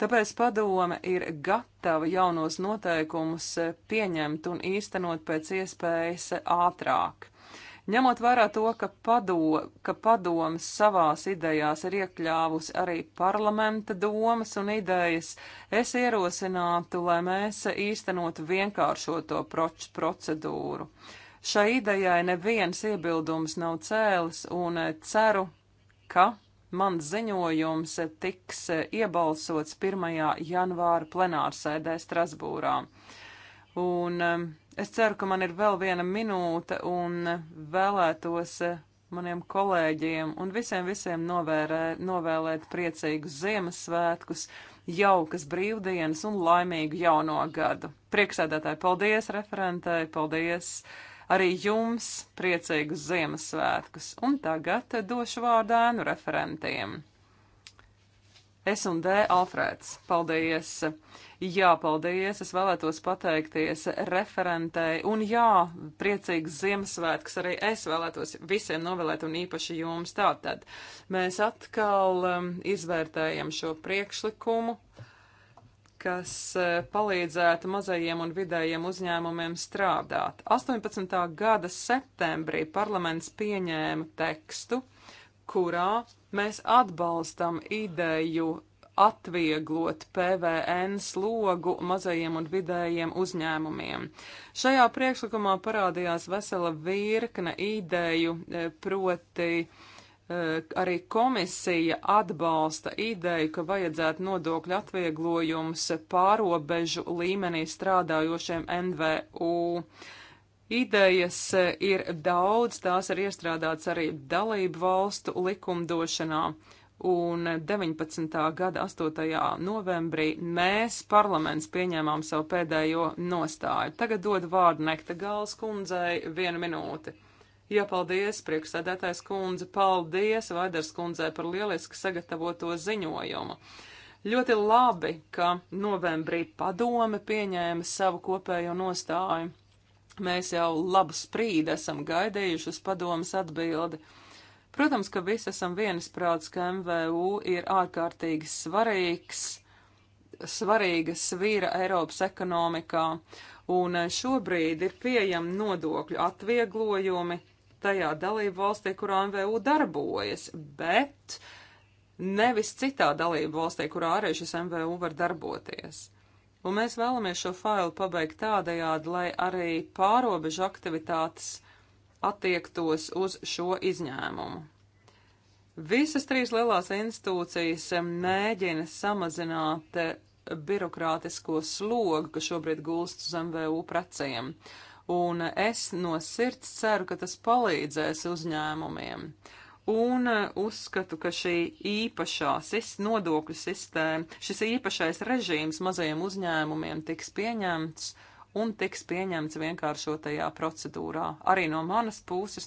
Tāpēc padome ir gatava jaunos noteikumus pieņemt un īstenot pēc iespējas ātrāk. Ņemot vērā to, ka, pado, ka padomas savās idejās ir iekļāvusi arī parlamenta domas un idejas, es ierosinātu, lai mēs īstenotu vienkāršoto proč procedūru. Šai idejai neviens iebildums nav cēlis un ceru, ka mans ziņojums tiks iebalsots 1. janvāra plenārsēdē Strasbūrā. Un um, Es ceru, ka man ir vēl viena minūte un vēlētos maniem kolēģiem un visiem visiem novērē, novēlēt priecīgus Ziemassvētkus, jaukas brīvdienas un laimīgu jauno gadu. Prieksēdētāji, paldies referentēji, paldies arī jums priecīgus Ziemassvētkus. Un tagad došu vārdu ēnu referentiem. S un D Alfrēds. Paldies! Jā, paldies! Es vēlētos pateikties referentei. Un jā, priecīgs Ziemassvētks arī es vēlētos visiem novēlēt un īpaši jums. Tātad mēs atkal um, izvērtējam šo priekšlikumu kas uh, palīdzētu mazajiem un vidējiem uzņēmumiem strādāt. 18. gada septembrī parlaments pieņēma tekstu, kurā mēs atbalstam ideju atvieglot PVN slogu mazajiem un vidējiem uzņēmumiem. Šajā priekšlikumā parādījās vesela virkne ideju, e, proti e, arī komisija atbalsta ideju, ka vajadzētu nodokļu atvieglojums pārobežu līmenī strādājošiem NVU. Idejas e, ir daudz, tās ir iestrādāts arī dalību valstu likumdošanā, un 19. gada 8. novembrī mēs parlaments pieņēmām savu pēdējo nostāju. Tagad dod vārdu Nekta Gāls kundzei vienu minūti. Jā, paldies, priekšsēdētājs kundze, paldies Vaidars kundzei par lieliski sagatavoto ziņojumu. Ļoti labi, ka novembrī padome pieņēma savu kopējo nostāju Mēs jau labu sprīdi esam gaidījuši uz padomas atbildi. Protams, ka visi esam vienisprāts, ka MVU ir ārkārtīgi svarīgs, svarīga svīra Eiropas ekonomikā, un šobrīd ir pieejami nodokļu atvieglojumi tajā dalību valstī, kurā MVU darbojas, bet nevis citā dalību valstī, kurā arī šis MVU var darboties un mēs vēlamies šo failu pabeigt tādējādi, lai arī pārobežu aktivitātes attiektos uz šo izņēmumu. Visas trīs lielās institūcijas mēģina samazināt eh, birokrātisko slogu, kas šobrīd gulst uz MVU preciem, un es no sirds ceru, ka tas palīdzēs uzņēmumiem. Uh, un eh, uzskatu, ka šī īpašā sis, nodokļu sistēma, šis īpašais režīms mazajiem uzņēmumiem tiks pieņemts un tiks pieņemts vienkāršotajā procedūrā. Arī no manas puses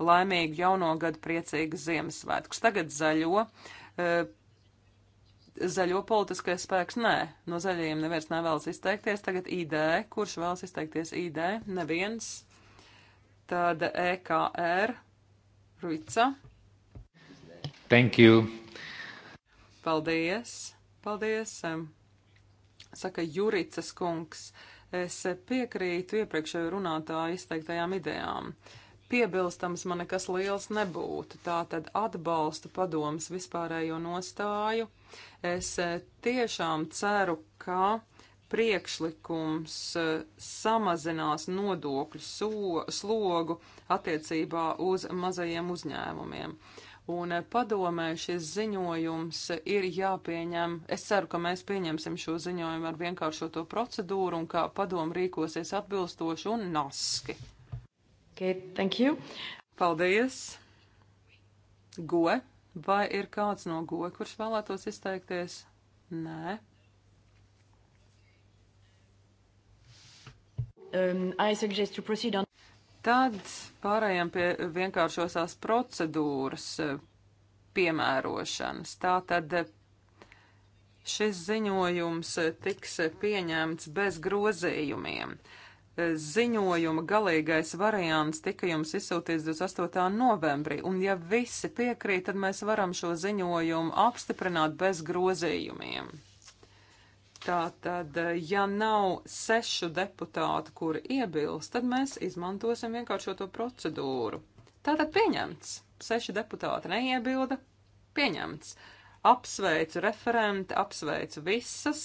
laimīgu jauno gadu, priecīgas Ziemassvētkus. Tagad zaļo, eh, zaļo politiskais spēks nē, no zaļajiem neviens nevēlas izteikties, tagad ID, kurš vēlas izteikties ID, neviens, tad EKR, Ruica. Thank you! Paldies! Paldies! Saka Juricas kungs. Es piekrītu iepriekšēju runātāju izteiktajām idejām. Piebilstams man nekas liels nebūtu, tā tad atbalstu padomas vispārējo nostāju. Es eh, tiešām ceru, ka priekšlikums eh, samazinās nodokļu so slogu attiecībā uz mazajiem uzņēmumiem. Uh, un eh, padomē šis ziņojums ir jāpieņem. Es ceru, ka mēs pieņemsim šo ziņojumu ar vienkāršoto procedūru un kā padomu rīkosies atbilstoši un naski. Okay, thank you. Paldies. Goe. Vai ir kāds no goe, kurš vēlētos izteikties? Nē. Um, on... Tad pārējām pie vienkāršosās procedūras eh, piemērošanas. Tātad eh, šis ziņojums eh, tiks pieņemts bez grozījumiem. Ziņojuma galīgais variants tika jums izsūtīts 28. novembrī, un ja visi piekrīt, tad mēs varam šo ziņojumu apstiprināt bez grozījumiem. Tātad, ja nav sešu deputātu, kuri iebilst, tad mēs izmantosim vienkāršo to procedūru. Tātad pieņemts. Seši deputāti neiebilda. Pieņemts. Apsveicu referenti, apsveicu visas.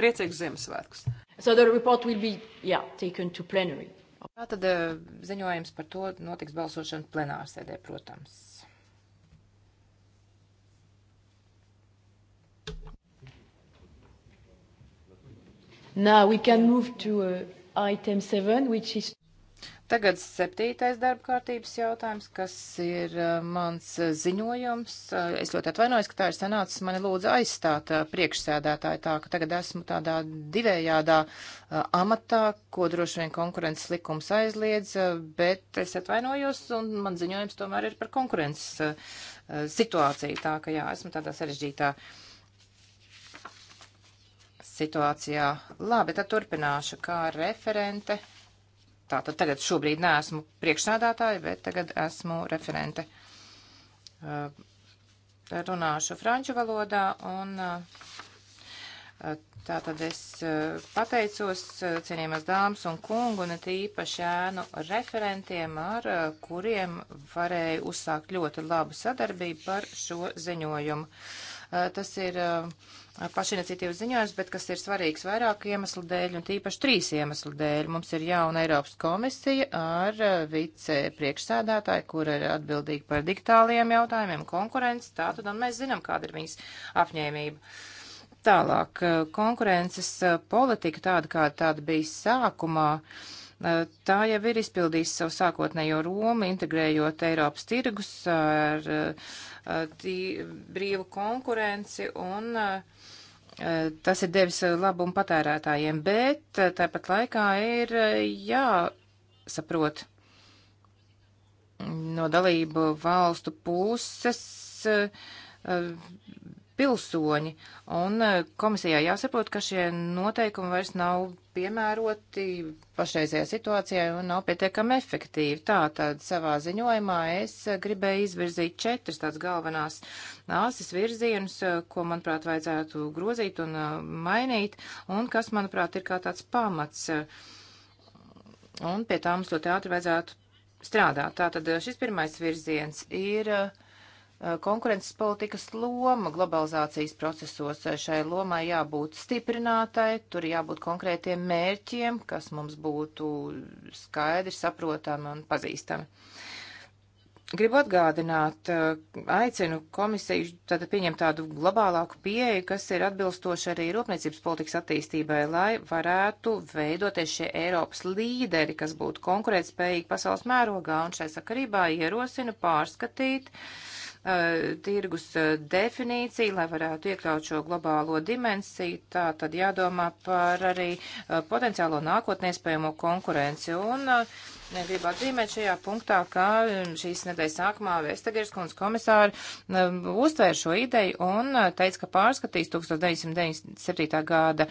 Priecīgs Ziemassvētkus. So the report will be, yeah, taken to plenary. Tātad eh, ziņojums par to notiks balsošana plenārsēdē, protams. Now we can move to uh, item 7, which is. Tagad septītais darba kārtības jautājums, kas ir uh, mans uh, ziņojums. Uh, es ļoti atvainojos, ka tā ir sanācis. Mani lūdzu aizstāt uh, priekšsēdētāju tā, ka tagad esmu tādā divējādā uh, amatā, ko droši vien konkurences likums aizliedz, uh, bet es atvainojos un man ziņojums tomēr ir par konkurences situāciju. Tā ka jā, esmu tādā sarežģītā uh, situācijā. Labi, tad turpināšu kā referente. Tātad tagad šobrīd neesmu priekšnādātāja, bet tagad esmu referente. Eh, runāšu franču valodā un eh, eh, tātad es pateicos cienījamas dāmas un kungu un tīpaši ēnu referentiem, ar kuriem varēju uzsākt ļoti labu sadarbību par šo ziņojumu. Eh, tas ir eh, pašiniciatīvas ziņojums, bet kas ir svarīgs vairāku iemeslu dēļ un tīpaši trīs iemeslu dēļ. Mums ir jauna Eiropas komisija ar eh, vice priekšsēdētāju, kur ir atbildīga par digitāliem jautājumiem, konkurences. Tātad mēs zinām, kāda ir viņas apņēmība. Tālāk, konkurences politika tāda, kāda tāda bija sākumā. Uh, Tā jau ir izpildījusi savu sākotnējo Romu, integrējot Eiropas tirgus ar, ar tī, brīvu konkurenci un tas ir devis labumu patērētājiem, bet tāpat laikā ir jāsaprot no dalību valstu puses pilsoņi, un eh, komisijā jāsaprot, ka šie noteikumi vairs nav piemēroti pašreizajā situācijā un nav pietiekami efektīvi. Tātad savā ziņojumā es gribēju izvirzīt četras tās galvenās nāsis virzienus, eh, ko, manuprāt, vajadzētu grozīt un eh, mainīt, un kas, manuprāt, ir kā tāds pamats. Un pie tā mums ļoti ātri vajadzētu strādāt. Tātad šis pirmais virziens ir uh, Eh, konkurences politikas loma globalizācijas procesos. Eh, šai lomai jābūt stiprinātai, tur jābūt konkrētiem mērķiem, kas mums būtu skaidri, saprotami un pazīstami. Gribu atgādināt, eh, aicinu komisiju tātad pieņemt tādu globālāku pieeju, kas ir atbilstoši arī rūpniecības politikas attīstībai, lai varētu veidoties šie Eiropas līderi, kas būtu konkurētspējīgi pasaules mērogā, un šai sakarībā ierosinu pārskatīt uh, Eh, tirgus eh, definīciju, lai varētu iekļaut šo globālo dimensiju, tā tad jādomā par arī eh, potenciālo nākotnē iespējamo konkurenci. Un gribu atzīmēt šajā punktā, ka šīs nedēļas sākumā Vestagers kundz komisāri uztvēra šo ideju un teica, ka pārskatīs 1997. gada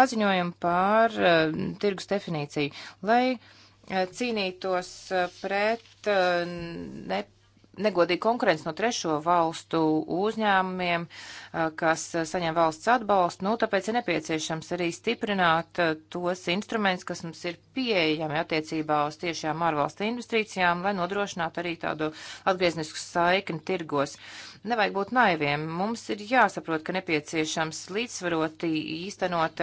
paziņojumu par tirgus definīciju, lai cīnītos pret ne negodīga konkurence no trešo valstu uzņēmumiem, kas saņem valsts atbalstu. Nu, tāpēc ir nepieciešams arī stiprināt tos instrumentus, kas mums ir pieejami attiecībā uz tiešām ārvalstu investīcijām, lai nodrošinātu arī tādu atgrieznisku saikni tirgos. Nevajag būt naiviem. Mums ir jāsaprot, ka nepieciešams līdzsvaroti īstenot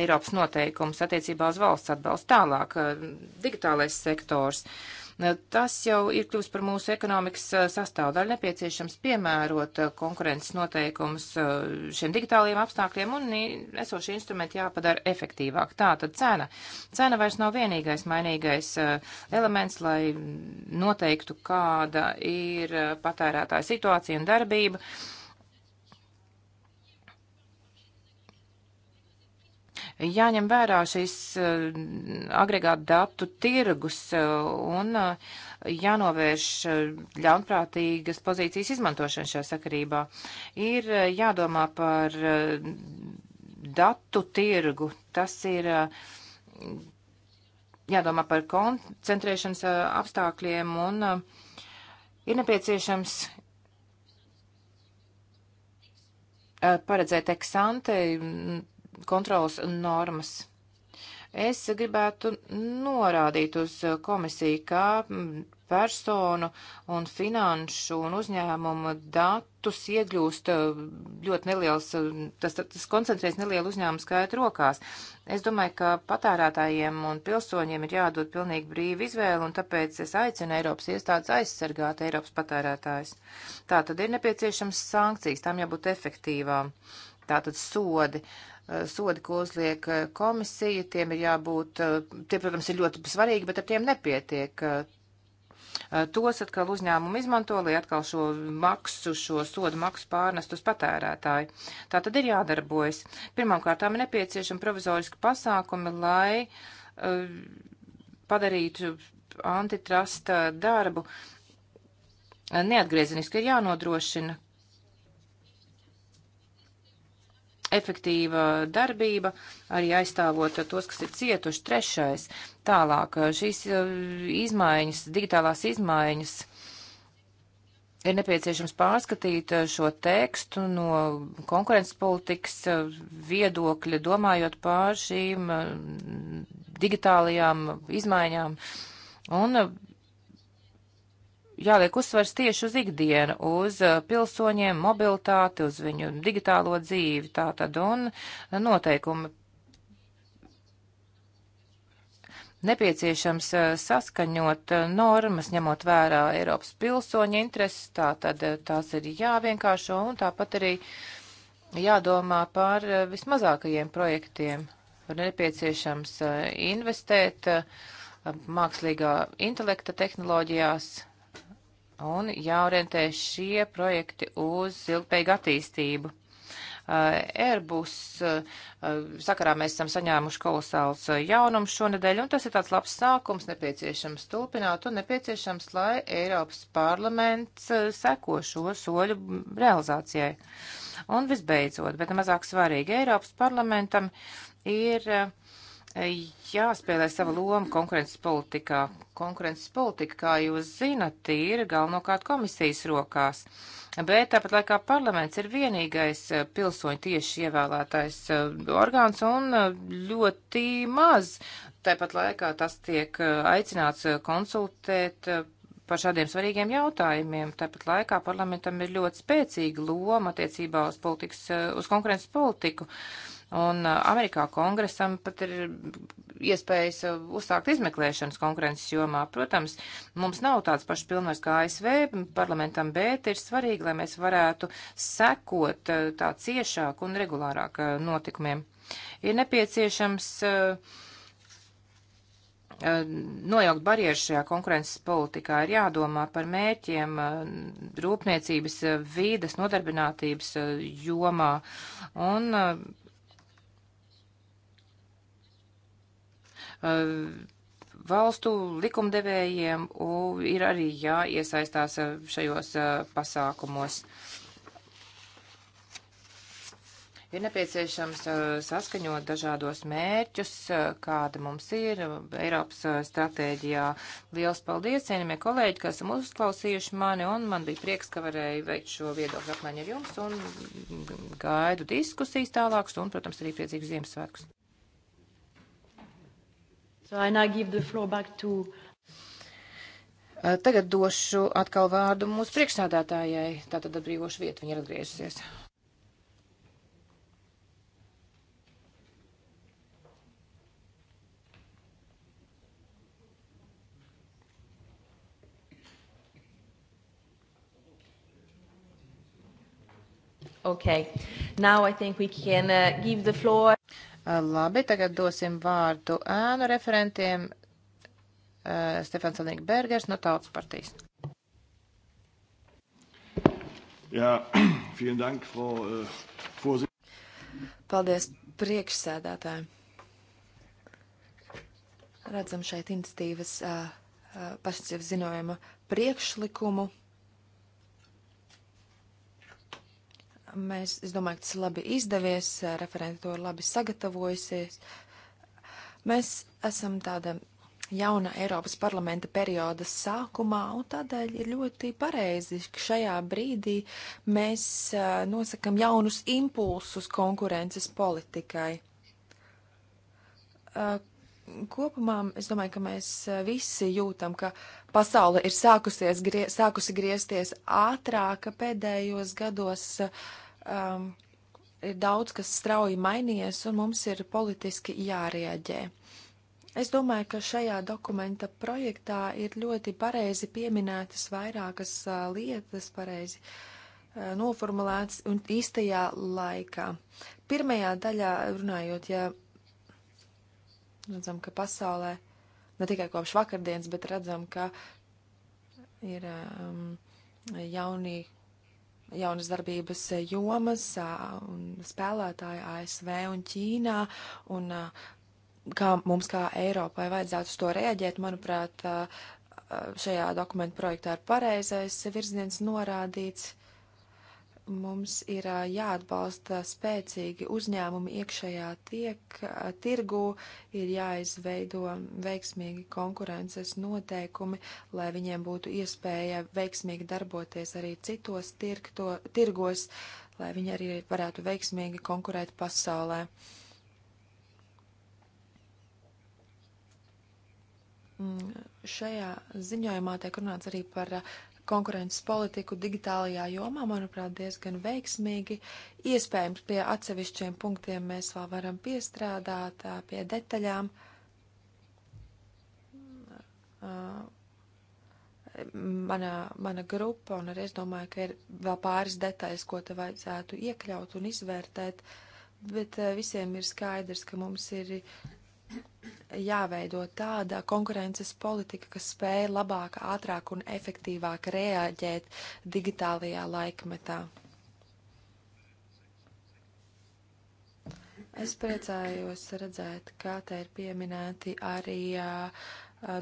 Eiropas noteikumus attiecībā uz valsts atbalstu tālāk. Digitālais sektors. Uh, Tas jau ir kļūst par mūsu ekonomikas sastāvdaļu nepieciešams piemērot konkurences noteikumus šiem digitālajiem apstākļiem un esošie instrumenti jāpadara efektīvāk. Tā tad cena. Cena vairs nav vienīgais mainīgais elements, lai noteiktu, kāda ir patērētāja situācija un darbība. jāņem vērā šis eh, agregātu datu tirgus eh, un eh, jānovērš ļaunprātīgas pozīcijas izmantošana šajā sakarībā. Ir jādomā par datu tirgu. Tas ir jādomā par koncentrēšanas apstākļiem un ir nepieciešams paredzēt eksante kontrolas normas. Es gribētu norādīt uz komisiju, kā personu un finanšu un uzņēmumu datus iegļūst uh, ļoti neliels, uh, tas, tas koncentrējas nelielu uzņēmumu skaitu rokās. Es domāju, ka patērētājiem un pilsoņiem ir jādod pilnīgi brīva izvēle, un tāpēc es aicinu Eiropas iestādes aizsargāt Eiropas patērētājs. Tā tad ir nepieciešams sankcijas, tām jābūt efektīvām. Tā tad sodi. Uh, Eh, sodi, ko uzliek eh, komisija, tiem ir jābūt, eh, tie, protams, ir ļoti svarīgi, bet ar tiem nepietiek. Tos atkal uzņēmumi izmanto, lai atkal šo maksu, šo sodu maksu pārnest uz patērētāju. Tā tad ir jādarbojas. Pirmkārt, ir nepieciešama provizoriska pasākuma, lai uh, padarītu antitrusta darbu neatgriezeniski ir jānodrošina, efektīva darbība, arī aizstāvot tos, kas ir cietuši. Trešais, tālāk šīs uh, izmaiņas, digitālās izmaiņas. Ir nepieciešams pārskatīt uh, šo tekstu no konkurences politikas uh, viedokļa, domājot pār šīm digitālajām izmaiņām. Un jāliek uzsvars tieši uz ikdienu, uz uh, pilsoņiem, mobilitāti, uz viņu digitālo dzīvi, tātad un uh, noteikumi. Nepieciešams uh, saskaņot normas, ņemot vērā Eiropas pilsoņu intereses, tātad tās ir jāvienkāršo un tāpat arī jādomā par vismazākajiem projektiem. Ir nepieciešams investēt mākslīgā intelekta tehnoloģijās, un jāorientē šie projekti uz ilgspējīgu attīstību. Uh, Airbus uh, uh, sakarā mēs esam saņēmuši kolosāls jaunums šonadēļ, un tas ir tāds labs sākums, nepieciešams tulpināt un nepieciešams, lai Eiropas parlaments seko šo soļu realizācijai. Un visbeidzot, bet nemazāk svarīgi, Eiropas parlamentam ir uh, jāspēlē sava loma konkurences politikā. Konkurences politika, kā jūs zinat, ir galvenokārt komisijas rokās, bet tāpat laikā parlaments ir vienīgais eh, pilsoņu tieši ievēlētais eh, orgāns un eh, ļoti maz. Tāpat laikā tas tiek aicināts konsultēt par šādiem svarīgiem jautājumiem. Tāpat laikā parlamentam ir ļoti spēcīga loma attiecībā uz, politikas, uz konkurences politiku. Uh, Un uh, Amerikā kongresam pat ir iespējas uh, uzsākt izmeklēšanas konkurences jomā. Protams, mums nav tāds pašs pilnvars kā ASV parlamentam, bet ir svarīgi, lai mēs varētu sekot uh, tā ciešāk un regulārāk notikumiem. Ir nepieciešams nojaukt barjeras šajā konkurences politikā, ir jādomā par mērķiem rūpniecības, vīdas, nodarbinātības jomā. Un Uh, valstu likumdevējiem ir arī jāiesaistās uh, šajos uh, pasākumos. Ir nepieciešams saskaņot dažādos mērķus, kāda mums ir Eiropas stratēģijā. Liels paldies, cienījamie kolēģi, ka esam uzklausījuši mani, un man bija prieks, ka varēju veikt šo viedokļu apmaiņu ar jums, un gaidu diskusijas tālākas, un, protams, arī priecīgus Ziemassvētkus. So I now give the floor back to. Uh, tagad došu atkal vārdu mūsu priekšsādātājai. Tātad atbrīvošu vietu, viņa ir atgriežusies. Okay. Now I think we can uh, give the floor. Labi, tagad dosim vārdu ēnu referentiem. Uh, eh, Stefans Alnīgi Bergers no Tautas partijas. Jā, vielen dank, Frau uh, eh, Vorsitz. Paldies priekšsēdētājiem. Redzam šeit institīvas uh, pašas zinojuma priekšlikumu Mēs, es domāju, ka tas labi izdevies, referenta to ir labi sagatavojusies. Mēs esam tāda jauna Eiropas parlamenta perioda sākumā, un tādēļ ir ļoti pareizi, ka šajā brīdī mēs nosakam jaunus impulsus konkurences politikai kopumā es domāju, ka mēs eh, visi jūtam, ka pasaule ir sākusies, grie, sākusi griezties ātrāk, ka pēdējos gados eh, um, ir daudz kas strauji mainījies un mums ir politiski jārieģē. Es domāju, ka šajā dokumenta projektā ir ļoti pareizi pieminētas vairākas uh, lietas, pareizi uh, noformulētas un īstajā laikā. Pirmajā daļā runājot, ja Redzam, ka pasaulē ne tikai kopš vakardienas, bet redzam, ka ir um, jauni, jaunas darbības jomas uh, un spēlētāji ASV un Ķīnā. Un, uh, kā mums, kā Eiropai, vajadzētu uz to reaģēt, manuprāt, uh, šajā dokumentu projektā ir pareizais virziens norādīts mums ir jāatbalsta spēcīgi uzņēmumi iekšējā tiek, tirgu, ir jāizveido veiksmīgi konkurences noteikumi, lai viņiem būtu iespēja veiksmīgi darboties arī citos tirgto, tirgos, lai viņi arī varētu veiksmīgi konkurēt pasaulē. Mm, šajā ziņojumā tiek runāts arī par uh, konkurences politiku digitālajā jomā, manuprāt, diezgan veiksmīgi. Iespējams, pie atsevišķiem punktiem mēs vēl varam piestrādāt, pie detaļām. Mana, mana grupa, un arī es domāju, ka ir vēl pāris detaļas, ko te vajadzētu iekļaut un izvērtēt, bet visiem ir skaidrs, ka mums ir jāveido tāda konkurences politika, kas spēj labāk, ātrāk un efektīvāk reaģēt digitālajā laikmetā. Es priecājos redzēt, kā te ir pieminēti arī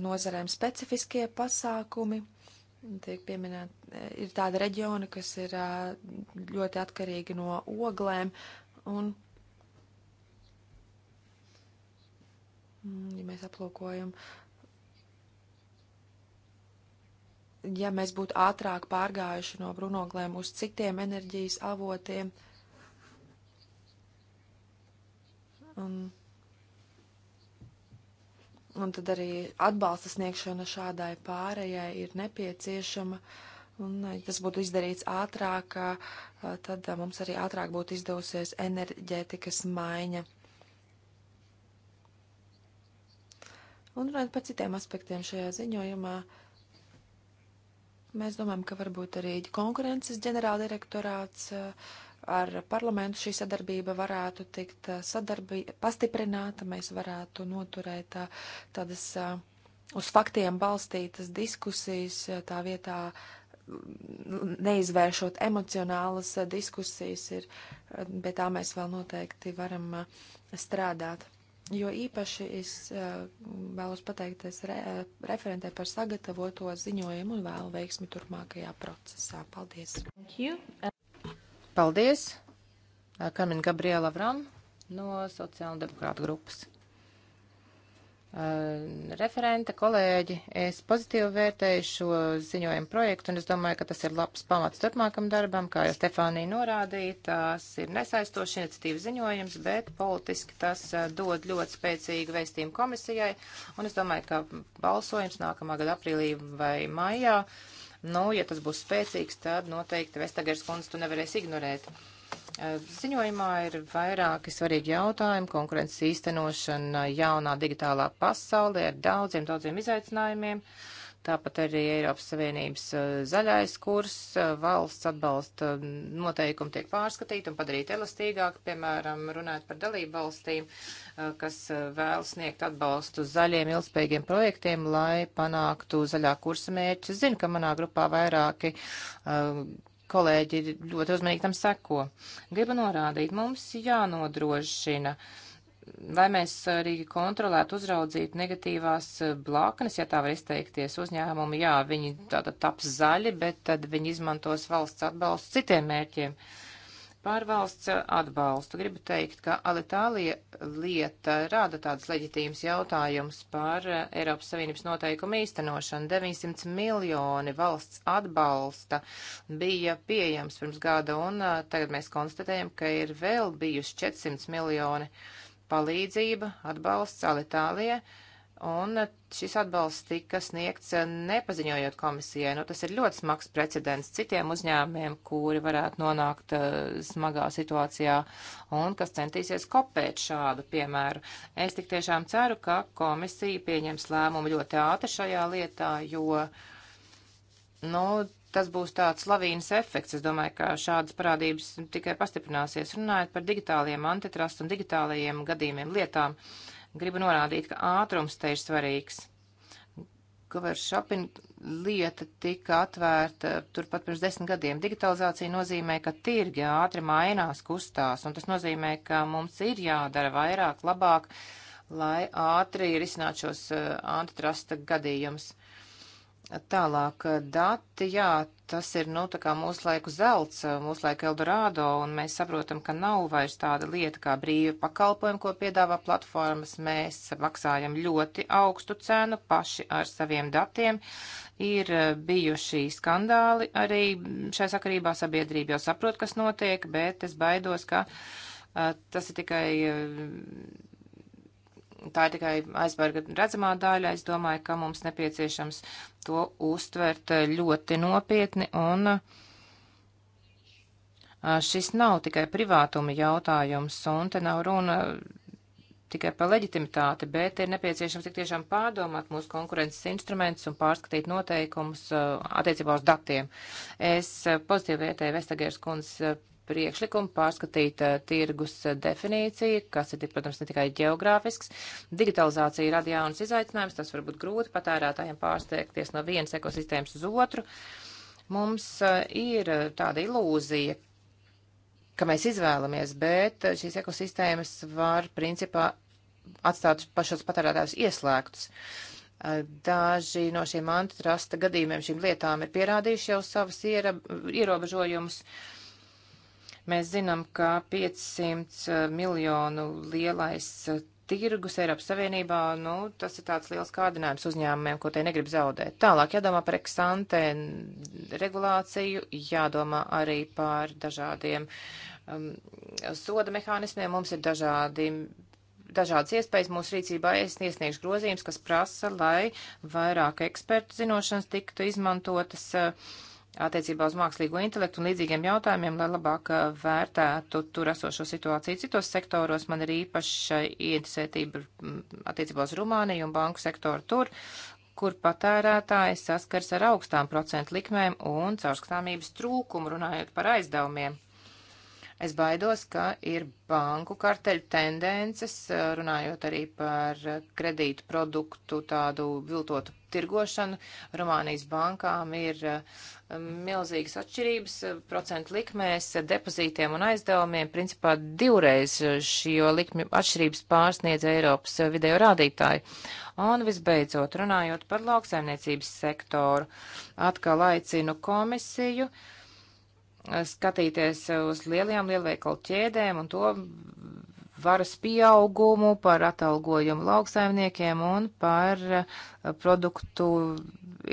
nozarēm specifiskie pasākumi. Tiek pieminēt, ir tāda reģiona, kas ir ļoti atkarīga no oglēm, un Mm, ja mēs aplūkojam ja mēs būtu ātrāk pārgājuši no brunoglēm uz citiem enerģijas avotiem. Un, un tad arī atbalsta sniegšana šādai pārējai ir nepieciešama. Un, ja tas būtu izdarīts ātrāk, tad mums arī ātrāk būtu izdevusies enerģētikas maiņa. Un runājot par citiem aspektiem šajā ziņojumā, mēs domājam, ka varbūt arī konkurences ģenerāldirektorāts eh, ar parlamentu šī sadarbība varētu tikt eh, sadarbi, pastiprināta, mēs varētu noturēt tā, eh, tādas uz faktiem balstītas diskusijas tā vietā, mm, neizvēršot emocionālas diskusijas, ir, bet tā mēs vēl noteikti varam strādāt. Jo īpaši es eh, vēlos pateikties re, eh, referentē par sagatavoto ziņojumu un vēlu veiksmi turpmākajā procesā. Paldies! Paldies! Kamin Gabriela Vram no Sociāla demokrāta grupas referente, kolēģi, es pozitīvi vērtēju šo ziņojumu projektu, un es domāju, ka tas ir labs pamats turpmākam darbam. Kā jau Stefānija norādīja, tas ir nesaistoši iniciatīvas ziņojums, bet politiski tas dod ļoti spēcīgu vēstījumu komisijai, un es domāju, ka balsojums nākamā gada aprīlī vai maijā, nu, ja tas būs spēcīgs, tad noteikti Vestagers kundze tu nevarēs ignorēt. Eh, ziņojumā ir vairāki svarīgi jautājumi - konkurences īstenošana jaunā digitālā pasaulē ar daudziem, daudziem izaicinājumiem. Tāpat arī Eiropas Savienības eh, zaļais kurs, eh, valsts atbalsta noteikumi tiek pārskatīti un padarīti elastīgāk, piemēram, runājot par dalību valstīm, kas vēl sniegt atbalstu zaļiem ilgspējīgiem projektiem, lai panāktu zaļā kursa mērķi. Zinu, ka manā grupā vairāki kolēģi ļoti uzmanīgi tam seko. Gribu norādīt, mums jānodrošina, lai mēs arī kontrolētu, uzraudzītu negatīvās blaknes, ja tā var izteikties uzņēmumi. Jā, viņi tātad taps zaļi, bet tad viņi izmantos valsts atbalstu citiem mērķiem. Uh, Par valsts atbalstu gribu teikt, ka Alitālija lieta rāda tāds leģitīms jautājums par eh, Eiropas Savienības noteikumu īstenošanu. 900 miljoni valsts atbalsta bija pieejams pirms gada, un eh, tagad mēs konstatējam, ka ir vēl bijusi 400 miljoni palīdzība, atbalsts Alitālijai Un šis atbalsts tika sniegts eh, nepaziņojot komisijai. Nu, tas ir ļoti smags precedents citiem uzņēmumiem, kuri varētu nonākt uh, smagā situācijā un kas centīsies kopēt šādu piemēru. Es tik tiešām ceru, ka komisija pieņems lēmumu ļoti ātri šajā lietā, jo. Nu, tas būs tāds lavīnas efekts. Es domāju, ka šādas parādības tikai pastiprināsies. Runājot par digitāliem antitrust un digitālajiem gadījumiem lietām. Uh, Gribu norādīt, ka ātrums te ir svarīgs. Covershoping lieta tika atvērta turpat pirms desmit gadiem. Digitalizācija nozīmē, ka tirgi ātri mainās, kustās, un tas nozīmē, ka mums ir jādara vairāk, labāk, lai ātri risinātu šos eh, antitrusta gadījumus. Tālāk, eh, dati, jā, tas ir, nu, tā kā mūsu laiku zelts, eh, mūsu laiku Eldorado, un mēs saprotam, ka nav vairs tāda lieta kā brīva pakalpojuma, ko piedāvā platformas. Mēs maksājam ļoti augstu cenu paši ar saviem datiem. Ir eh, bijuši skandāli arī šai sakarībā sabiedrība jau saprot, kas notiek, bet es baidos, ka uh, tas ir tikai. Uh, tā ir tikai aizberga redzamā daļa. Es domāju, ka mums nepieciešams to uztvert eh, ļoti nopietni un eh, šis nav tikai privātuma jautājums un te nav runa tikai par leģitimitāti, bet ir nepieciešams tik tiešām pārdomāt mūsu konkurences instrumentus un pārskatīt noteikumus eh, attiecībā uz datiem. Es pozitīvi vērtēju Vestagēras kundzes priekšlikumu pārskatīt eh, tirgus eh, definīciju, kas ir, protams, ne tikai geogrāfisks. Digitalizācija rada jaunas izaicinājumus, tas var būt grūti patērētājiem pārsteigties no vienas ekosistēmas uz otru. Mums eh, ir tāda ilūzija, ka mēs izvēlamies, bet šīs ekosistēmas var principā atstāt pašos patērētājus ieslēgtus. Daži no šiem antitrusta gadījumiem, šīm lietām ir pierādījuši jau savas iera, ierobežojumus. Uh, Mēs zinām, ka 500 eh, miljonu lielais eh, tirgus Eiropas Savienībā, nu, tas ir tāds liels kārdinājums uzņēmumiem, ko tie negrib zaudēt. Tālāk jādomā par eksantē regulāciju, jādomā arī par dažādiem um, soda mehānismiem. Mums ir dažādi, dažādas iespējas mūsu rīcībā. Es iesniegšu grozījums, kas prasa, lai vairāk ekspertu zinošanas tiktu izmantotas. Uh, attiecībā uz mākslīgo intelektu un līdzīgiem jautājumiem, lai labāk uh, vērtētu tur esošo situāciju. Citos sektoros man ir īpaša ieinteresētība mm, attiecībā uz Rumāniju un banku sektoru tur, kur patērētāji saskars ar augstām procentu likmēm un caurskatāmības trūkumu runājot par aizdevumiem. Es baidos, ka ir banku karteļu tendences, uh, runājot arī par kredītu produktu tādu viltotu tirgošanu. Rumānijas bankām ir eh, milzīgas atšķirības eh, procentu likmēs, eh, depozītiem un aizdevumiem. Principā divreiz šo likmju atšķirības pārsniedz Eiropas vidējo rādītāju. Un visbeidzot, runājot par lauksaimniecības sektoru, atkal aicinu komisiju. Uh, skatīties uz lielajām lielveikalu ķēdēm un to varas pieaugumu, par atalgojumu lauksaimniekiem un par eh, produktu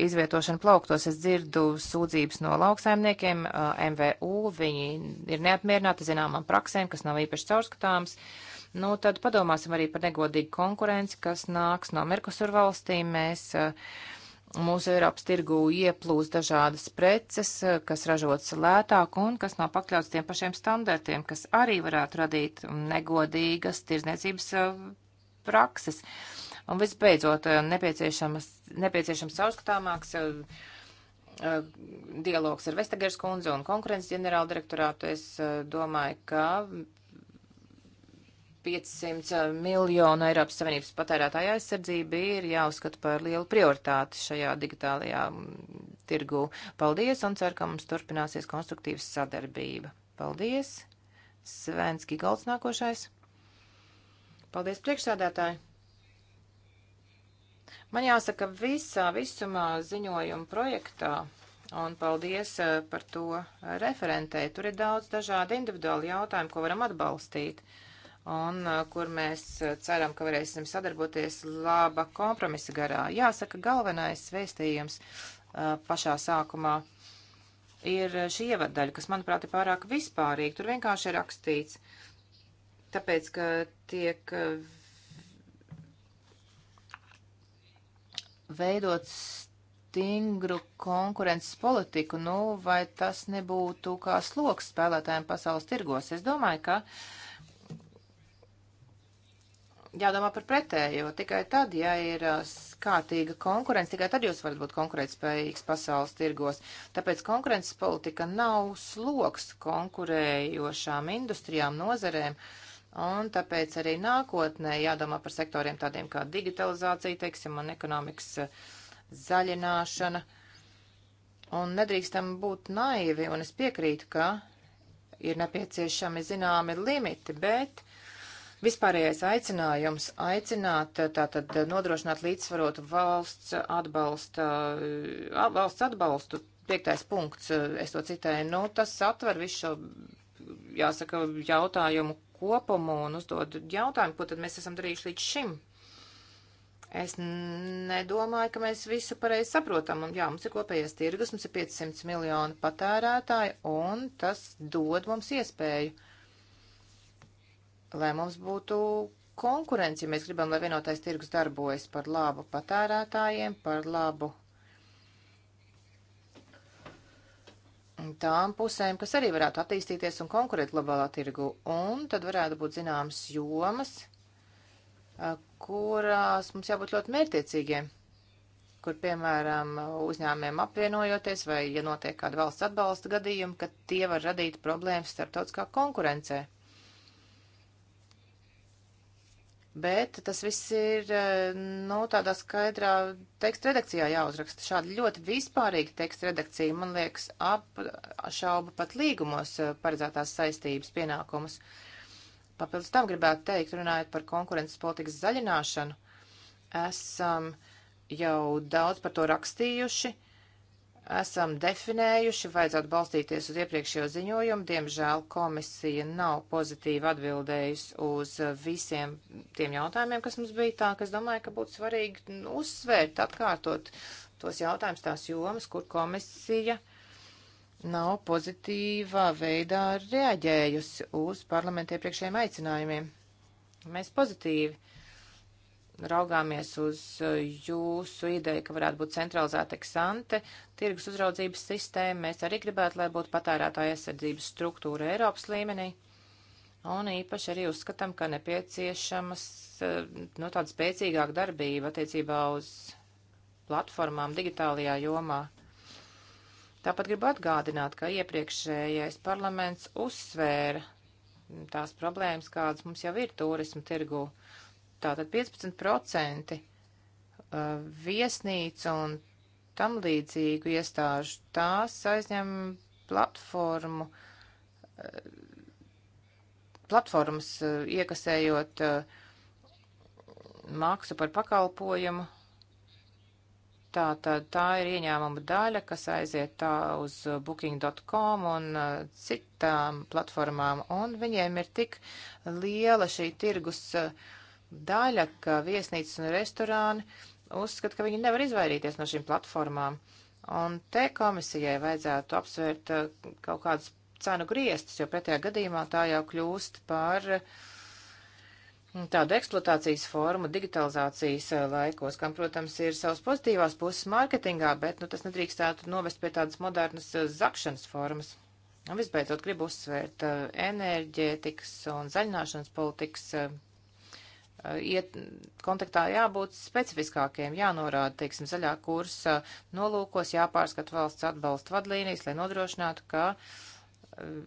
izvietošanu plauktos. Es dzirdu sūdzības no lauksaimniekiem, eh, MVU, viņi ir neapmierināti zināmām praksēm, kas nav īpaši caurskatāms. Nu, tad padomāsim arī par negodīgu konkurenci, kas nāks no Merkusur valstīm. Mēs uh, mūsu Eiropas tirgū ieplūst dažādas preces, kas ražotas lētāk un kas nav pakļauts tiem pašiem standartiem, kas arī varētu radīt negodīgas tirzniecības eh, prakses. Un visbeidzot, eh, nepieciešams, nepieciešams caurskatāmāks eh, dialogs ar Vestagers kundzi un konkurences ģenerāldirektorātu. Es domāju, ka 500 eh, miljonu Eiropas Savienības patērētāja aizsardzība ir jāuzskata par lielu prioritāti šajā digitālajā mm, tirgu. Paldies un ceru, ka mums turpināsies konstruktīvas sadarbība. Paldies! Svens Gigalds nākošais. Paldies priekšsādātāji! Man jāsaka visā visumā ziņojuma projektā. Un paldies eh, par to referentē. Tur ir daudz dažādu individuālu jautājumu, ko varam atbalstīt. Uh, un uh, kur mēs uh, ceram, ka varēsim sadarboties laba kompromisa garā. Jāsaka, galvenais vēstījums uh, pašā sākumā ir šī ievadaļa, kas, manuprāt, ir pārāk vispārīga. Tur vienkārši ir rakstīts, tāpēc, ka tiek veidot stingru konkurences politiku, nu, vai tas nebūtu kā sloks spēlētājiem pasaules tirgos? Es domāju, ka uh, jādomā par pretējo. Tikai tad, ja ir uh, kārtīga konkurence, tikai tad jūs varat būt konkurētspējīgs pasaules tirgos. Tāpēc konkurences politika nav sloks konkurējošām industrijām, nozerēm. Un tāpēc arī nākotnē jādomā par sektoriem tādiem kā digitalizācija, teiksim, un ekonomikas uh, zaļināšana. Un nedrīkstam būt naivi, un es piekrītu, ka ir nepieciešami zināmi limiti, bet Vispārējais aicinājums aicināt, tātad nodrošināt līdzsvarotu valsts, atbalsta, valsts atbalstu, piektais punkts, es to citēju, nu, tas atver visu šo, jāsaka, jautājumu kopumu un uzdod jautājumu, ko tad mēs esam darījuši līdz šim. Es nedomāju, ka mēs visu pareizi saprotam. Un, jā, mums ir kopējais tirgus, mums ir 500 miljoni patērētāji, un tas dod mums iespēju uh, lai mums būtu konkurence, ja mēs gribam, lai vienotais tirgus darbojas par labu patērētājiem, par labu tām pusēm, kas arī varētu attīstīties un konkurēt globālā tirgu. Un tad varētu būt zināmas jomas, kurās mums jābūt ļoti mērtiecīgiem, kur, piemēram, uzņēmiem apvienojoties vai, ja notiek kāda valsts atbalsta gadījuma, ka tie var radīt problēmas starptautiskā konkurencē. Bet tas viss ir eh, nu, tādā skaidrā teksta redakcijā jāuzraksta. Šāda ļoti vispārīga teksta redakcija, man liekas, apšauba pat līgumos eh, paredzētās saistības pienākumus. Papildus tam gribētu teikt, runājot par konkurences politikas zaļināšanu, esam jau daudz par to rakstījuši esam definējuši, vajadzētu balstīties uz iepriekšējo ziņojumu. Diemžēl komisija nav pozitīvi atbildējusi uz visiem tiem jautājumiem, kas mums bija tā, ka es domāju, ka būtu svarīgi nu, uzsvērt, atkārtot tos jautājumus, tās jomas, kur komisija nav pozitīvā veidā reaģējusi uz parlamentu iepriekšējiem aicinājumiem. Mēs pozitīvi raugāmies uz e, jūsu ideju, ka varētu būt centralizēta eksante tirgus uzraudzības sistēma, mēs arī gribētu, lai būtu patērētāja aizsardzības struktūra Eiropas līmenī. Un īpaši arī uzskatām, ka nepieciešamas e, no nu, tāda spēcīgāka darbība attiecībā uz platformām digitālajā jomā. Tāpat gribu atgādināt, ka iepriekšējais parlaments uzsvēra tās problēmas, kādas mums jau ir turismu tirgu. Uh, Tātad 15% uh, viesnīca un tam līdzīgu iestāžu, tās aizņem platformu, uh, platformas uh, iekasējot maksu par pakalpojumu. Tā, tā, tā ir ieņēmuma daļa, kas aiziet tā uz booking.com un citām platformām, un viņiem ir tik liela šī tirgus uh, daļa, ka viesnīcas un restorāni uzskata, ka viņi nevar izvairīties no šīm platformām. Un te komisijai vajadzētu apsvērt uh, kaut kādus cenu griestus, jo pretējā gadījumā tā jau kļūst par mm, tādu eksploatācijas formu digitalizācijas uh, laikos, kam, protams, ir savas pozitīvās puses mārketingā, bet nu, tas nedrīkstētu novest pie tādas modernas uh, zakšanas formas. Un visbeidzot, gribu uzsvērt enerģētikas un zaļināšanas politikas Eh, iet, kontaktā jābūt specifiskākiem, jānorāda, teiksim, zaļā kursa nolūkos, jāpārskat valsts atbalsta vadlīnijas, lai nodrošinātu, ka eh,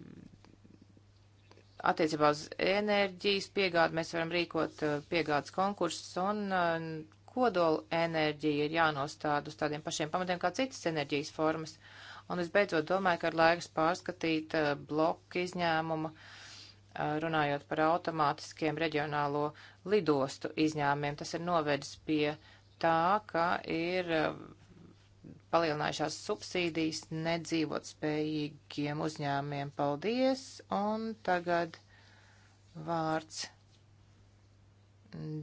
attiecībā uz enerģijas piegādi mēs varam rīkot eh, piegādes konkursus un kodola enerģija ir jānostāda uz tādiem pašiem pamatiem kā citas enerģijas formas. Un es beidzot domāju, ka ir laiks pārskatīt bloku izņēmumu uh, runājot par automātiskiem reģionālo lidostu izņēmumiem, tas ir novedis pie tā, ka ir palielinājušās subsīdijas nedzīvot spējīgiem uzņēmumiem. Paldies! Un tagad vārds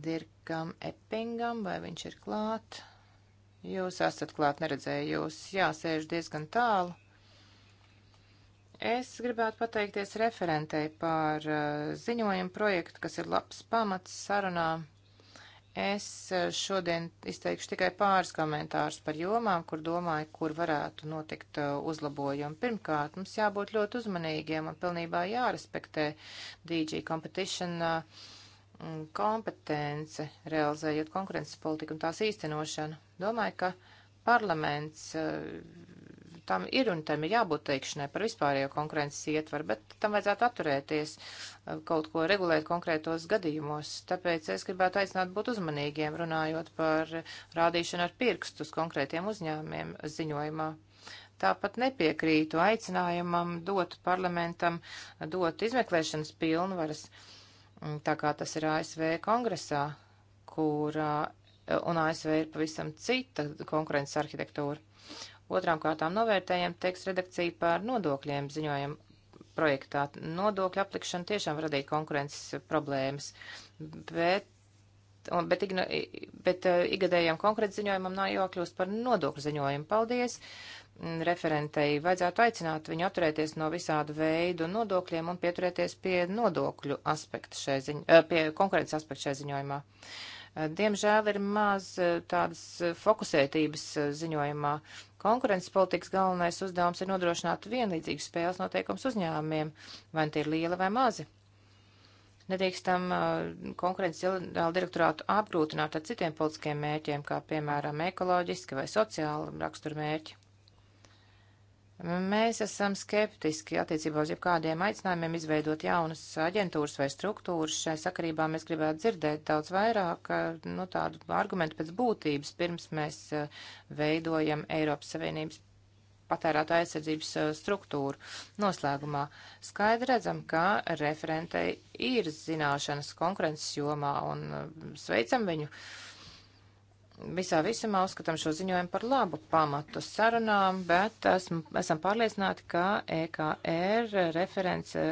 Dirkam Eppingam, vai viņš ir klāt? Jūs esat klāt, neredzēju jūs. Jā, sēž diezgan tālu. Es gribētu pateikties referentei par uh, ziņojumu projektu, kas ir labs pamats sarunām. Es uh, šodien izteikšu tikai pāris komentārus par jomām, kur domāju, kur varētu notikt uh, uzlabojumi. Pirmkārt, mums jābūt ļoti uzmanīgiem un pilnībā jārespektē DG Competition mm, kompetence, realizējot konkurences politiku un tās īstenošanu. Domāju, ka parlaments tam ir un tam ir jābūt teikšanai par vispārējo konkurences ietvaru, bet tam vajadzētu atturēties eh, kaut ko regulēt konkrētos gadījumos. Tāpēc es gribētu aicināt būt uzmanīgiem, runājot par rādīšanu ar pirkstu uz konkrētiem uzņēmumiem ziņojumā. Tāpat nepiekrītu aicinājumam dot parlamentam, dot izmeklēšanas pilnvaras, mm, tā kā tas ir ASV kongresā, kur eh, un ASV ir pavisam cita konkurences arhitektūra. Otrām kārtām novērtējam tekstu redakciju par nodokļiem ziņojam projektā. Nodokļu aplikšana tiešām radīja konkurences problēmas, bet Un, bet igno, bet uh, igadējiem konkrēti ziņojumam nav jākļūst par nodokļu ziņojumu. Paldies! Mm, referentei vajadzētu aicināt viņu atturēties no visādu veidu nodokļiem un pieturēties pie nodokļu aspekta šai ziņ, uh, pie konkurences aspekta šai ziņojumā. Uh, Diemžēl ir maz eh, tādas eh, fokusētības eh, ziņojumā. Konkurences politikas galvenais uzdevums ir nodrošināt vienlīdzīgus spēles noteikums uzņēmumiem, vai tie ir liela vai mazi. Nedrīkstam konkurences ģenerāla direktorātu apgrūtināt ar citiem politiskiem mērķiem, kā piemēram ekoloģiski vai sociāli raksturmērķi. Mēs esam skeptiski attiecībā uz jebkādiem aicinājumiem izveidot jaunas aģentūras vai struktūras. Šai sakarībā mēs gribētu dzirdēt daudz vairāk eh, nu, tādu argumentu pēc būtības, pirms mēs eh, veidojam Eiropas Savienības patērētā aizsardzības eh, struktūru. Noslēgumā skaidri redzam, ka referentei ir zināšanas konkurences jomā un sveicam viņu. Uh, Visā visumā uzskatām šo ziņojumu par labu pamatu sarunām, bet esmu, esam pārliecināti, ka EKR referents e,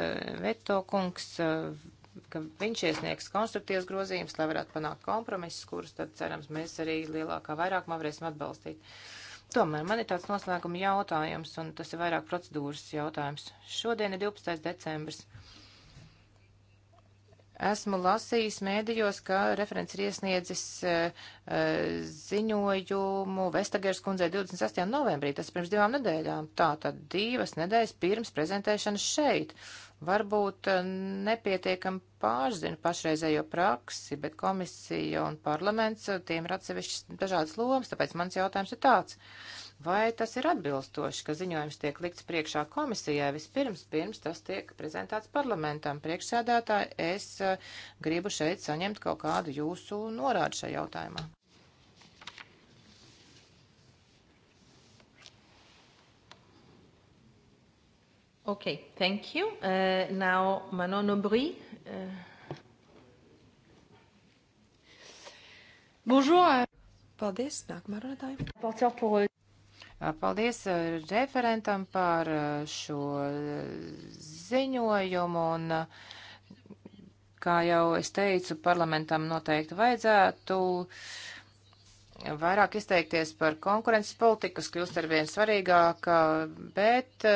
Veto kungs, e, ka viņš iesniegs konstruktīvas grozījumus, lai varētu panākt kompromisus, kurus tad cerams mēs arī lielākā vairākumā varēsim atbalstīt. Tomēr man ir tāds noslēguma jautājums, un tas ir vairāk procedūras jautājums. Šodien ir 12. decembris. Esmu lasījis mēdījos, ka referents ir iesniedzis uh, ziņojumu Vestagers kundzei 28. novembrī, tas pirms divām nedēļām. Tā tad divas nedēļas pirms prezentēšanas šeit. Varbūt uh, nepietiekam pārzina pašreizējo praksi, bet komisija un parlaments, tiem ir atsevišķas dažādas lomas, tāpēc mans jautājums ir tāds. Uh, Vai tas ir atbilstoši, ka ziņojums tiek likts priekšā komisijai vispirms, pirms tas tiek prezentēts parlamentam? Priekšsēdētāji, es uh, gribu šeit saņemt kaut kādu jūsu norādu šajā jautājumā. Okay, thank you. Uh, now Manon Aubry. Uh... Bonjour. Paldies, nākamā runātāja. Paldies referentam par šo ziņojumu un, kā jau es teicu, parlamentam noteikti vajadzētu vairāk izteikties par konkurences politiku, kas kļūst ar vien svarīgāka, bet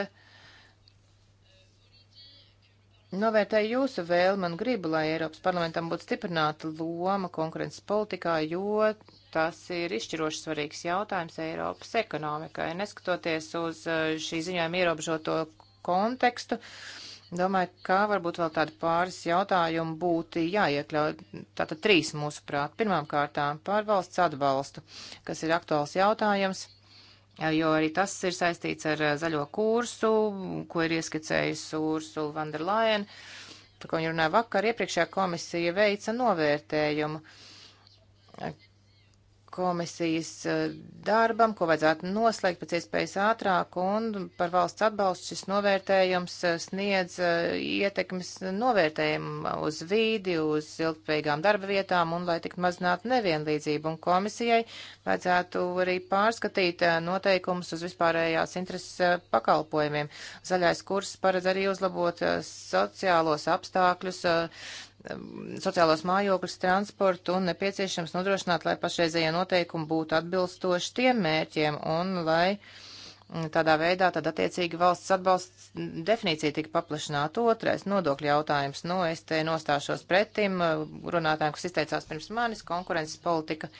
Novērtēju jūsu vēlmu un gribu, lai Eiropas parlamentam būtu stiprināta loma konkurences politikā, jo tas ir izšķiroši svarīgs jautājums Eiropas ekonomikai. Neskatoties uz eh, šī ziņojuma ierobežoto kontekstu, domāju, ka varbūt vēl tādi pāris jautājumi būtu jāiekļauj. Tātad trīs mūsu prāt. Pirmām kārtām par valsts atbalstu, kas ir aktuāls jautājums jo arī tas ir saistīts ar zaļo kursu, ko ir ieskicējis Ursula van der Leyen, par ko viņa runāja vakar. Iepriekšējā komisija veica novērtējumu komisijas eh, darbam, ko vajadzētu noslēgt pēc iespējas ātrāk, un par valsts atbalstu šis novērtējums eh, sniedz eh, ietekmes novērtējumu uz vīdi, uz ilgspējīgām darba vietām, un lai tik mazinātu nevienlīdzību, un komisijai vajadzētu arī pārskatīt noteikumus uz vispārējās intereses pakalpojumiem. Zaļais kurs paredz arī uzlabot sociālos apstākļus Um, sociālos mājokļus, transportu un nepieciešams nodrošināt, lai pašreizējie noteikumi būtu atbilstoši tiem mērķiem un lai mm, tādā veidā tad attiecīgi valsts atbalsts definīcija tika paplašināta. Otrais nodokļu jautājums. Nu, es te nostāšos pretim uh, runātājiem, kas izteicās pirms manis, konkurences politika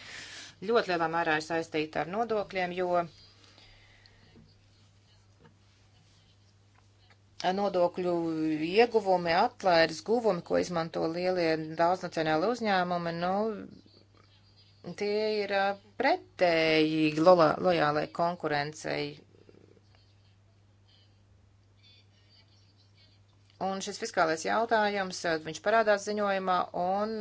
ļoti lielā mērā ir saistīta ar nodokļiem, jo nodokļu ieguvumi, atlaides guvumi, ko izmanto lielie daudznacionāli uzņēmumi, nu, tie ir pretēji lojālai konkurencei. Un šis fiskālais jautājums, viņš parādās ziņojumā, un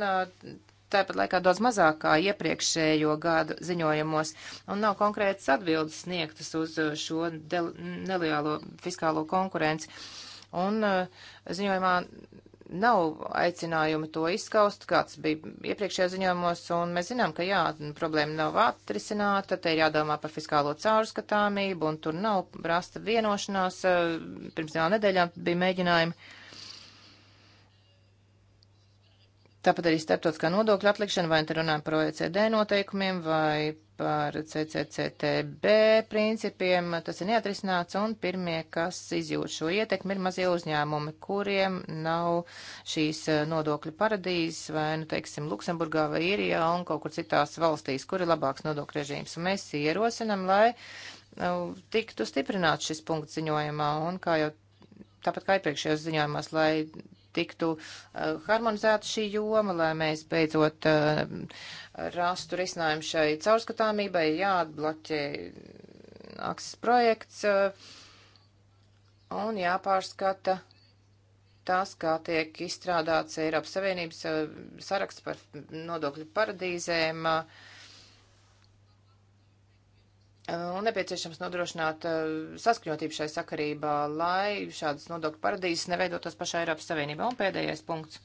tāpat laikā daudz mazāk kā iepriekšējo gadu ziņojumos, un nav konkrētas atbildes sniegtas uz uh, šo nelojālo fiskālo konkurenci. Un uh, ziņojumā nav aicinājumi to izskaust, kāds bija iepriekšējā ziņojumos, un mēs zinām, ka jā, problēma nav atrisināta, te ir jādomā par fiskālo caurskatāmību, un tur nav rasta vienošanās, uh, pirms divām nedēļām bija mēģinājumi Tāpat arī starptautiskā nodokļa atlikšana, vai te runājam par OECD noteikumiem vai par CCCTB principiem, tas ir neatrisināts un pirmie, kas izjūt šo ietekmi, ir mazie uzņēmumi, kuriem nav šīs eh, nodokļu paradīzes vai, nu, teiksim, Luksemburgā vai Irijā un kaut kur citās valstīs, kur ir labāks nodokļu režīms. Un mēs ierosinam, lai nu, tiktu stiprināts šis punkts ziņojumā un kā jau tāpat kā iepriekšējos ziņojumos, lai tiktu eh, harmonizēta šī joma, lai mēs beidzot eh, rastu risinājumu šai caurskatāmībai, jāatbloķē akses projekts eh, un jāpārskata tas, kā tiek izstrādāts Eiropas Savienības saraksts par nodokļu paradīzēm. Uh, Eh, un nepieciešams nodrošināt eh, saskaņotību šai sakarībā, lai šādas nodokļu paradīzes neveidotos pašā Eiropas Savienībā. Un pēdējais punkts.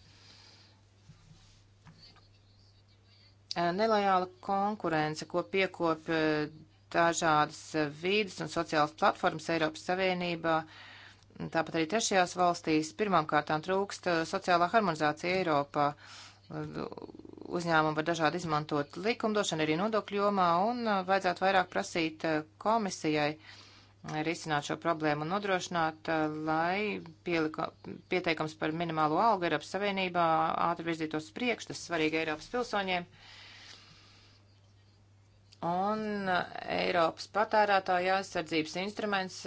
Eh, nelojāla konkurence, ko piekopja dažādas vīdes un sociālas platformas Eiropas Savienībā, tāpat arī trešajās valstīs, pirmām kārtām trūkst sociālā harmonizācija Eiropā uzņēmumi var dažādi izmantot likumdošanu arī nodokļu jomā un uh, vajadzētu vairāk prasīt uh, komisijai uh, risināt šo problēmu un nodrošināt, lai pieliko, pieteikums par minimālo algu Eiropas Savienībā ātri virzītos priekš, tas svarīgi Eiropas pilsoņiem. Un Eiropas patērētāja aizsardzības instruments,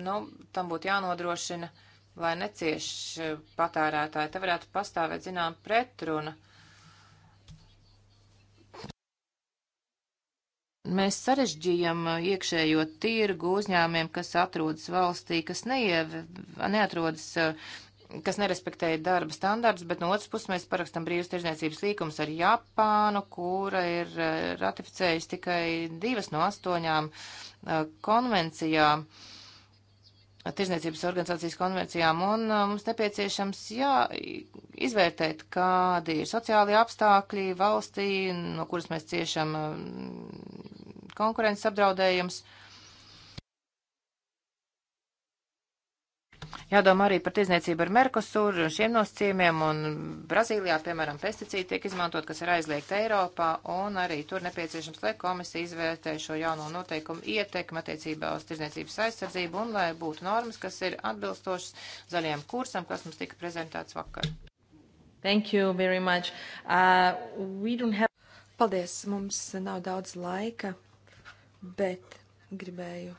nu, tam būtu jānodrošina, lai necieš patērētāji. Te varētu pastāvēt, zinām, pretruna. Uh, Mēs sarežģījam uh, iekšējo tirgu uzņēmiem, kas atrodas valstī, kas neiev, neatrodas uh, kas nerespektēja darba standartus, bet no otras puses mēs parakstam brīvas tirdzniecības līkums ar Japānu, kura ir uh, ratificējusi tikai divas no astoņām konvencijām, tirdzniecības organizācijas konvencijām, un mums nepieciešams jā, izvērtēt, kādi ir sociālie apstākļi valstī, no kuras mēs ciešam um, konkurences apdraudējums. Jādomā arī par tirdzniecību ar Merkosuru un šiem nosacījumiem, un Brazīlijā, piemēram, pesticīdi tiek izmantot, kas ir aizliegta Eiropā, un arī tur nepieciešams, lai komisija izvērtē šo jauno noteikumu ietekmi attiecībā uz tirdzniecības aizsardzību, un lai būtu normas, kas ir atbilstošas zaļajam kursam, kas mums tika prezentēts vakar. Thank you very much. Uh, we don't have... Paldies, mums nav daudz laika bet gribēju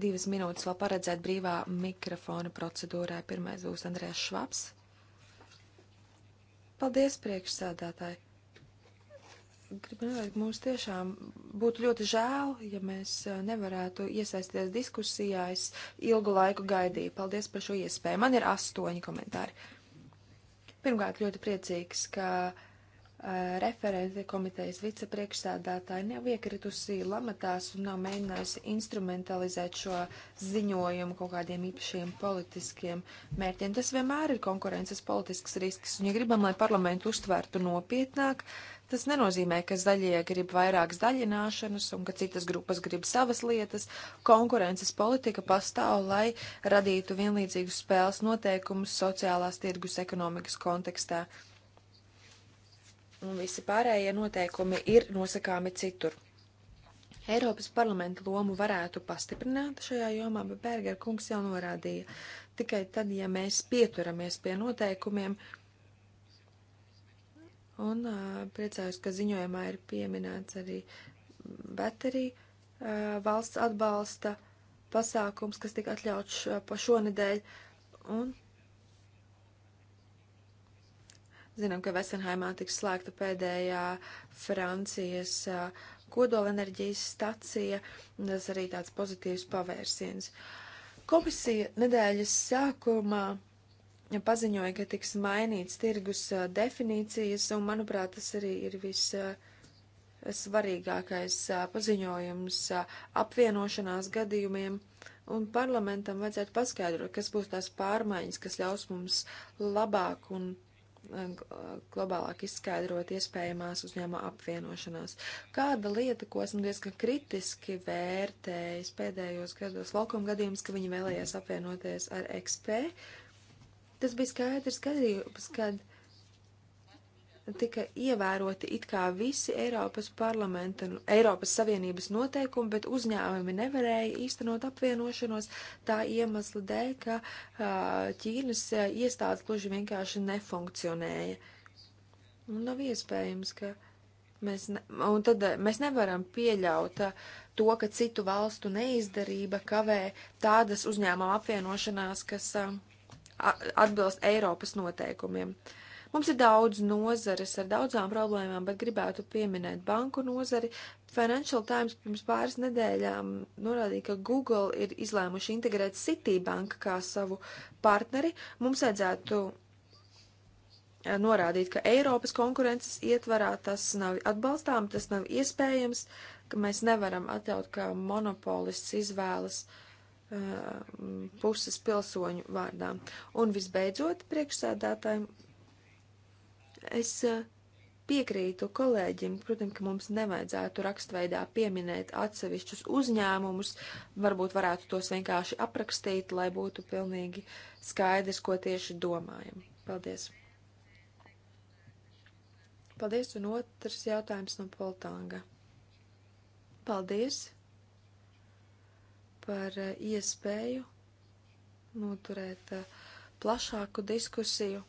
divas minūtes vēl paredzēt brīvā mikrofona procedūrai. Pirmais būs Andrēs Švaps. Paldies, priekšsādātāji! Gribu norādīt, mums tiešām būtu ļoti žēl, ja mēs eh, nevarētu iesaistīties diskusijā. Es ilgu laiku gaidīju. Paldies par šo iespēju. Man ir astoņi komentāri. Pirmkārt, ļoti priecīgs, ka uh, Eh, referente komitejas vicepriekšsēdētāja nav iekritusi lamatās un nav mēģinājusi instrumentalizēt šo ziņojumu kaut kādiem īpašiem politiskiem mērķiem. Tas vienmēr ir konkurences politisks risks, un ja gribam, lai parlamentu uztvērtu nopietnāk, tas nenozīmē, ka zaļie grib vairākas daļināšanas un ka citas grupas grib savas lietas. Konkurences politika pastāv, lai radītu vienlīdzīgus spēles noteikumus sociālās tirgus ekonomikas kontekstā un visi pārējie noteikumi ir nosakāmi citur. Eiropas parlamenta lomu varētu pastiprināt šajā jomā, bet Berger kungs jau norādīja, tikai tad, ja mēs pieturamies pie noteikumiem, un uh, priecājos, ka ziņojumā ir pieminēts arī bateriju uh, valsts atbalsta pasākums, kas tika atļauts uh, pa šonedēļ, un Zinām, ka Vesenhaimā tiks slēgta pēdējā Francijas kodolenerģijas stacija, un tas arī tāds pozitīvs pavērsiens. Komisija nedēļas sākumā paziņoja, ka tiks mainīts tirgus definīcijas, un, manuprāt, tas arī ir viss svarīgākais paziņojums apvienošanās gadījumiem, un parlamentam vajadzētu paskaidrot, kas būs tās pārmaiņas, kas ļaus mums labāk un Eh, eh, globālāk izskaidrot iespējamās uzņēmuma apvienošanās. Kāda lieta, ko esmu diezgan kritiski vērtējis pēdējos gados laukuma gadījums, ka viņi vēlējās apvienoties ar XP, tas bija skaidrs gadījums, kad tika ievēroti it kā visi Eiropas parlamenta, Eiropas Savienības noteikumi, bet uzņēmumi nevarēja īstenot apvienošanos tā iemesla dēļ, ka uh, Ķīnas uh, iestādes gluži vienkārši nefunkcionēja. Un nav iespējams, ka mēs, ne, un tad uh, mēs nevaram pieļaut to, ka citu valstu neizdarība kavē tādas uzņēmuma apvienošanās, kas atbilst Eiropas noteikumiem. Uh, Mums ir daudz nozares ar daudzām problēmām, bet gribētu pieminēt banku nozari. Financial Times pirms pāris nedēļām norādīja, ka Google ir izlēmuši integrēt Citibank kā savu partneri. Mums vajadzētu eh, norādīt, ka Eiropas konkurences ietvarā tas nav atbalstām, tas nav iespējams, ka mēs nevaram atļaut, ka monopolists izvēlas uh, puses pilsoņu vārdā. Un visbeidzot, priekšsēdētājiem Es eh, piekrītu kolēģim, protams, ka mums nevajadzētu rakstveidā pieminēt atsevišķus uzņēmumus, varbūt varētu tos vienkārši aprakstīt, lai būtu pilnīgi skaidrs, ko tieši domājam. Paldies! Paldies, un otrs jautājums no Poltānga. Paldies par eh, iespēju noturēt eh, plašāku diskusiju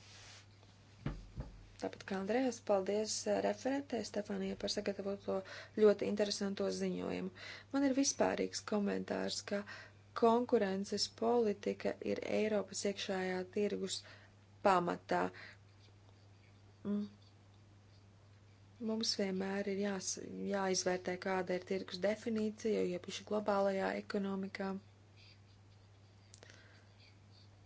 tāpat kā Andrējas, paldies referentē Stefanija par sagatavoto ļoti interesanto ziņojumu. Man ir vispārīgs komentārs, ka konkurences politika ir Eiropas iekšējā tirgus pamatā. Mm. Mums vienmēr ir jās, jāizvērtē, kāda ir tirgus definīcija, jo iepaši globālajā ekonomikā.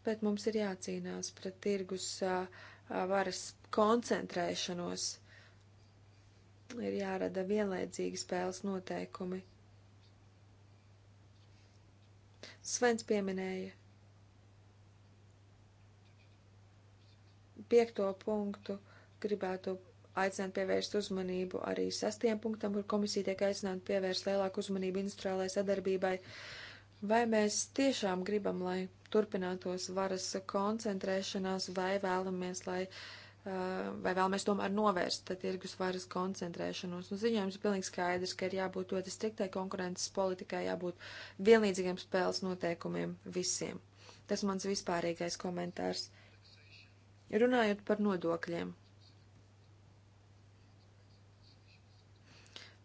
Bet mums ir jācīnās pret tirgus a, a, varas koncentrēšanos. Ir jārada vienlaicīgi spēles noteikumi. Svens pieminēja piekto punktu, gribētu aicināt pievērst uzmanību arī sastiem punktam, kur komisija tiek aicināta pievērst lielāku uzmanību industriālai sadarbībai. Vai mēs tiešām gribam, lai turpinātos varas koncentrēšanās, vai vēlamies, lai uh, Eh, vai vēlamies tomēr novērst tirgus varas koncentrēšanos. Nu, ziņojums ir pilnīgi skaidrs, ka ir jābūt ļoti striktai konkurences politikai, jābūt vienlīdzīgiem spēles noteikumiem visiem. Tas mans vispārīgais komentārs. Runājot par nodokļiem.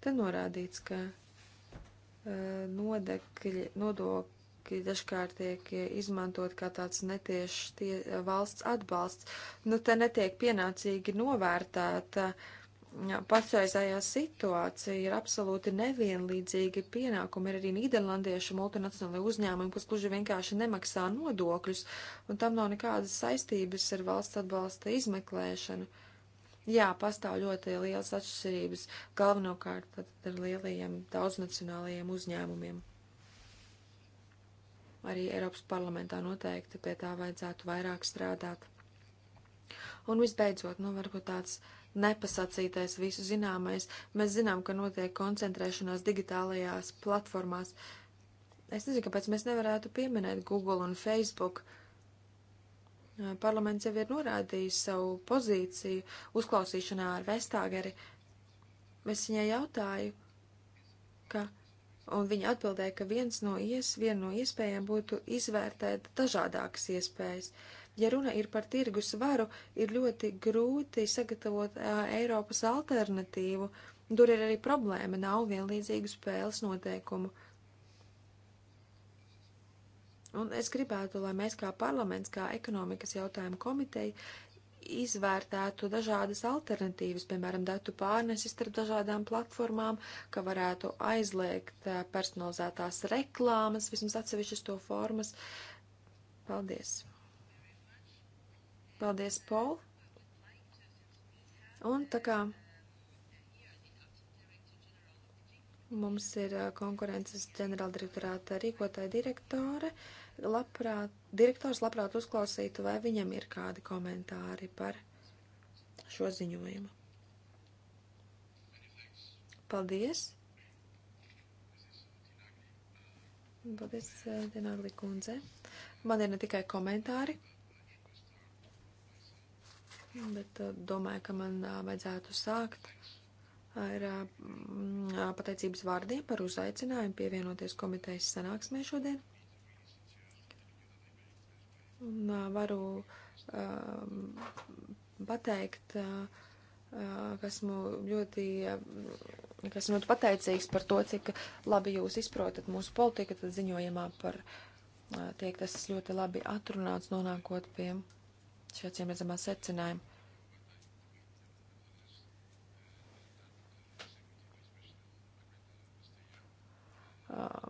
Te norādīts, ka eh, nodokļi, nodok, ka dažkārt tiek izmantot kā tāds netiešs tie, valsts atbalsts. Nu, te netiek pienācīgi novērtēta pašreizējā situācija, ir absolūti nevienlīdzīgi pienākumi. Ir arī nīderlandiešu multinacionālai uzņēmumi, kas gluži vienkārši nemaksā nodokļus, un tam nav nekādas saistības ar valsts atbalsta izmeklēšanu. Jā, pastāv ļoti liels atšķirības, galvenokārt tad ar lielajiem daudznacionālajiem uzņēmumiem. Arī Eiropas parlamentā noteikti pie tā vajadzētu vairāk strādāt. Un visbeidzot, nu varbūt tāds nepasacītais, visu zināmais. Mēs zinām, ka notiek koncentrēšanās digitālajās platformās. Es nezinu, kāpēc mēs nevarētu pieminēt Google un Facebook. Parlaments jau ir norādījis savu pozīciju uzklausīšanā ar Vestāgeri. Es viņai jautāju, ka Un viņa atbildēja, ka viens no ies, viena no iespējām būtu izvērtēt dažādākas iespējas. Ja runa ir par tirgus varu, ir ļoti grūti sagatavot uh, Eiropas alternatīvu. Tur ir arī problēma, nav vienlīdzīgu spēles noteikumu. Un es gribētu, lai mēs kā parlaments, kā ekonomikas jautājumu komiteja izvērtētu dažādas alternatīvas, piemēram, datu pārneses starp dažādām platformām, ka varētu aizliegt personalizētās reklāmas, vismaz atsevišķas to formas. Paldies! Paldies, Paul! Un tā kā mums ir konkurences ģenerāldirektorāta rīkotāja direktore, labprāt Direktors labprāt uzklausītu, vai viņam ir kādi komentāri par šo ziņojumu. Paldies! Paldies, eh, Denārli kundze. Man ir ne tikai komentāri, bet eh, domāju, ka man eh, vajadzētu sākt ar pateicības vārdiem par uzaicinājumu pievienoties komitejas sanāksmē šodien. Un varu um, pateikt, uh, uh, ka esmu ļoti, uh, ka esmu ļoti pateicīgs par to, cik labi jūs izprotat mūsu politiku, tad ziņojumā par tiek tas ļoti labi atrunāts, nonākot pie šādiem redzamā secinājuma.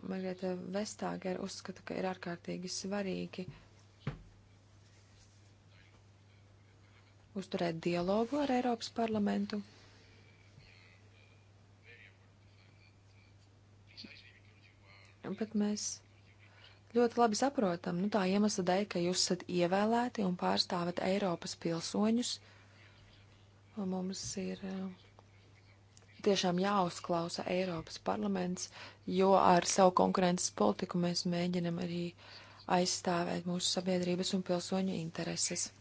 Margarita Vestāger uzskata, ka ir ārkārtīgi svarīgi uh, uzturēt dialogu ar Eiropas parlamentu. Bet mēs ļoti labi saprotam, nu tā iemesla dēļ, ka jūs esat ievēlēti un pārstāvat Eiropas pilsoņus. Un mums ir eh, tiešām jāuzklausa Eiropas parlaments, jo ar savu konkurences politiku mēs mēģinam arī aizstāvēt mūsu sabiedrības un pilsoņu intereses.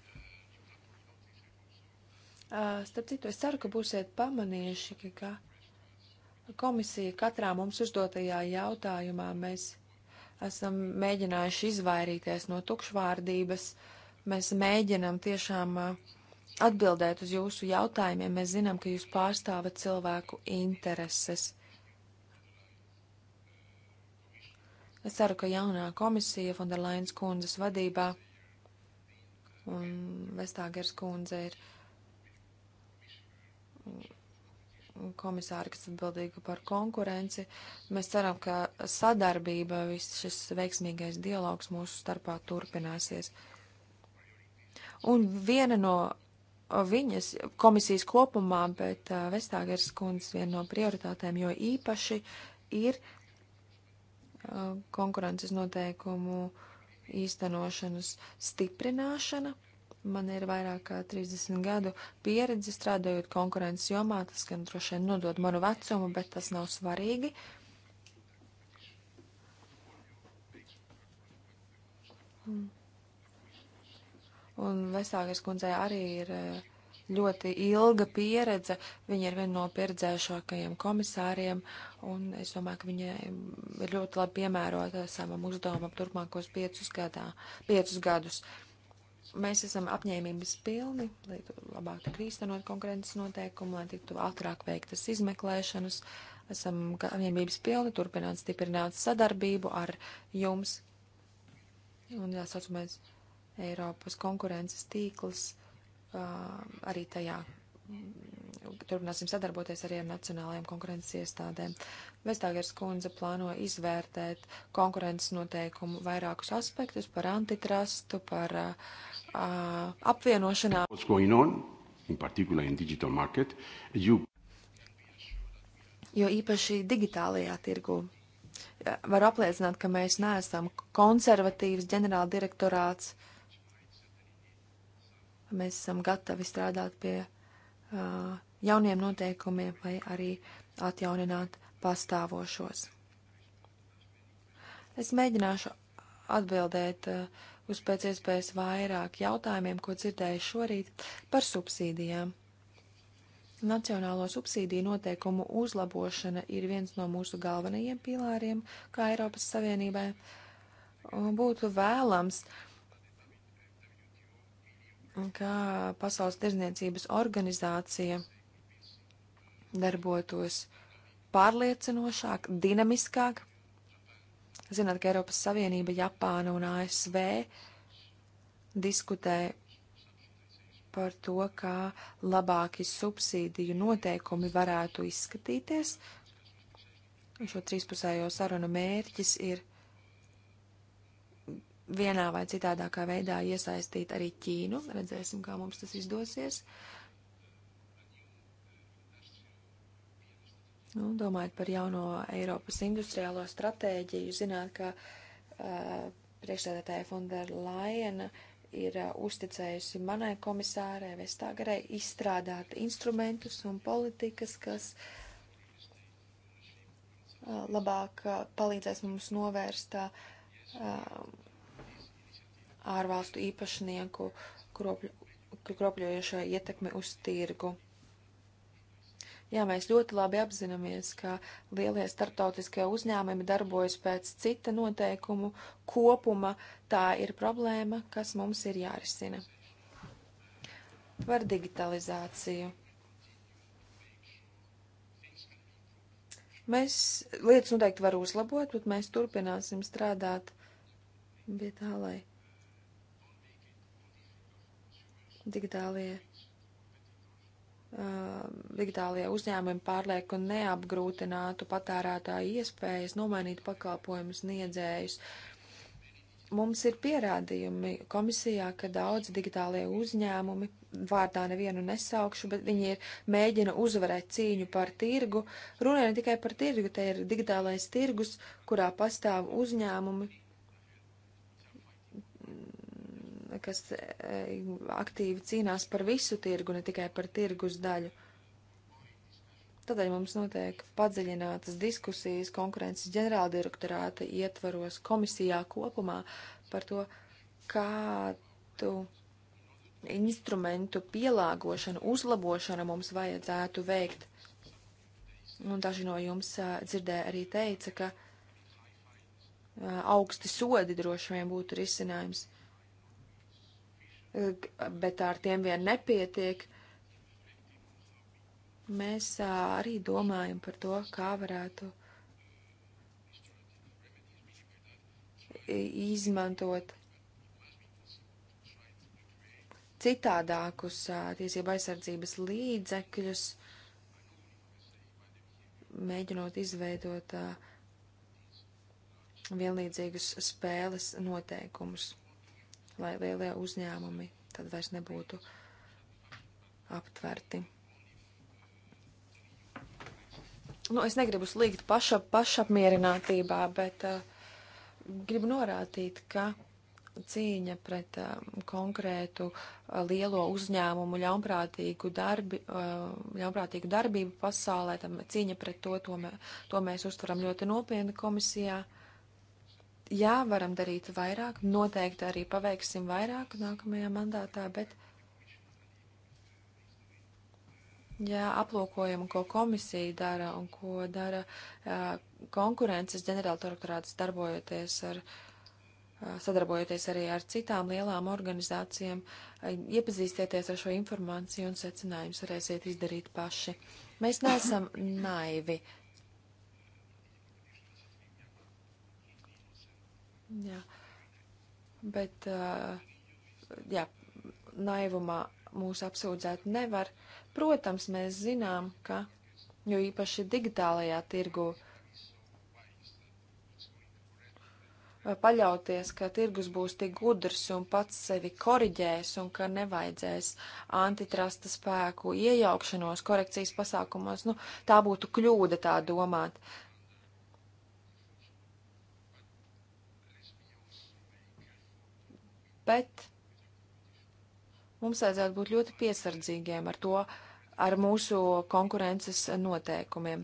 Eh, starp citu, es ceru, ka būsiet pamanījuši, ka komisija katrā mums uzdotajā jautājumā mēs esam mēģinājuši izvairīties no tukšvārdības. Mēs mēģinam tiešām eh, atbildēt uz jūsu jautājumiem. Mēs zinām, ka jūs pārstāvat cilvēku intereses. Es ceru, ka jaunā komisija Fonderlainas kundzes vadībā un Vestāgers kundze ir komisāri, kas atbildīga par konkurenci. Mēs ceram, ka sadarbība, viss šis veiksmīgais dialogs mūsu starpā turpināsies. Un viena no viņas komisijas kopumā, bet uh, Vestāgers kundzes viena no prioritātēm, jo īpaši ir uh, konkurences noteikumu īstenošanas stiprināšana. Man ir vairāk kā 30 gadu pieredze strādājot konkurences jomā. Tas gan droši vien nodod manu vecumu, bet tas nav svarīgi. Un vecākais kundzei arī ir eh, ļoti ilga pieredze. Viņa ir viena no pieredzējušākajiem komisāriem, un es domāju, ka viņa ir ļoti labi piemērota savam uzdevumam turpmākos piecus, gadā, piecus gadus. Uh, mēs esam apņēmības pilni, lai labāk tiktu īstenot konkurences noteikumu, lai tiktu ātrāk veiktas izmeklēšanas. Esam apņēmības pilni turpināt stiprināt sadarbību ar jums. Un jāsaucamais Eiropas konkurences tīkls uh, arī tajā turpināsim sadarboties arī ar nacionālajām konkurences iestādēm. Vestāgers kundze plāno izvērtēt konkurences noteikumu vairākus aspektus par antitrustu, par uh, apvienošanām. You... Jo īpaši digitālajā tirgu. Varu apliecināt, ka mēs neesam konservatīvs ģenerāldirektorāts. Mēs esam gatavi strādāt pie jauniem noteikumiem vai arī atjaunināt pastāvošos. Es mēģināšu atbildēt uz pēc iespējas vairāk jautājumiem, ko dzirdēju šorīt par subsīdijām. Nacionālo subsīdiju noteikumu uzlabošana ir viens no mūsu galvenajiem pilāriem, kā Eiropas Savienībai būtu vēlams uh, kā Pasaules tirzniecības organizācija darbotos pārliecinošāk, dinamiskāk. Zināt, ka Eiropas Savienība, Japāna un ASV diskutē par to, kā labāki subsīdiju noteikumi varētu izskatīties. Šo trīspusējo sarunu mērķis ir vienā vai citādākā veidā iesaistīt arī Ķīnu. Redzēsim, kā mums tas izdosies. Nu, domājot par jauno Eiropas industriālo stratēģiju, zināt, ka uh, priekšstādātāja Fondera Lajena ir uh, uzticējusi manai komisārai Vestāgarei izstrādāt instrumentus un politikas, kas uh, labāk uh, palīdzēs mums novērst uh, uh ārvalstu īpašnieku kropļojošo ietekmi uz tirgu. Jā, mēs ļoti labi apzināmies, ka lielie startautiskie uzņēmumi darbojas pēc cita noteikumu kopuma. Tā ir problēma, kas mums ir jārisina. Par digitalizāciju. Mēs lietas noteikti var uzlabot, bet mēs turpināsim strādāt pie tā, lai digitālie, uh, digitālie uzņēmumi pārlieku neapgrūtinātu patērētāju iespējas nomainīt pakalpojumu sniedzējus. Mums ir pierādījumi komisijā, ka daudz digitālie uzņēmumi, vārdā nevienu nesaukšu, bet viņi ir mēģina uzvarēt cīņu par tirgu. Runā ne tikai par tirgu, te ir digitālais tirgus, kurā pastāv uzņēmumi, kas e, aktīvi cīnās par visu tirgu, ne tikai par tirgus daļu. Tādēļ mums notiek padziļinātas diskusijas konkurences ģenerāldirektorāta ietvaros komisijā kopumā par to, kādu instrumentu pielāgošanu, uzlabošanu mums vajadzētu veikt. Un daži no jums e, dzirdēja arī teica, ka e, augsti sodi droši vien būtu risinājums bet ar tiem vien nepietiek. Mēs arī domājam par to, kā varētu izmantot citādākus tiesību aizsardzības līdzekļus, mēģinot izveidot vienlīdzīgus spēles noteikumus lai lielie uzņēmumi tad vairs nebūtu aptverti. Nu, es negribu slīgt paša, pašapmierinātībā, bet uh, gribu norādīt, ka cīņa pret uh, konkrētu uh, lielo uzņēmumu ļaunprātīgu, darbi, uh, ļaunprātīgu darbību pasaulē, tam cīņa pret to, to, mē, to mēs uztveram ļoti nopietni komisijā. Uh, jā, varam darīt vairāk, noteikti arī paveiksim vairāk nākamajā mandātā, bet, ja aplūkojam, ko komisija dara un ko dara uh, konkurences ģenerāldirektorāts darbojoties ar uh, sadarbojoties arī ar citām lielām organizācijām, uh, iepazīstieties ar šo informāciju un secinājumus varēsiet izdarīt paši. Mēs neesam naivi. Uh, Jā. Bet, jā, naivumā mūs apsūdzēt nevar. Protams, mēs zinām, ka, jo īpaši digitālajā tirgu, paļauties, ka tirgus būs tik gudrs un pats sevi koriģēs un ka nevajadzēs antitrasta spēku iejaukšanos korekcijas pasākumos, nu, tā būtu kļūda tā domāt. bet mums vajadzētu būt ļoti piesardzīgiem ar to, ar mūsu konkurences noteikumiem.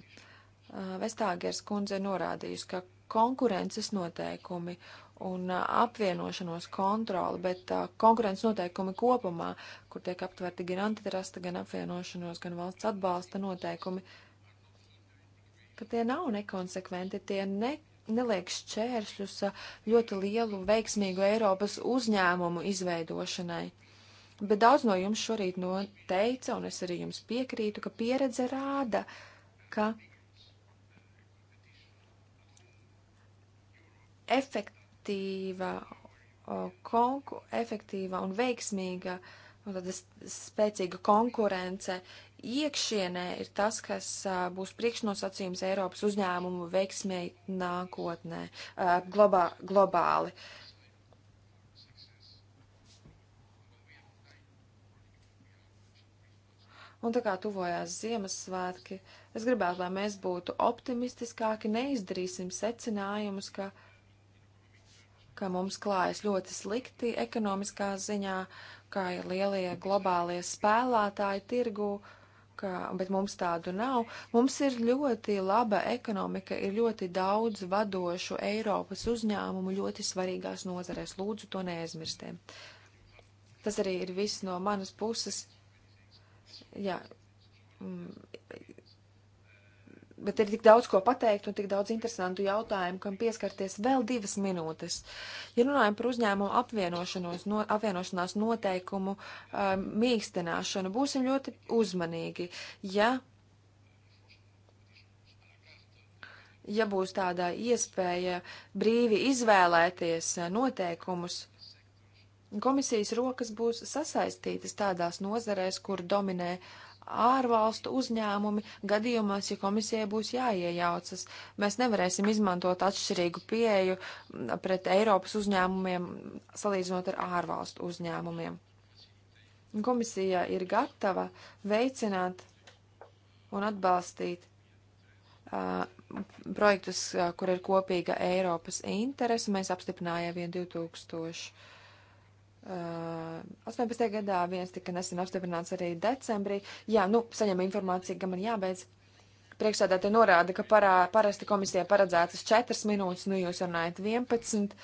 Uh, Vestāgers kundze norādījusi, ka konkurences noteikumi un uh, apvienošanos kontroli, bet uh, konkurences noteikumi kopumā, kur tiek aptverti gan antitrasta, gan apvienošanos, gan valsts atbalsta noteikumi, ka tie nav nekonsekventi, tie ne, neliek šķēršļus ļoti lielu veiksmīgu Eiropas uzņēmumu izveidošanai. Bet daudz no jums šorīt noteica, un es arī jums piekrītu, ka pieredze rāda, ka efektīva, konku, efektīva un veiksmīga uh, Un tad spēcīga konkurence iekšienē ir tas, kas a, būs priekšnosacījums Eiropas uzņēmumu veiksmēji nākotnē, a, globā, globāli. Un tā kā tuvojās Ziemassvētki, es gribētu, lai mēs būtu optimistiskāki, neizdarīsim secinājumus, ka, ka mums klājas ļoti slikti ekonomiskā ziņā, uh, kā ir lielie globālie spēlētāji tirgu, ka, bet mums tādu nav. Mums ir ļoti laba ekonomika, ir ļoti daudz vadošu Eiropas uzņēmumu ļoti svarīgās nozarēs. Lūdzu, to neaizmirstiem. Tas arī ir viss no manas puses. Jā, mm, bet ir tik daudz ko pateikt un tik daudz interesantu jautājumu, kam pieskarties vēl divas minūtes. Ja runājam par uzņēmumu apvienošanos, no, apvienošanās noteikumu um, mīkstināšanu, būsim ļoti uzmanīgi. Ja, ja būs tāda iespēja brīvi izvēlēties uh, noteikumus, komisijas rokas būs sasaistītas tādās nozarēs, kur dominē uh, ārvalstu uzņēmumi gadījumos, ja komisijai būs jāiejaucas. Mēs nevarēsim izmantot atšķirīgu pieeju pret Eiropas uzņēmumiem, salīdzinot ar ārvalstu uzņēmumiem. Komisija ir gatava veicināt un atbalstīt uh, projektus, uh, kur ir kopīga Eiropas interese. Mēs apstiprinājām vien 2000. 18. Eh, gadā, viens tika nesen apstiprināts arī decembrī. Jā, nu, saņem informāciju, ka man jābeidz. Priekšsēdētāji norāda, ka parā, parasti komisijai paredzētas 4 minūtes, nu jūs runājat 11.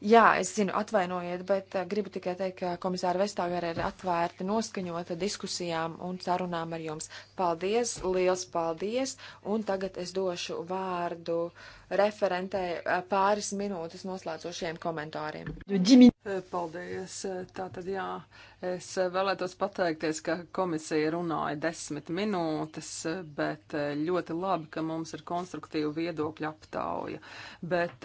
Jā, es zinu, atvainojiet, bet uh, gribu tikai teikt, ka komisāra Vestāgara ir atvērta noskaņota diskusijām un sarunām ar jums. Paldies, liels paldies, un tagad es došu vārdu uh, referentei eh, pāris minūtes noslēdzošiem komentāriem. Eh, paldies! Eh, tātad jā, es vēlētos pateikties, ka komisija runāja desmit minūtes, bet ļoti labi, ka mums ir konstruktīva viedokļa aptauja, bet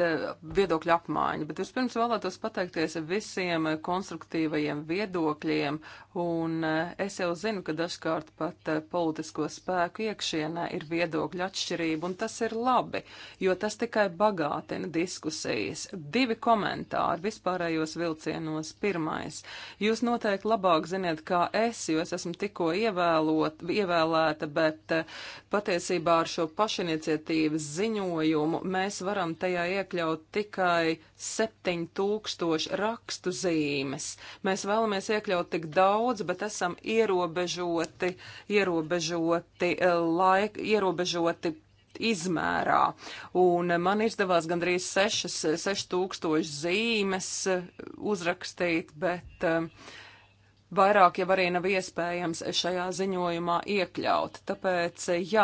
viedokļa apmaiņa. Bet vispirms vēlētos pateikties visiem konstruktīvajiem viedokļiem, un es jau zinu, ka dažkārt pat politisko spēku iekšienē ir viedokļa atšķirība, un tas ir labi, jo tas tas tikai bagātina diskusijas. Divi komentāri vispārējos vilcienos. Pirmais. Jūs noteikti labāk ziniet, kā es, jo es esmu tikko ievēlot, ievēlēta, bet eh, patiesībā ar šo pašiniciatīvas ziņojumu mēs varam tajā iekļaut tikai 7000 rakstu zīmes. Mēs vēlamies iekļaut tik daudz, bet esam ierobežoti, ierobežoti eh, laika, ierobežoti izmērā. Un man izdevās gandrīz 6000 zīmes uzrakstīt, bet uh, vairāk jau arī nav iespējams šajā ziņojumā iekļaut. Tāpēc, jā,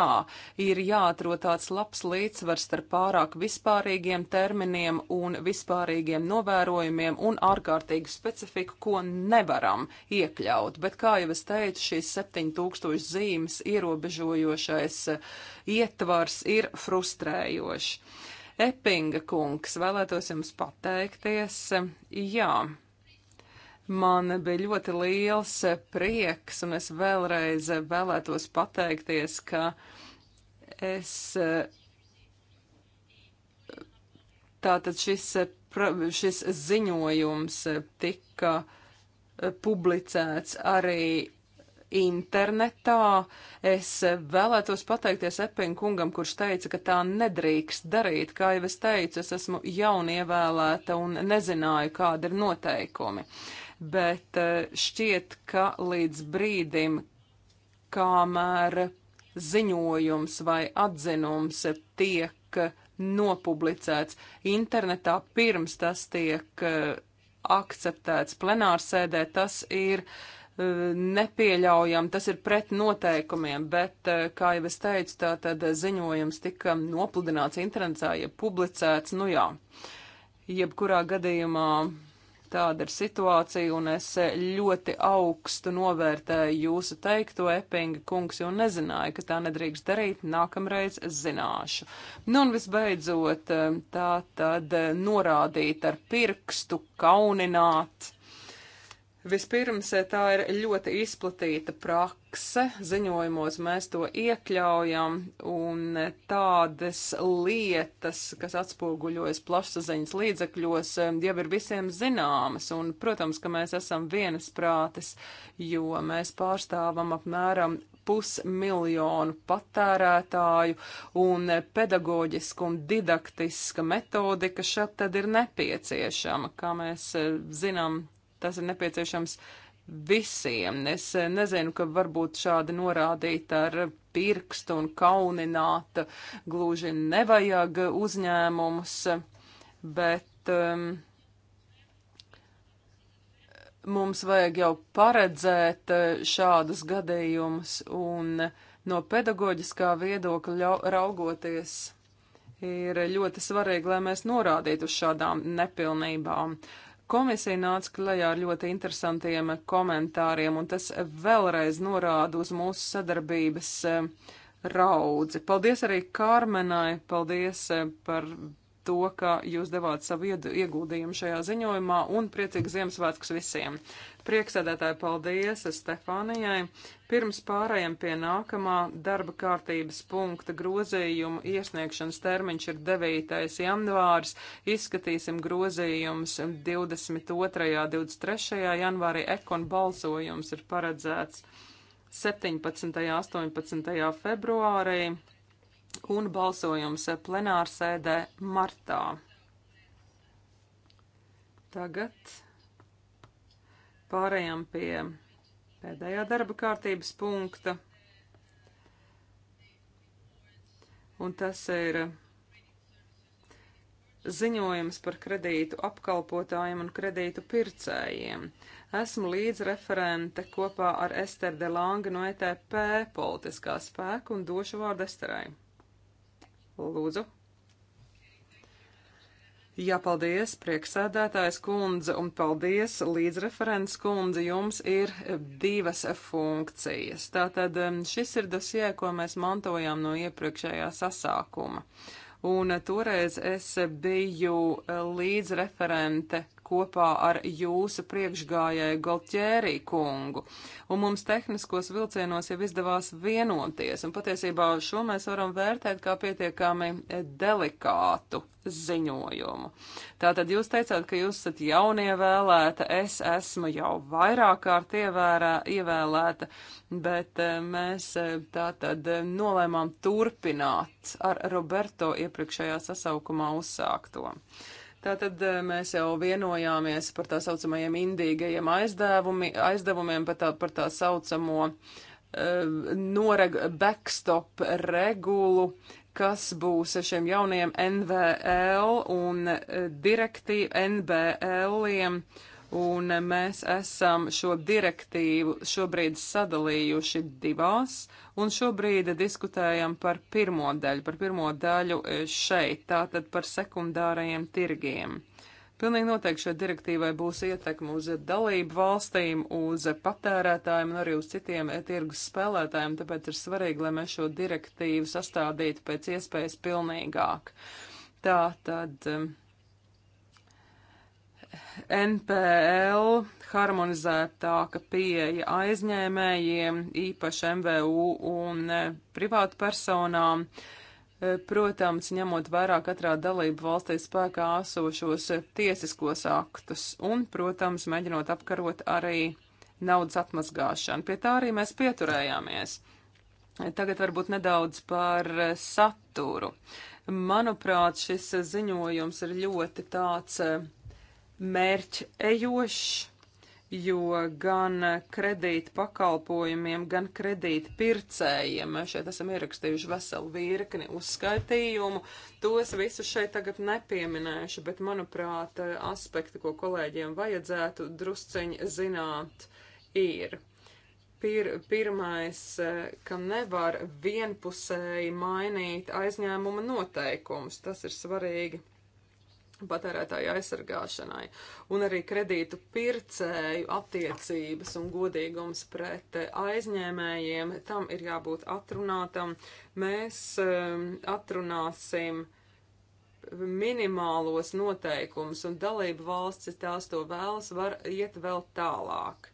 ir jāatrod tāds labs līdzsvars starp pārāk vispārīgiem terminiem un vispārīgiem novērojumiem un ārkārtīgu specifiku, ko nevaram iekļaut. Bet, kā jau es teicu, šīs 7000 zīmes ierobežojošais ietvars ir frustrējošs. Epinga kungs, vēlētos jums pateikties. Jā, Man bija ļoti liels eh, prieks, un es vēlreiz eh, vēlētos pateikties, ka es. Eh, tātad šis, šis ziņojums tika publicēts arī internetā. Es vēlētos pateikties Epinga kungam, kurš teica, ka tā nedrīkst darīt. Kā jau es teicu, es esmu jaunievēlēta un nezināju, kāda ir noteikumi. Uh, bet eh, šķiet, ka līdz brīdim, kamēr ziņojums vai atzinums tiek nopublicēts internetā, pirms tas tiek eh, akceptēts plenārsēdē, tas ir eh, nepieļaujam, tas ir pret noteikumiem, bet, kā jau es teicu, tā tad ziņojums tika nopludināts internetā, ja publicēts, nu jā, jebkurā gadījumā Tāda ir situācija, un es ļoti augstu novērtēju jūsu teikto, Epinga kungs, jo nezināju, ka tā nedrīkst darīt, nākamreiz zināšu. Nu un visbeidzot, tā tad norādīt ar pirkstu, kaunināt Vispirms eh, tā ir ļoti izplatīta prakse, ziņojumos mēs to iekļaujam, un eh, tādas lietas, kas atspoguļojas plašsaziņas līdzekļos, eh, jau ir visiem zināmas, un, protams, ka mēs esam vienasprātis, jo mēs pārstāvam apmēram pusmiljonu patērētāju, un pedagoģiska un didaktiska metodika šeit tad ir nepieciešama, kā mēs zinām tas ir nepieciešams visiem. Es eh, nezinu, ka varbūt šādi norādīt ar pirkstu un kaunināt gluži nevajag uzņēmumus, bet um, mums vajag jau paredzēt eh, šādus gadījumus un no pedagoģiskā viedokļa raugoties ir ļoti svarīgi, lai mēs norādītu uz šādām nepilnībām. Uh, Komisija nāca klajā ar ļoti interesantiem komentāriem, un tas vēlreiz norāda uz mūsu sadarbības eh, raudzi. Paldies arī Kārmenai, paldies eh, par to, ka jūs devāt savu ieguldījumu šajā ziņojumā un priecīgu Ziemassvētkus visiem. Prieksēdētāji, paldies Stefānijai. Pirms pārējiem pie nākamā darba kārtības punkta grozījumu iesniegšanas termiņš ir 9. janvārs. Izskatīsim grozījumus 22. un 23. janvārī. Ekon balsojums ir paredzēts 17. un 18. februārī un balsojums plenārsēdē martā. Tagad pārējām pie pēdējā darba kārtības punkta. Un tas ir ziņojums par kredītu apkalpotājiem un kredītu pircējiem. Esmu līdzreferente kopā ar Ester de Lange no ETP politiskā spēka un došu vārdu Esterai. Lūdzu. Jā, paldies, prieksēdētājs kundze, un paldies, līdzreferents kundze, jums ir divas funkcijas. Tātad šis ir dosie, ko mēs mantojām no iepriekšējā sasākuma. Un toreiz es biju eh, līdzreferente kopā ar jūsu priekšgājēju Galtjērī kungu. Un mums tehniskos vilcienos jau izdevās vienoties, un patiesībā šo mēs varam vērtēt kā pietiekami delikātu ziņojumu. Tātad jūs teicāt, ka jūs esat jaunievēlēta, es esmu jau vairāk kārt ievērā, ievēlēta, bet eh, mēs eh, tātad eh, nolēmām turpināt ar Roberto iepriekšējā sasaukumā uzsākto. Tātad eh, mēs jau vienojāmies par tā saucamajiem indīgajiem aizdevumi, aizdevumiem, par tā, par tā saucamo uh, noreg, backstop regulu, kas būs šiem jaunajiem NVL un eh, direktīvu NBL-iem. Uh, un mēs esam šo direktīvu šobrīd sadalījuši divās, un šobrīd diskutējam par pirmo daļu, par pirmo daļu e, šeit, tātad par sekundārajiem tirgiem. Pilnīgi noteikti šai direktīvai būs ietekme uz dalību valstīm, uz patērētājiem un arī uz citiem e, tirgus spēlētājiem, tāpēc ir svarīgi, lai mēs šo direktīvu sastādītu pēc iespējas pilnīgāk. Tā tad. Um, e, NPL harmonizētāka pieeja aizņēmējiem, īpaši MVU un e, privātpersonām, e, protams, ņemot vērā katrā dalību valstī spēkā esošos tiesiskos aktus un, protams, mēģinot apkarot arī naudas atmazgāšanu. Pie tā arī mēs pieturējāmies. E, tagad varbūt nedaudz par saturu. Manuprāt, šis ziņojums ir ļoti tāds mērķi ejošs, jo gan kredīta pakalpojumiem, gan kredīta pircējiem šeit esam ierakstījuši veselu virkni uzskaitījumu. Tos visus šeit tagad nepieminēšu, bet, manuprāt, aspekti, ko kolēģiem vajadzētu drusceņi zināt, ir. Pir, pirmais, kam nevar vienpusēji mainīt aizņēmuma noteikumus, tas ir svarīgi patērētāju aizsargāšanai, un arī kredītu pircēju attiecības un godīgums pret aizņēmējiem, tam ir jābūt atrunātam. Mēs um, atrunāsim minimālos noteikumus, un dalību valsts, ja tās to vēlas, var iet vēl tālāk.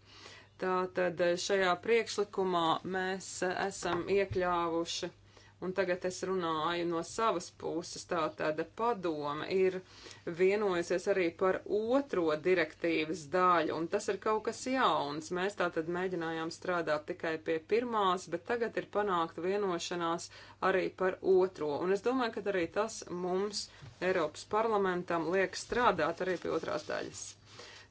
Tātad eh, šajā priekšlikumā mēs eh, esam iekļāvuši un tagad es runāju no savas puses, tātad padome ir vienojusies arī par otro direktīvas daļu, un tas ir kaut kas jauns. Mēs tātad mēģinājām strādāt tikai pie pirmās, bet tagad ir panākta vienošanās arī par otro, un es domāju, ka arī tas mums, Eiropas parlamentam, liek strādāt arī pie otrās daļas.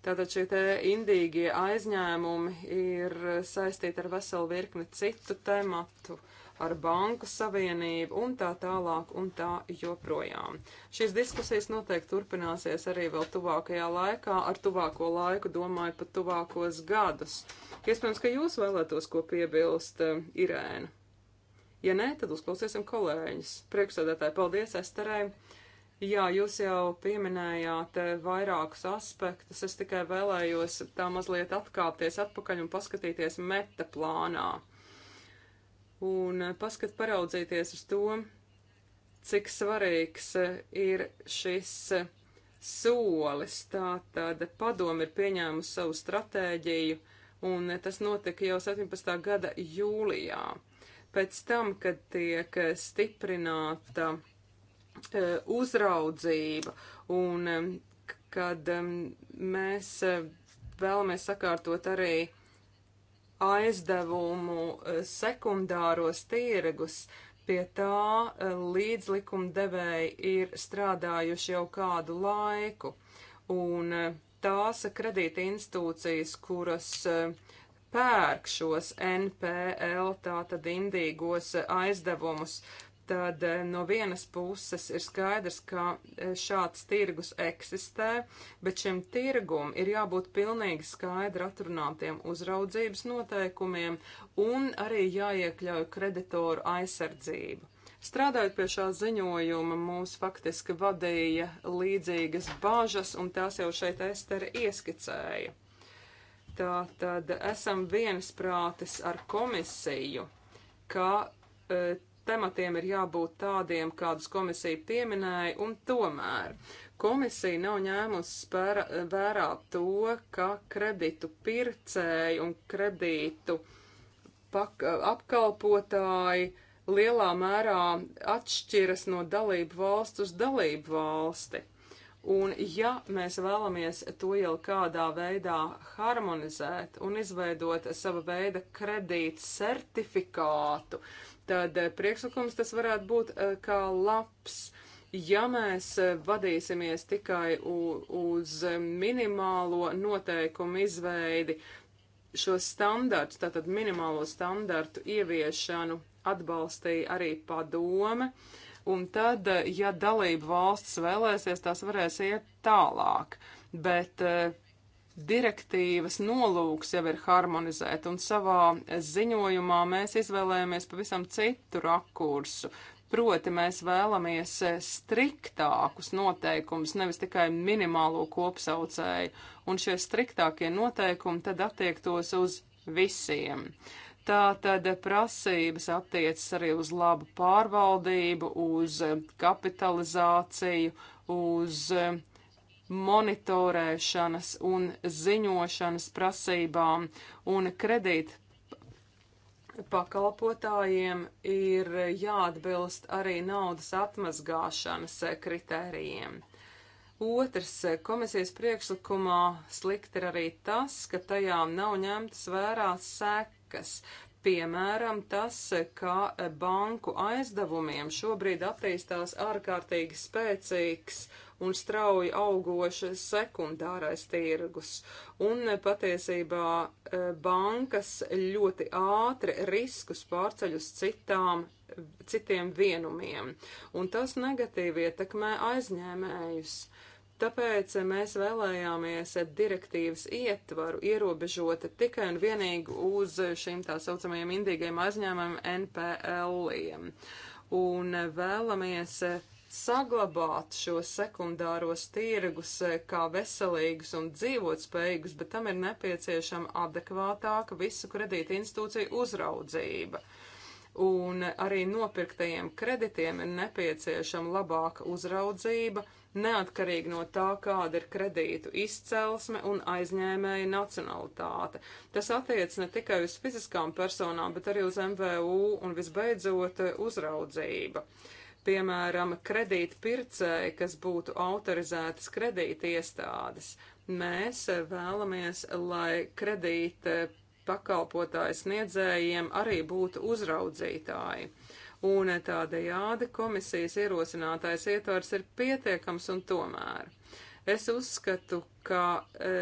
Tātad šie te indīgie aizņēmumi ir saistīti ar veselu virkni citu tematu. Uh, ar banku savienību un tā tālāk un tā joprojām. Šīs diskusijas noteikti turpināsies arī vēl tuvākajā laikā, ar tuvāko laiku domāju pat tuvākos gadus. Iespējams, ka jūs vēlētos ko piebilst, eh, Irēna. Ja nē, tad uzklausīsim kolēģis. Priekšsēdētāji, paldies Esterei! Jā, jūs jau pieminējāt eh, vairākus aspektus. Es tikai vēlējos tā mazliet atkāpties atpakaļ un paskatīties meta plānā un eh, paskat paraudzieties uz to, cik svarīgs eh, ir šis eh, solis. Tātad padomi ir pieņēmusi savu stratēģiju, un tas notika jau 17. gada jūlijā. Pēc tam, kad tiek stiprināta uzraudzība un kad mm, mēs vēlamies sakārtot arī aizdevumu eh, sekundāros tirgus. Pie tā eh, līdzlikumdevēji ir strādājuši jau kādu laiku, un eh, tās kredīta institūcijas, kuras pērk šos NPL, tātad indīgos aizdevumus, uh, tad eh, no vienas puses ir skaidrs, ka eh, šāds tirgus eksistē, bet šim tirgum ir jābūt pilnīgi skaidri atrunātiem uzraudzības noteikumiem un arī jāiekļauj kreditoru aizsardzību. Strādājot pie šā ziņojuma, mūs faktiski vadīja līdzīgas bāžas, un tās jau šeit Estere ieskicēja. Tā tad esam viensprātis ar komisiju, ka e, tematiem ir jābūt tādiem, kādus komisija pieminēja, un tomēr komisija nav ņēmusi vērā to, ka kredītu pircēji un kredītu apkalpotāji lielā mērā atšķiras no dalību valsts uz dalību valsti. Un ja mēs vēlamies to jau kādā veidā harmonizēt un izveidot sava veida kredīt certifikātu, tad eh, priekšlikums tas varētu būt eh, kā labs. Ja mēs eh, vadīsimies tikai uz minimālo noteikumu izveidi, šo standartu, tātad minimālo standartu ieviešanu atbalstīja arī padome, un tad, ja dalību valsts vēlēsies, tās varēs iet tālāk. Bet direktīvas nolūks jau ir harmonizēt, un savā ziņojumā mēs izvēlējāmies pavisam citu rakursu. Proti mēs vēlamies striktākus noteikumus, nevis tikai minimālo kopsaucēju, un šie striktākie noteikumi tad attiektos uz visiem. Tā tad prasības attiecas arī uz labu pārvaldību, uz kapitalizāciju, uz uh, monitorēšanas un ziņošanas prasībām un kredīt pakalpotājiem ir jāatbilst arī naudas atmazgāšanas kritērijiem. Otrs komisijas priekšlikumā slikti ir arī tas, ka tajām nav ņemtas vērā sekas. Piemēram, tas, ka banku aizdevumiem šobrīd attīstās ārkārtīgi spēcīgs uh, un strauji augoša sekundārais tirgus. Un eh, patiesībā eh, bankas ļoti ātri riskus pārceļ uz citām, citiem vienumiem, un tas negatīvi ietekmē aizņēmējus. Tāpēc eh, mēs vēlējāmies direktīvas ietvaru ierobežot tikai un vienīgi uz šīm tā saucamajiem indīgiem aizņēmumiem NPL-iem. Un vēlamies saglabāt šos sekundāros tirgus eh, kā veselīgus un dzīvotspējīgus, bet tam ir nepieciešama adekvātāka visu kredīta institūciju uzraudzība. Un arī nopirktajiem kreditiem ir nepieciešama labāka uzraudzība, neatkarīgi no tā, kāda ir kredītu izcelsme un aizņēmēja nacionalitāte. Tas attiec ne tikai uz fiziskām personām, bet arī uz MVU un visbeidzot eh, uzraudzība. Uh, piemēram, kredītpircēji, kas būtu autorizētas kredītiestādes. Mēs vēlamies, lai kredīta pakalpotāju sniedzējiem arī būtu uzraudzītāji. Un tādējādi komisijas ierosinātais ietvars ir pietiekams un tomēr. Es uzskatu, ka e,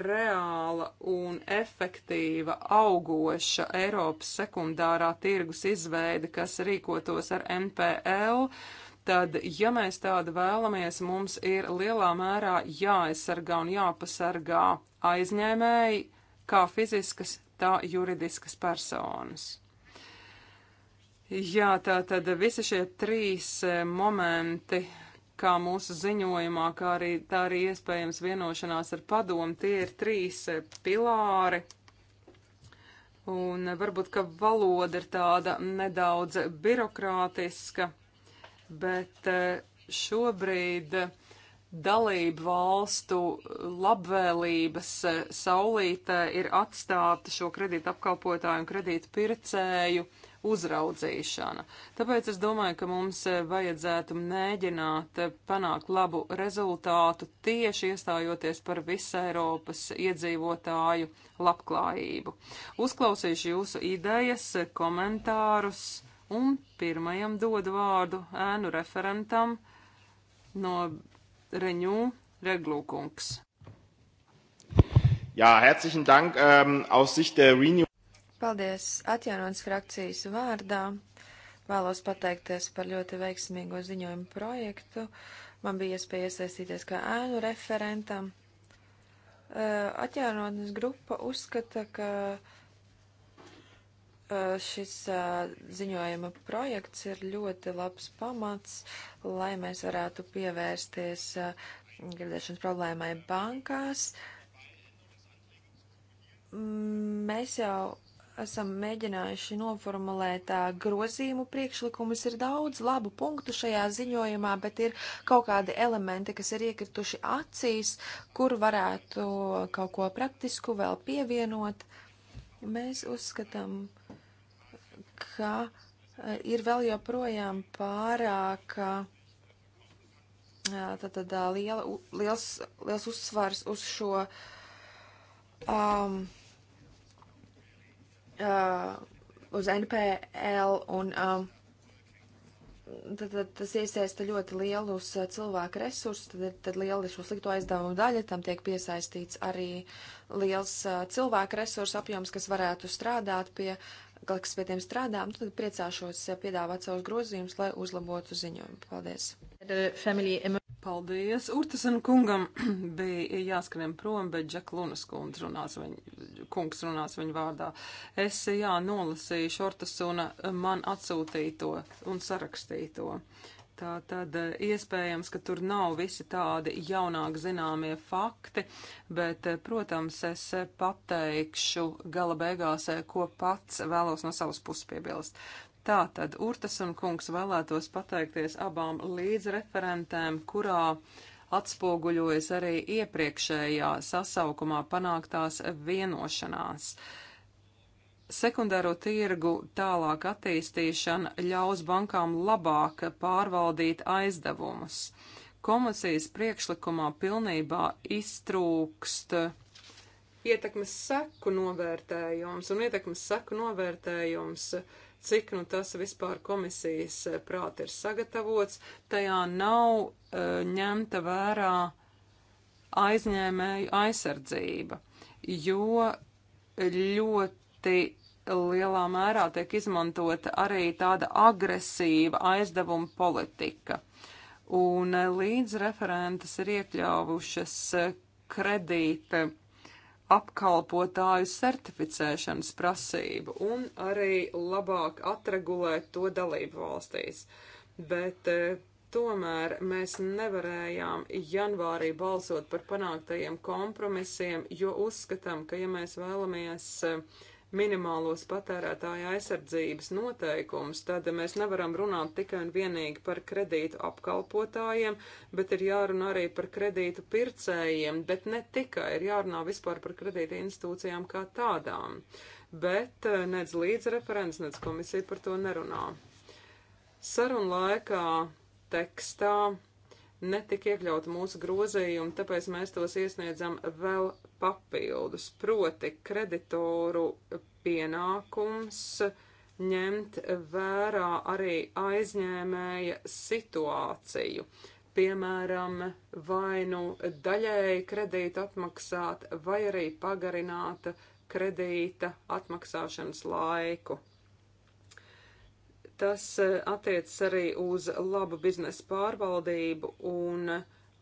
reāla un efektīva augoša Eiropas sekundārā tirgus izveide, kas rīkotos ar NPL, tad, ja mēs tādu vēlamies, mums ir lielā mērā jāaizsargā un jāpasargā aizņēmēji, kā fiziskas, tā juridiskas personas. Jā, tā tad visi šie trīs e, momenti kā mūsu ziņojumā, kā arī tā arī iespējams vienošanās ar padomu. Tie ir trīs e, pilāri. Un e, varbūt, ka valoda ir tāda nedaudz birokrātiska, bet e, šobrīd dalību valstu labvēlības saulītē ir atstāta šo kredītu apkalpotāju un kredītu pircēju uh, uzraudzīšana. Tāpēc es domāju, ka mums e, vajadzētu mēģināt e, panākt labu rezultātu tieši iestājoties par visu Eiropas iedzīvotāju labklājību. Uzklausīšu jūsu idejas, e, komentārus un pirmajam dodu vārdu ēnu referentam no Reņū Reglūkungs. Jā, herzlichen Dank um, aus Sicht der Renew. Paldies atjaunotas frakcijas vārdā. Vēlos pateikties par ļoti veiksmīgo ziņojumu projektu. Man bija iespēja iesaistīties kā ēnu referentam. Atjaunotnes grupa uzskata, ka šis ziņojuma projekts ir ļoti labs pamats, lai mēs varētu pievērsties gradēšanas problēmai bankās. Mēs jau esam mēģinājuši noformulēt grozījumu priekšlikumus. Ir daudz labu punktu šajā ziņojumā, bet ir kaut kādi elementi, kas ir iekrituši acīs, kur varētu kaut ko praktisku vēl pievienot. Mēs uzskatām, ka ir vēl joprojām pārāk tātad liela, liels, liels uzsvars uz šo. Um, uh, uz NPL un um, tad, tad tas iesaista ļoti lielus uh, cilvēku resursus, tad, tad liela šo slikto aizdevumu daļa, tam tiek piesaistīts arī liels uh, cilvēku resursu apjoms, kas varētu strādāt pie, kas pie tiem strādā, un nu, tad priecāšos uh, piedāvāt savus grozījumus, lai uzlabotu ziņojumu. Paldies! Paldies! Urtasen kungam bija jāskrien prom, bet Džeklunas kungs runās, viņ, kungs runās viņa vārdā. Es, jā, nolasīju Šortasuna eh, man atsūtīto un sarakstīto. Tā tad eh, iespējams, ka tur nav visi tādi jaunāk zināmie fakti, bet, eh, protams, es pateikšu gala beigās, ko pats vēlos no savas puses piebilst. Tātad Urtas un kungs vēlētos pateikties abām līdzreferentēm, kurā atspoguļojas arī iepriekšējā sasaukumā panāktās vienošanās. Sekundāro tirgu tālāk attīstīšana ļaus bankām labāk pārvaldīt aizdevumus. Komisijas priekšlikumā pilnībā iztrūkst ietekmes seku novērtējums, un ietekmes seku novērtējums uh, cik nu tas vispār komisijas eh, prāt ir sagatavots, tajā nav uh, ņemta vērā aizņēmēju aizsardzība, jo ļoti lielā mērā tiek izmantota arī tāda agresīva aizdevuma politika. Un eh, līdz referentas ir iekļāvušas kredīta apkalpotāju certificēšanas prasību un arī labāk atregulēt to dalību valstīs. Bet e, tomēr mēs nevarējām janvārī balsot par panāktajiem kompromisiem, jo uzskatām, ka ja mēs vēlamies uh, minimālos patērētāja aizsardzības noteikumus, tad mēs nevaram runāt tikai un vienīgi par kredītu apkalpotājiem, bet ir jārunā arī par kredītu pircējiem, bet ne tikai, ir jārunā vispār par kredīta institūcijām kā tādām. Bet eh, nec līdz referents, nec komisija par to nerunā. Sarunu laikā tekstā netika iekļauti mūsu grozījumi, tāpēc mēs tos iesniedzam vēl papildus. Proti kreditoru pienākums ņemt vērā arī aizņēmēja situāciju. Piemēram, vai nu daļēji kredītu atmaksāt, vai arī pagarināt kredīta atmaksāšanas laiku. Tas e, attiecas arī uz labu biznesa pārvaldību un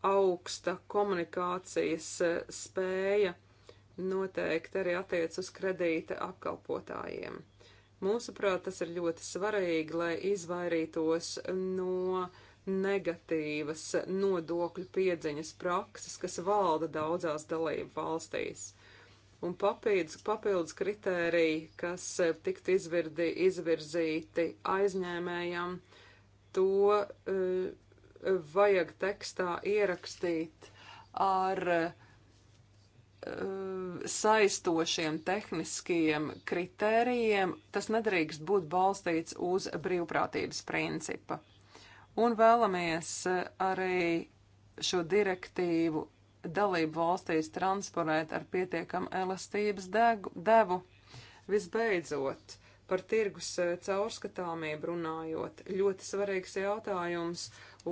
augsta komunikācijas e, spēja noteikti arī attiec uz kredīta apkalpotājiem. Mūsuprāt, tas ir ļoti svarīgi, lai izvairītos no negatīvas nodokļu piedziņas prakses, kas valda daudzās dalību valstīs un papildus, papildus kritēriji, kas tikt izvirdi, izvirzīti aizņēmējam, to uh, vajag tekstā ierakstīt ar uh, saistošiem tehniskiem kritērijiem. Tas nedrīkst būt balstīts uz brīvprātības principa. Un vēlamies eh, arī šo direktīvu dalību valstīs transponēt ar pietiekam elastības degu, devu. Visbeidzot, par tirgus eh, caurskatāmību runājot, ļoti svarīgs jautājums,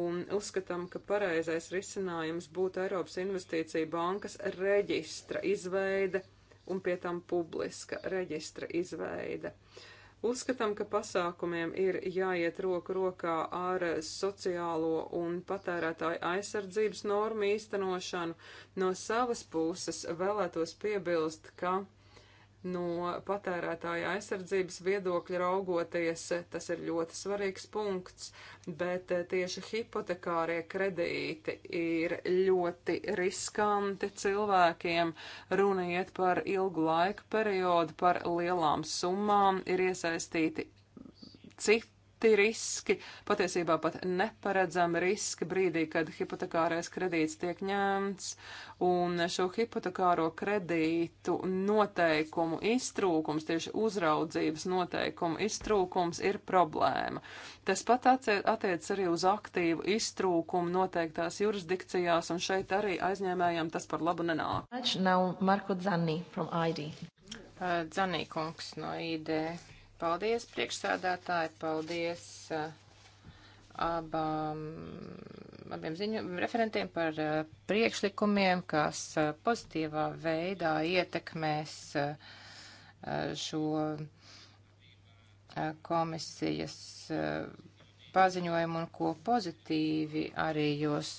un uzskatām, ka pareizais risinājums būtu Eiropas Investīcija bankas reģistra izveide un pie tam publiska reģistra izveide. Uh, Uzskatām, ka pasākumiem ir jāiet roku rokā ar sociālo un patērētāju aizsardzības normu īstenošanu. No savas puses vēlētos piebilst, ka no patērētāja aizsardzības viedokļa raugoties, tas ir ļoti svarīgs punkts, bet eh, tieši hipotekārie kredīti ir ļoti riskanti cilvēkiem. Runa iet par ilgu laiku periodu, par lielām summām, ir iesaistīti citi citi riski, patiesībā pat neparedzami riski brīdī, kad hipotekārais kredīts tiek ņemts, un šo hipotekāro kredītu noteikumu iztrūkums, tieši uzraudzības noteikumu iztrūkums ir problēma. Tas pat attiecas arī uz aktīvu iztrūkumu noteiktās jurisdikcijās, un šeit arī aizņēmējiem tas par labu nenāk. Now Marko Zanni from ID. Uh, Zanni kungs no ID. Paldies, priekšsādātāji, paldies uh, abām, abiem ziņu referentiem par uh, priekšlikumiem, kas uh, pozitīvā veidā ietekmēs šo komisijas paziņojumu un ko pozitīvi arī jūs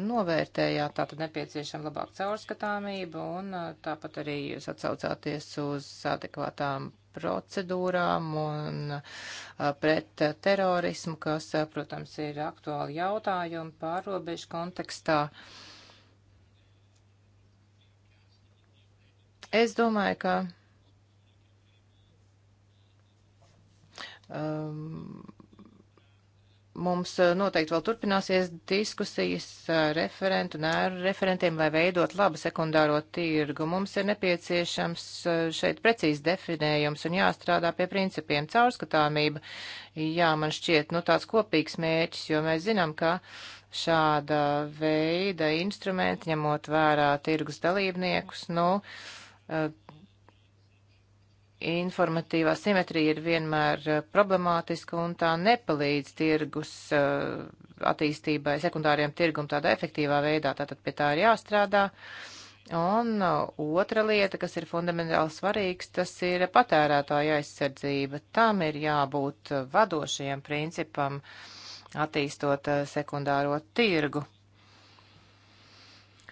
novērtējāt. Tātad nepieciešama labāka caurskatāmība un tāpat arī jūs atsaucāties uz adekvātām procedūrām un pret terorismu, kas, protams, ir aktuāli jautājumi pārobežu kontekstā. Es domāju, ka um, mums eh, noteikti vēl turpināsies diskusijas referentu un ēru referentiem, lai veidot labu sekundāro tirgu. Mums ir nepieciešams eh, šeit precīzi definējums un jāstrādā pie principiem caurskatāmība. Jā, man šķiet, nu tāds kopīgs mērķis, jo mēs zinām, ka šāda veida instrumenti, ņemot vērā tirgus dalībniekus, nu, eh, informatīvā simetrija ir vienmēr eh, problemātiska un tā nepalīdz tirgus eh, attīstībai, sekundāriem tirgum tādā efektīvā veidā, tātad pie tā ir jāstrādā. Un eh, otra lieta, kas ir fundamentāli svarīgs, tas ir patērētāja aizsardzība. Tam ir jābūt vadošajam principam attīstot sekundāro tirgu,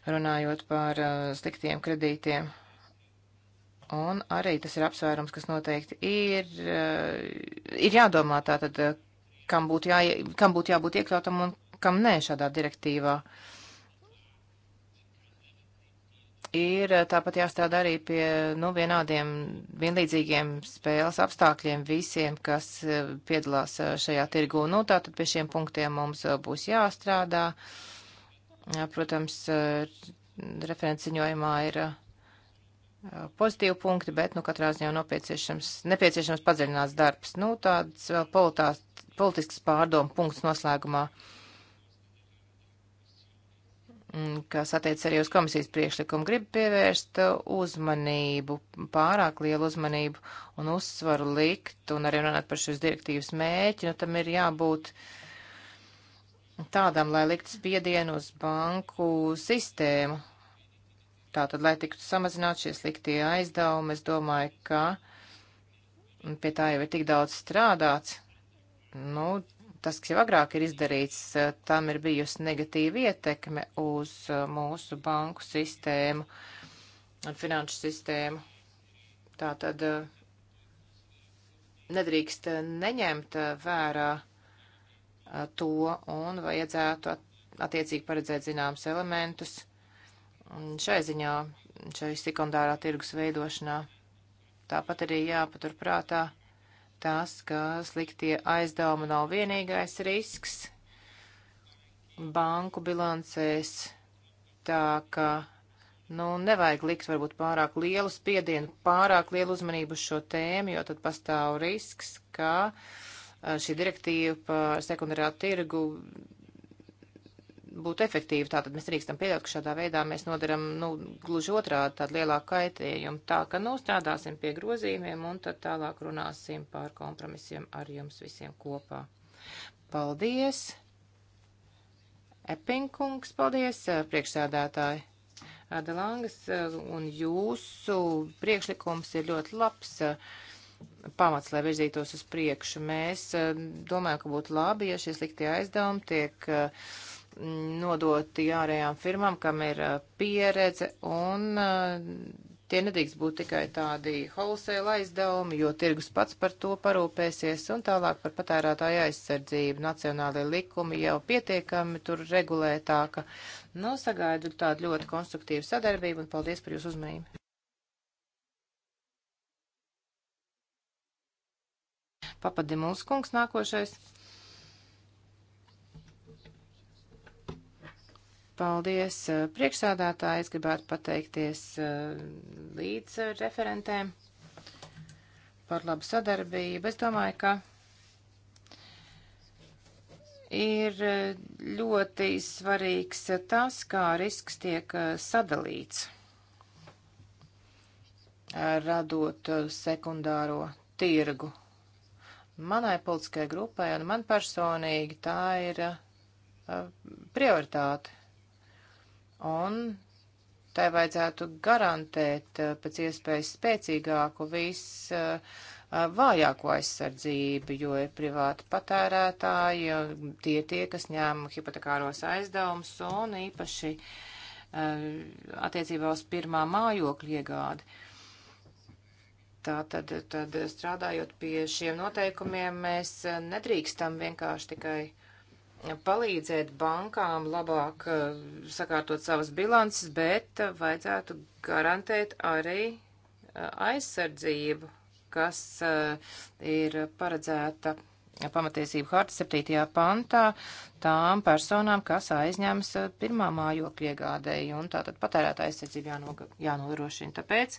runājot par sliktiem kredītiem Un arī tas ir apsvērums, kas noteikti ir, eh, ir jādomā tātad, eh, kam būtu, jā, kam būtu jābūt iekļautam un kam nē šādā direktīvā. Ir eh, tāpat jāstrādā arī pie nu, vienādiem, vienlīdzīgiem spēles apstākļiem visiem, kas piedalās šajā tirgū. Nu, tātad pie šiem punktiem mums būs jāstrādā. Protams, referenciņojumā ir. Uh, pozitīvi punkti, bet, nu, katrā ziņā nepieciešams, nepieciešams padziļināts darbs. Nu, tāds vēl politās, politisks pārdomu punkts noslēgumā, mm, kas attiec arī uz komisijas priekšlikumu, grib pievērst uzmanību, pārāk lielu uzmanību un uzsvaru likt un arī runāt par šīs direktīvas mēķi, nu, tam ir jābūt tādam, lai likt spiedienu uz banku sistēmu Tātad, lai tiktu samazināt šie sliktie aizdevumi, es domāju, ka pie tā jau ir tik daudz strādāts. Nu, tas, kas jau agrāk ir izdarīts, tam ir bijusi negatīva ietekme uz uh, mūsu banku sistēmu un finanšu sistēmu. Tā tad uh, nedrīkst uh, neņemt vērā to un vajadzētu attiecīgi paredzēt zināmus elementus, šai ziņā, šai sekundārā tirgus veidošanā. Tāpat arī jāpaturprātā tas, ka sliktie aizdevumi nav vienīgais risks banku bilancēs, tā ka, nu, nevajag likt varbūt pārāk lielu spiedienu, pārāk lielu uzmanību uz šo tēmu, jo tad pastāv risks, ka eh, šī direktīva par sekundārā tirgu būtu efektīvi. Tātad mēs drīkstam pieļaut, ka šādā veidā mēs nodaram, nu, gluži otrādi tādu lielāku kaitējumu. Tā, ka, nu, strādāsim pie grozījumiem un tad tālāk runāsim par kompromisiem ar jums visiem kopā. Paldies! Epinkungs, paldies, eh, priekšsēdētāji! Adelangas, eh, un jūsu priekšlikums ir ļoti labs eh, pamats, lai virzītos uz priekšu. Mēs domājam, ka būtu labi, ja šie sliktie aizdevumi tiek uh, nodoti ārējām firmām, kam ir pieredze, un tie nedrīkst būt tikai tādi wholesale aizdevumi, jo tirgus pats par to parūpēsies, un tālāk par patērētāju aizsardzību nacionālajie likumi jau pietiekami tur regulētā, ka nu, sagaidu tādu ļoti konstruktīvu sadarbību, un paldies par jūsu uzmanību. Papadi Mulskungs nākošais. Paldies eh, priekšsādātāji, es gribētu pateikties eh, līdz eh, referentēm par labu sadarbību. Es domāju, ka ir ļoti svarīgs tas, kā risks tiek sadalīts, radot sekundāro tirgu. Manai politiskajai grupai un man personīgi tā ir prioritāte un tai vajadzētu garantēt eh, pēc iespējas spēcīgāku visvājāko eh, aizsardzību, jo ir privāti patērētāji, tie tie, kas ņem hipotekāros aizdevumus un īpaši eh, attiecībā uz pirmā mājokļa iegādi. Tā tad, tad strādājot pie šiem noteikumiem, mēs nedrīkstam vienkārši tikai uh, palīdzēt bankām labāk eh, sakārtot savas bilances, bet vajadzētu garantēt arī eh, aizsardzību, kas eh, ir paredzēta pamatiesību harta 7. pantā tām personām, kas aizņemas pirmā mājokļa iegādēji, un tātad patērēta aizsardzība jāno, jānodrošina. Tāpēc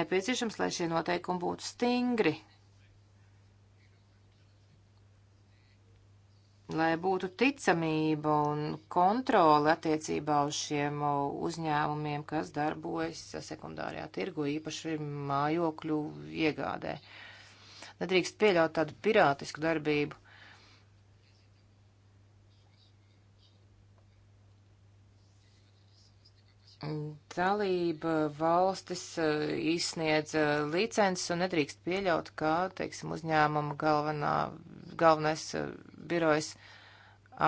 nepieciešams, lai šie noteikumi būtu stingri, lai būtu ticamība un kontrole attiecībā uz šiem uzņēmumiem, kas darbojas sekundārajā tirgu, īpaši mājokļu iegādē. Nedrīkst pieļaut tādu pirātisku darbību. Dalība valstis eh, izsniedz eh, licences un nedrīkst pieļaut, ka, teiksim, uzņēmuma galvenā, galvenais eh, birojs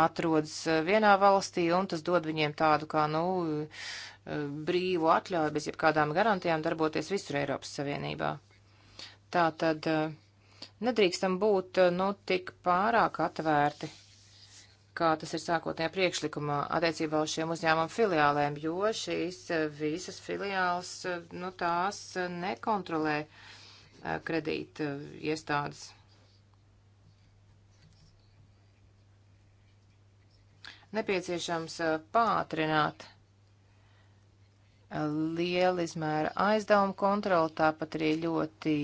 atrodas vienā valstī un tas dod viņiem tādu kā, nu, brīvu atļauju bez jebkādām garantijām darboties visur Eiropas Savienībā. Tā tad nedrīkstam būt, nu, tik pārāk atvērti kā tas ir sākotnējā priekšlikumā attiecībā uz šiem uzņēmumu filiālēm, jo šīs eh, visas filiāls, eh, nu tās eh, nekontrolē kredīta iestādes. Nepieciešams pātrināt liela izmēra aizdevuma kontroli, tāpat arī ļoti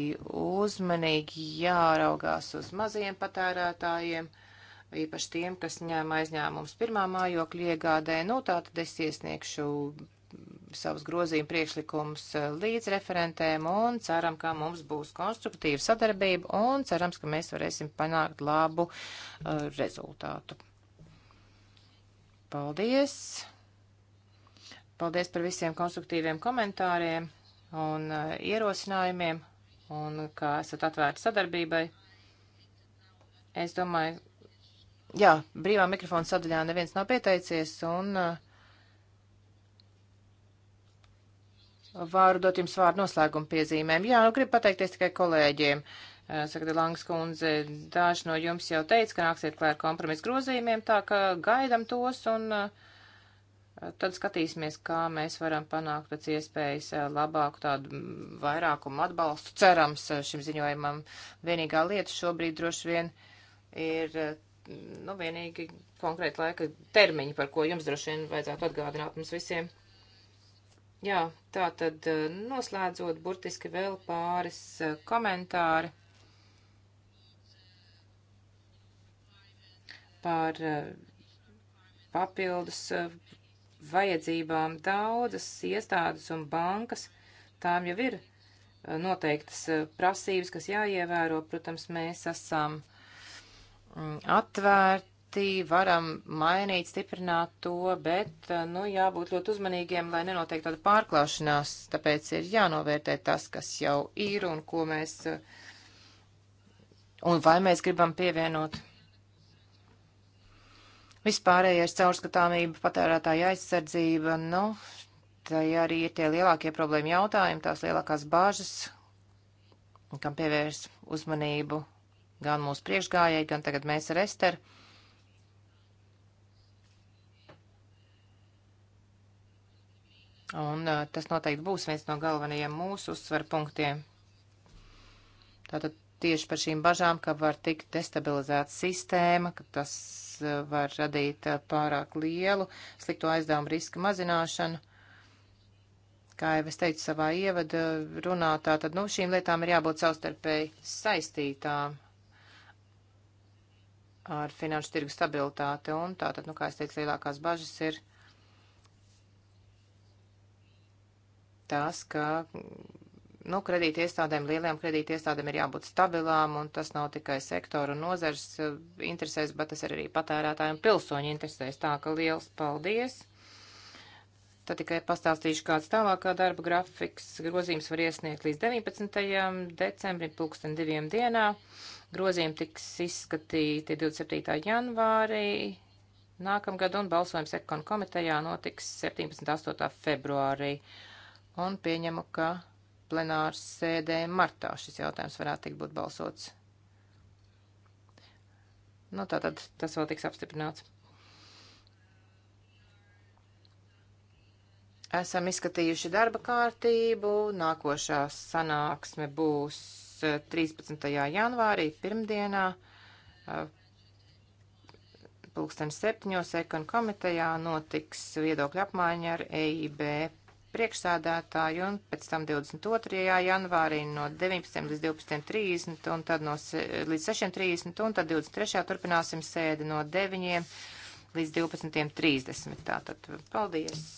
uzmanīgi jāraugās uz maziem patērētājiem. Uh, īpaši tiem, kas ņēma aizņēmumus pirmā mājokļa iegādē. Nu, tā tad es iesniegšu savus grozījumu priekšlikumus eh, līdz referentēm un ceram, ka mums būs konstruktīva sadarbība un cerams, ka mēs varēsim panākt labu uh, rezultātu. Paldies! Paldies par visiem konstruktīviem komentāriem un uh, ierosinājumiem un kā esat atvērti sadarbībai. Es domāju, Jā, brīvā mikrofona sadaļā neviens nav pieteicies, un uh, varu dot jums vārdu noslēguma piezīmēm. Jā, nu, gribu pateikties tikai kolēģiem. Uh, Saka, Langas kundze, daži no jums jau teica, ka nāksiet klāt ar kompromisu grozījumiem, tā ka gaidam tos un uh, tad skatīsimies, kā mēs varam panākt pēc iespējas labāku tādu vairākumu atbalstu cerams šim ziņojumam. Vienīgā lieta šobrīd droši vien ir nu, vienīgi konkrēti laika termiņi, par ko jums droši vien vajadzētu atgādināt mums visiem. Jā, tā tad eh, noslēdzot burtiski vēl pāris eh, komentāri par eh, papildus vajadzībām daudzas iestādes un bankas. Tām jau ir noteiktas prasības, kas jāievēro. Protams, mēs esam Mm, atvērti, varam mainīt, stiprināt to, bet, eh, nu, jābūt ļoti uzmanīgiem, lai nenotiek tāda pārklāšanās, tāpēc ir jānovērtē tas, kas jau ir un ko mēs, eh, un vai mēs gribam pievienot. Vispārējais caurskatāmība, patērētāja aizsardzība, nu, tai arī ir tie lielākie problēma jautājumi, tās lielākās bāžas, kam pievērs uzmanību gan mūsu priekšgājēji, gan tagad mēs ar Esteru. Un tas noteikti būs viens no galvenajiem mūsu uzsver punktiem. Tātad tieši par šīm bažām, ka var tikt destabilizēta sistēma, ka tas var radīt pārāk lielu slikto aizdevumu riska mazināšanu. Kā jau es teicu savā ievada runā, tātad nu, šīm lietām ir jābūt savstarpēji saistītām ar finanšu tirgu stabilitāti. Un tātad, nu, kā es teicu, lielākās bažas ir tās, ka, nu, kredīti iestādēm, lielajām kredīti iestādēm ir jābūt stabilām, un tas nav tikai sektoru un nozars eh, interesēs, bet tas ir arī patērētājiem pilsoņu interesēs. Tā ka liels paldies! Tad tikai pastāstīšu, kāds tālākā darba grafiks grozījums var iesniegt līdz 19. decembrim, pulksten diviem dienā. Grozījumi tiks izskatīti 27. janvārī nākamgad, un balsojums ekonu komitejā notiks 17. 8. februārī. Un pieņemu, ka plenārs sēdē martā šis jautājums varētu tikt būt balsots. Nu, tātad tas vēl tiks apstiprināts. Esam izskatījuši darba kārtību. Nākošā sanāksme būs 13. janvārī, pirmdienā, pulksten septiņos ekonu komitejā notiks viedokļa apmaiņa ar EIB priekšsādātāju un pēc tam 22. janvārī no 19. līdz 12.30 un tad no līdz 6.30 un tad 23. turpināsim sēdi no 9. līdz 12.30. Tātad paldies!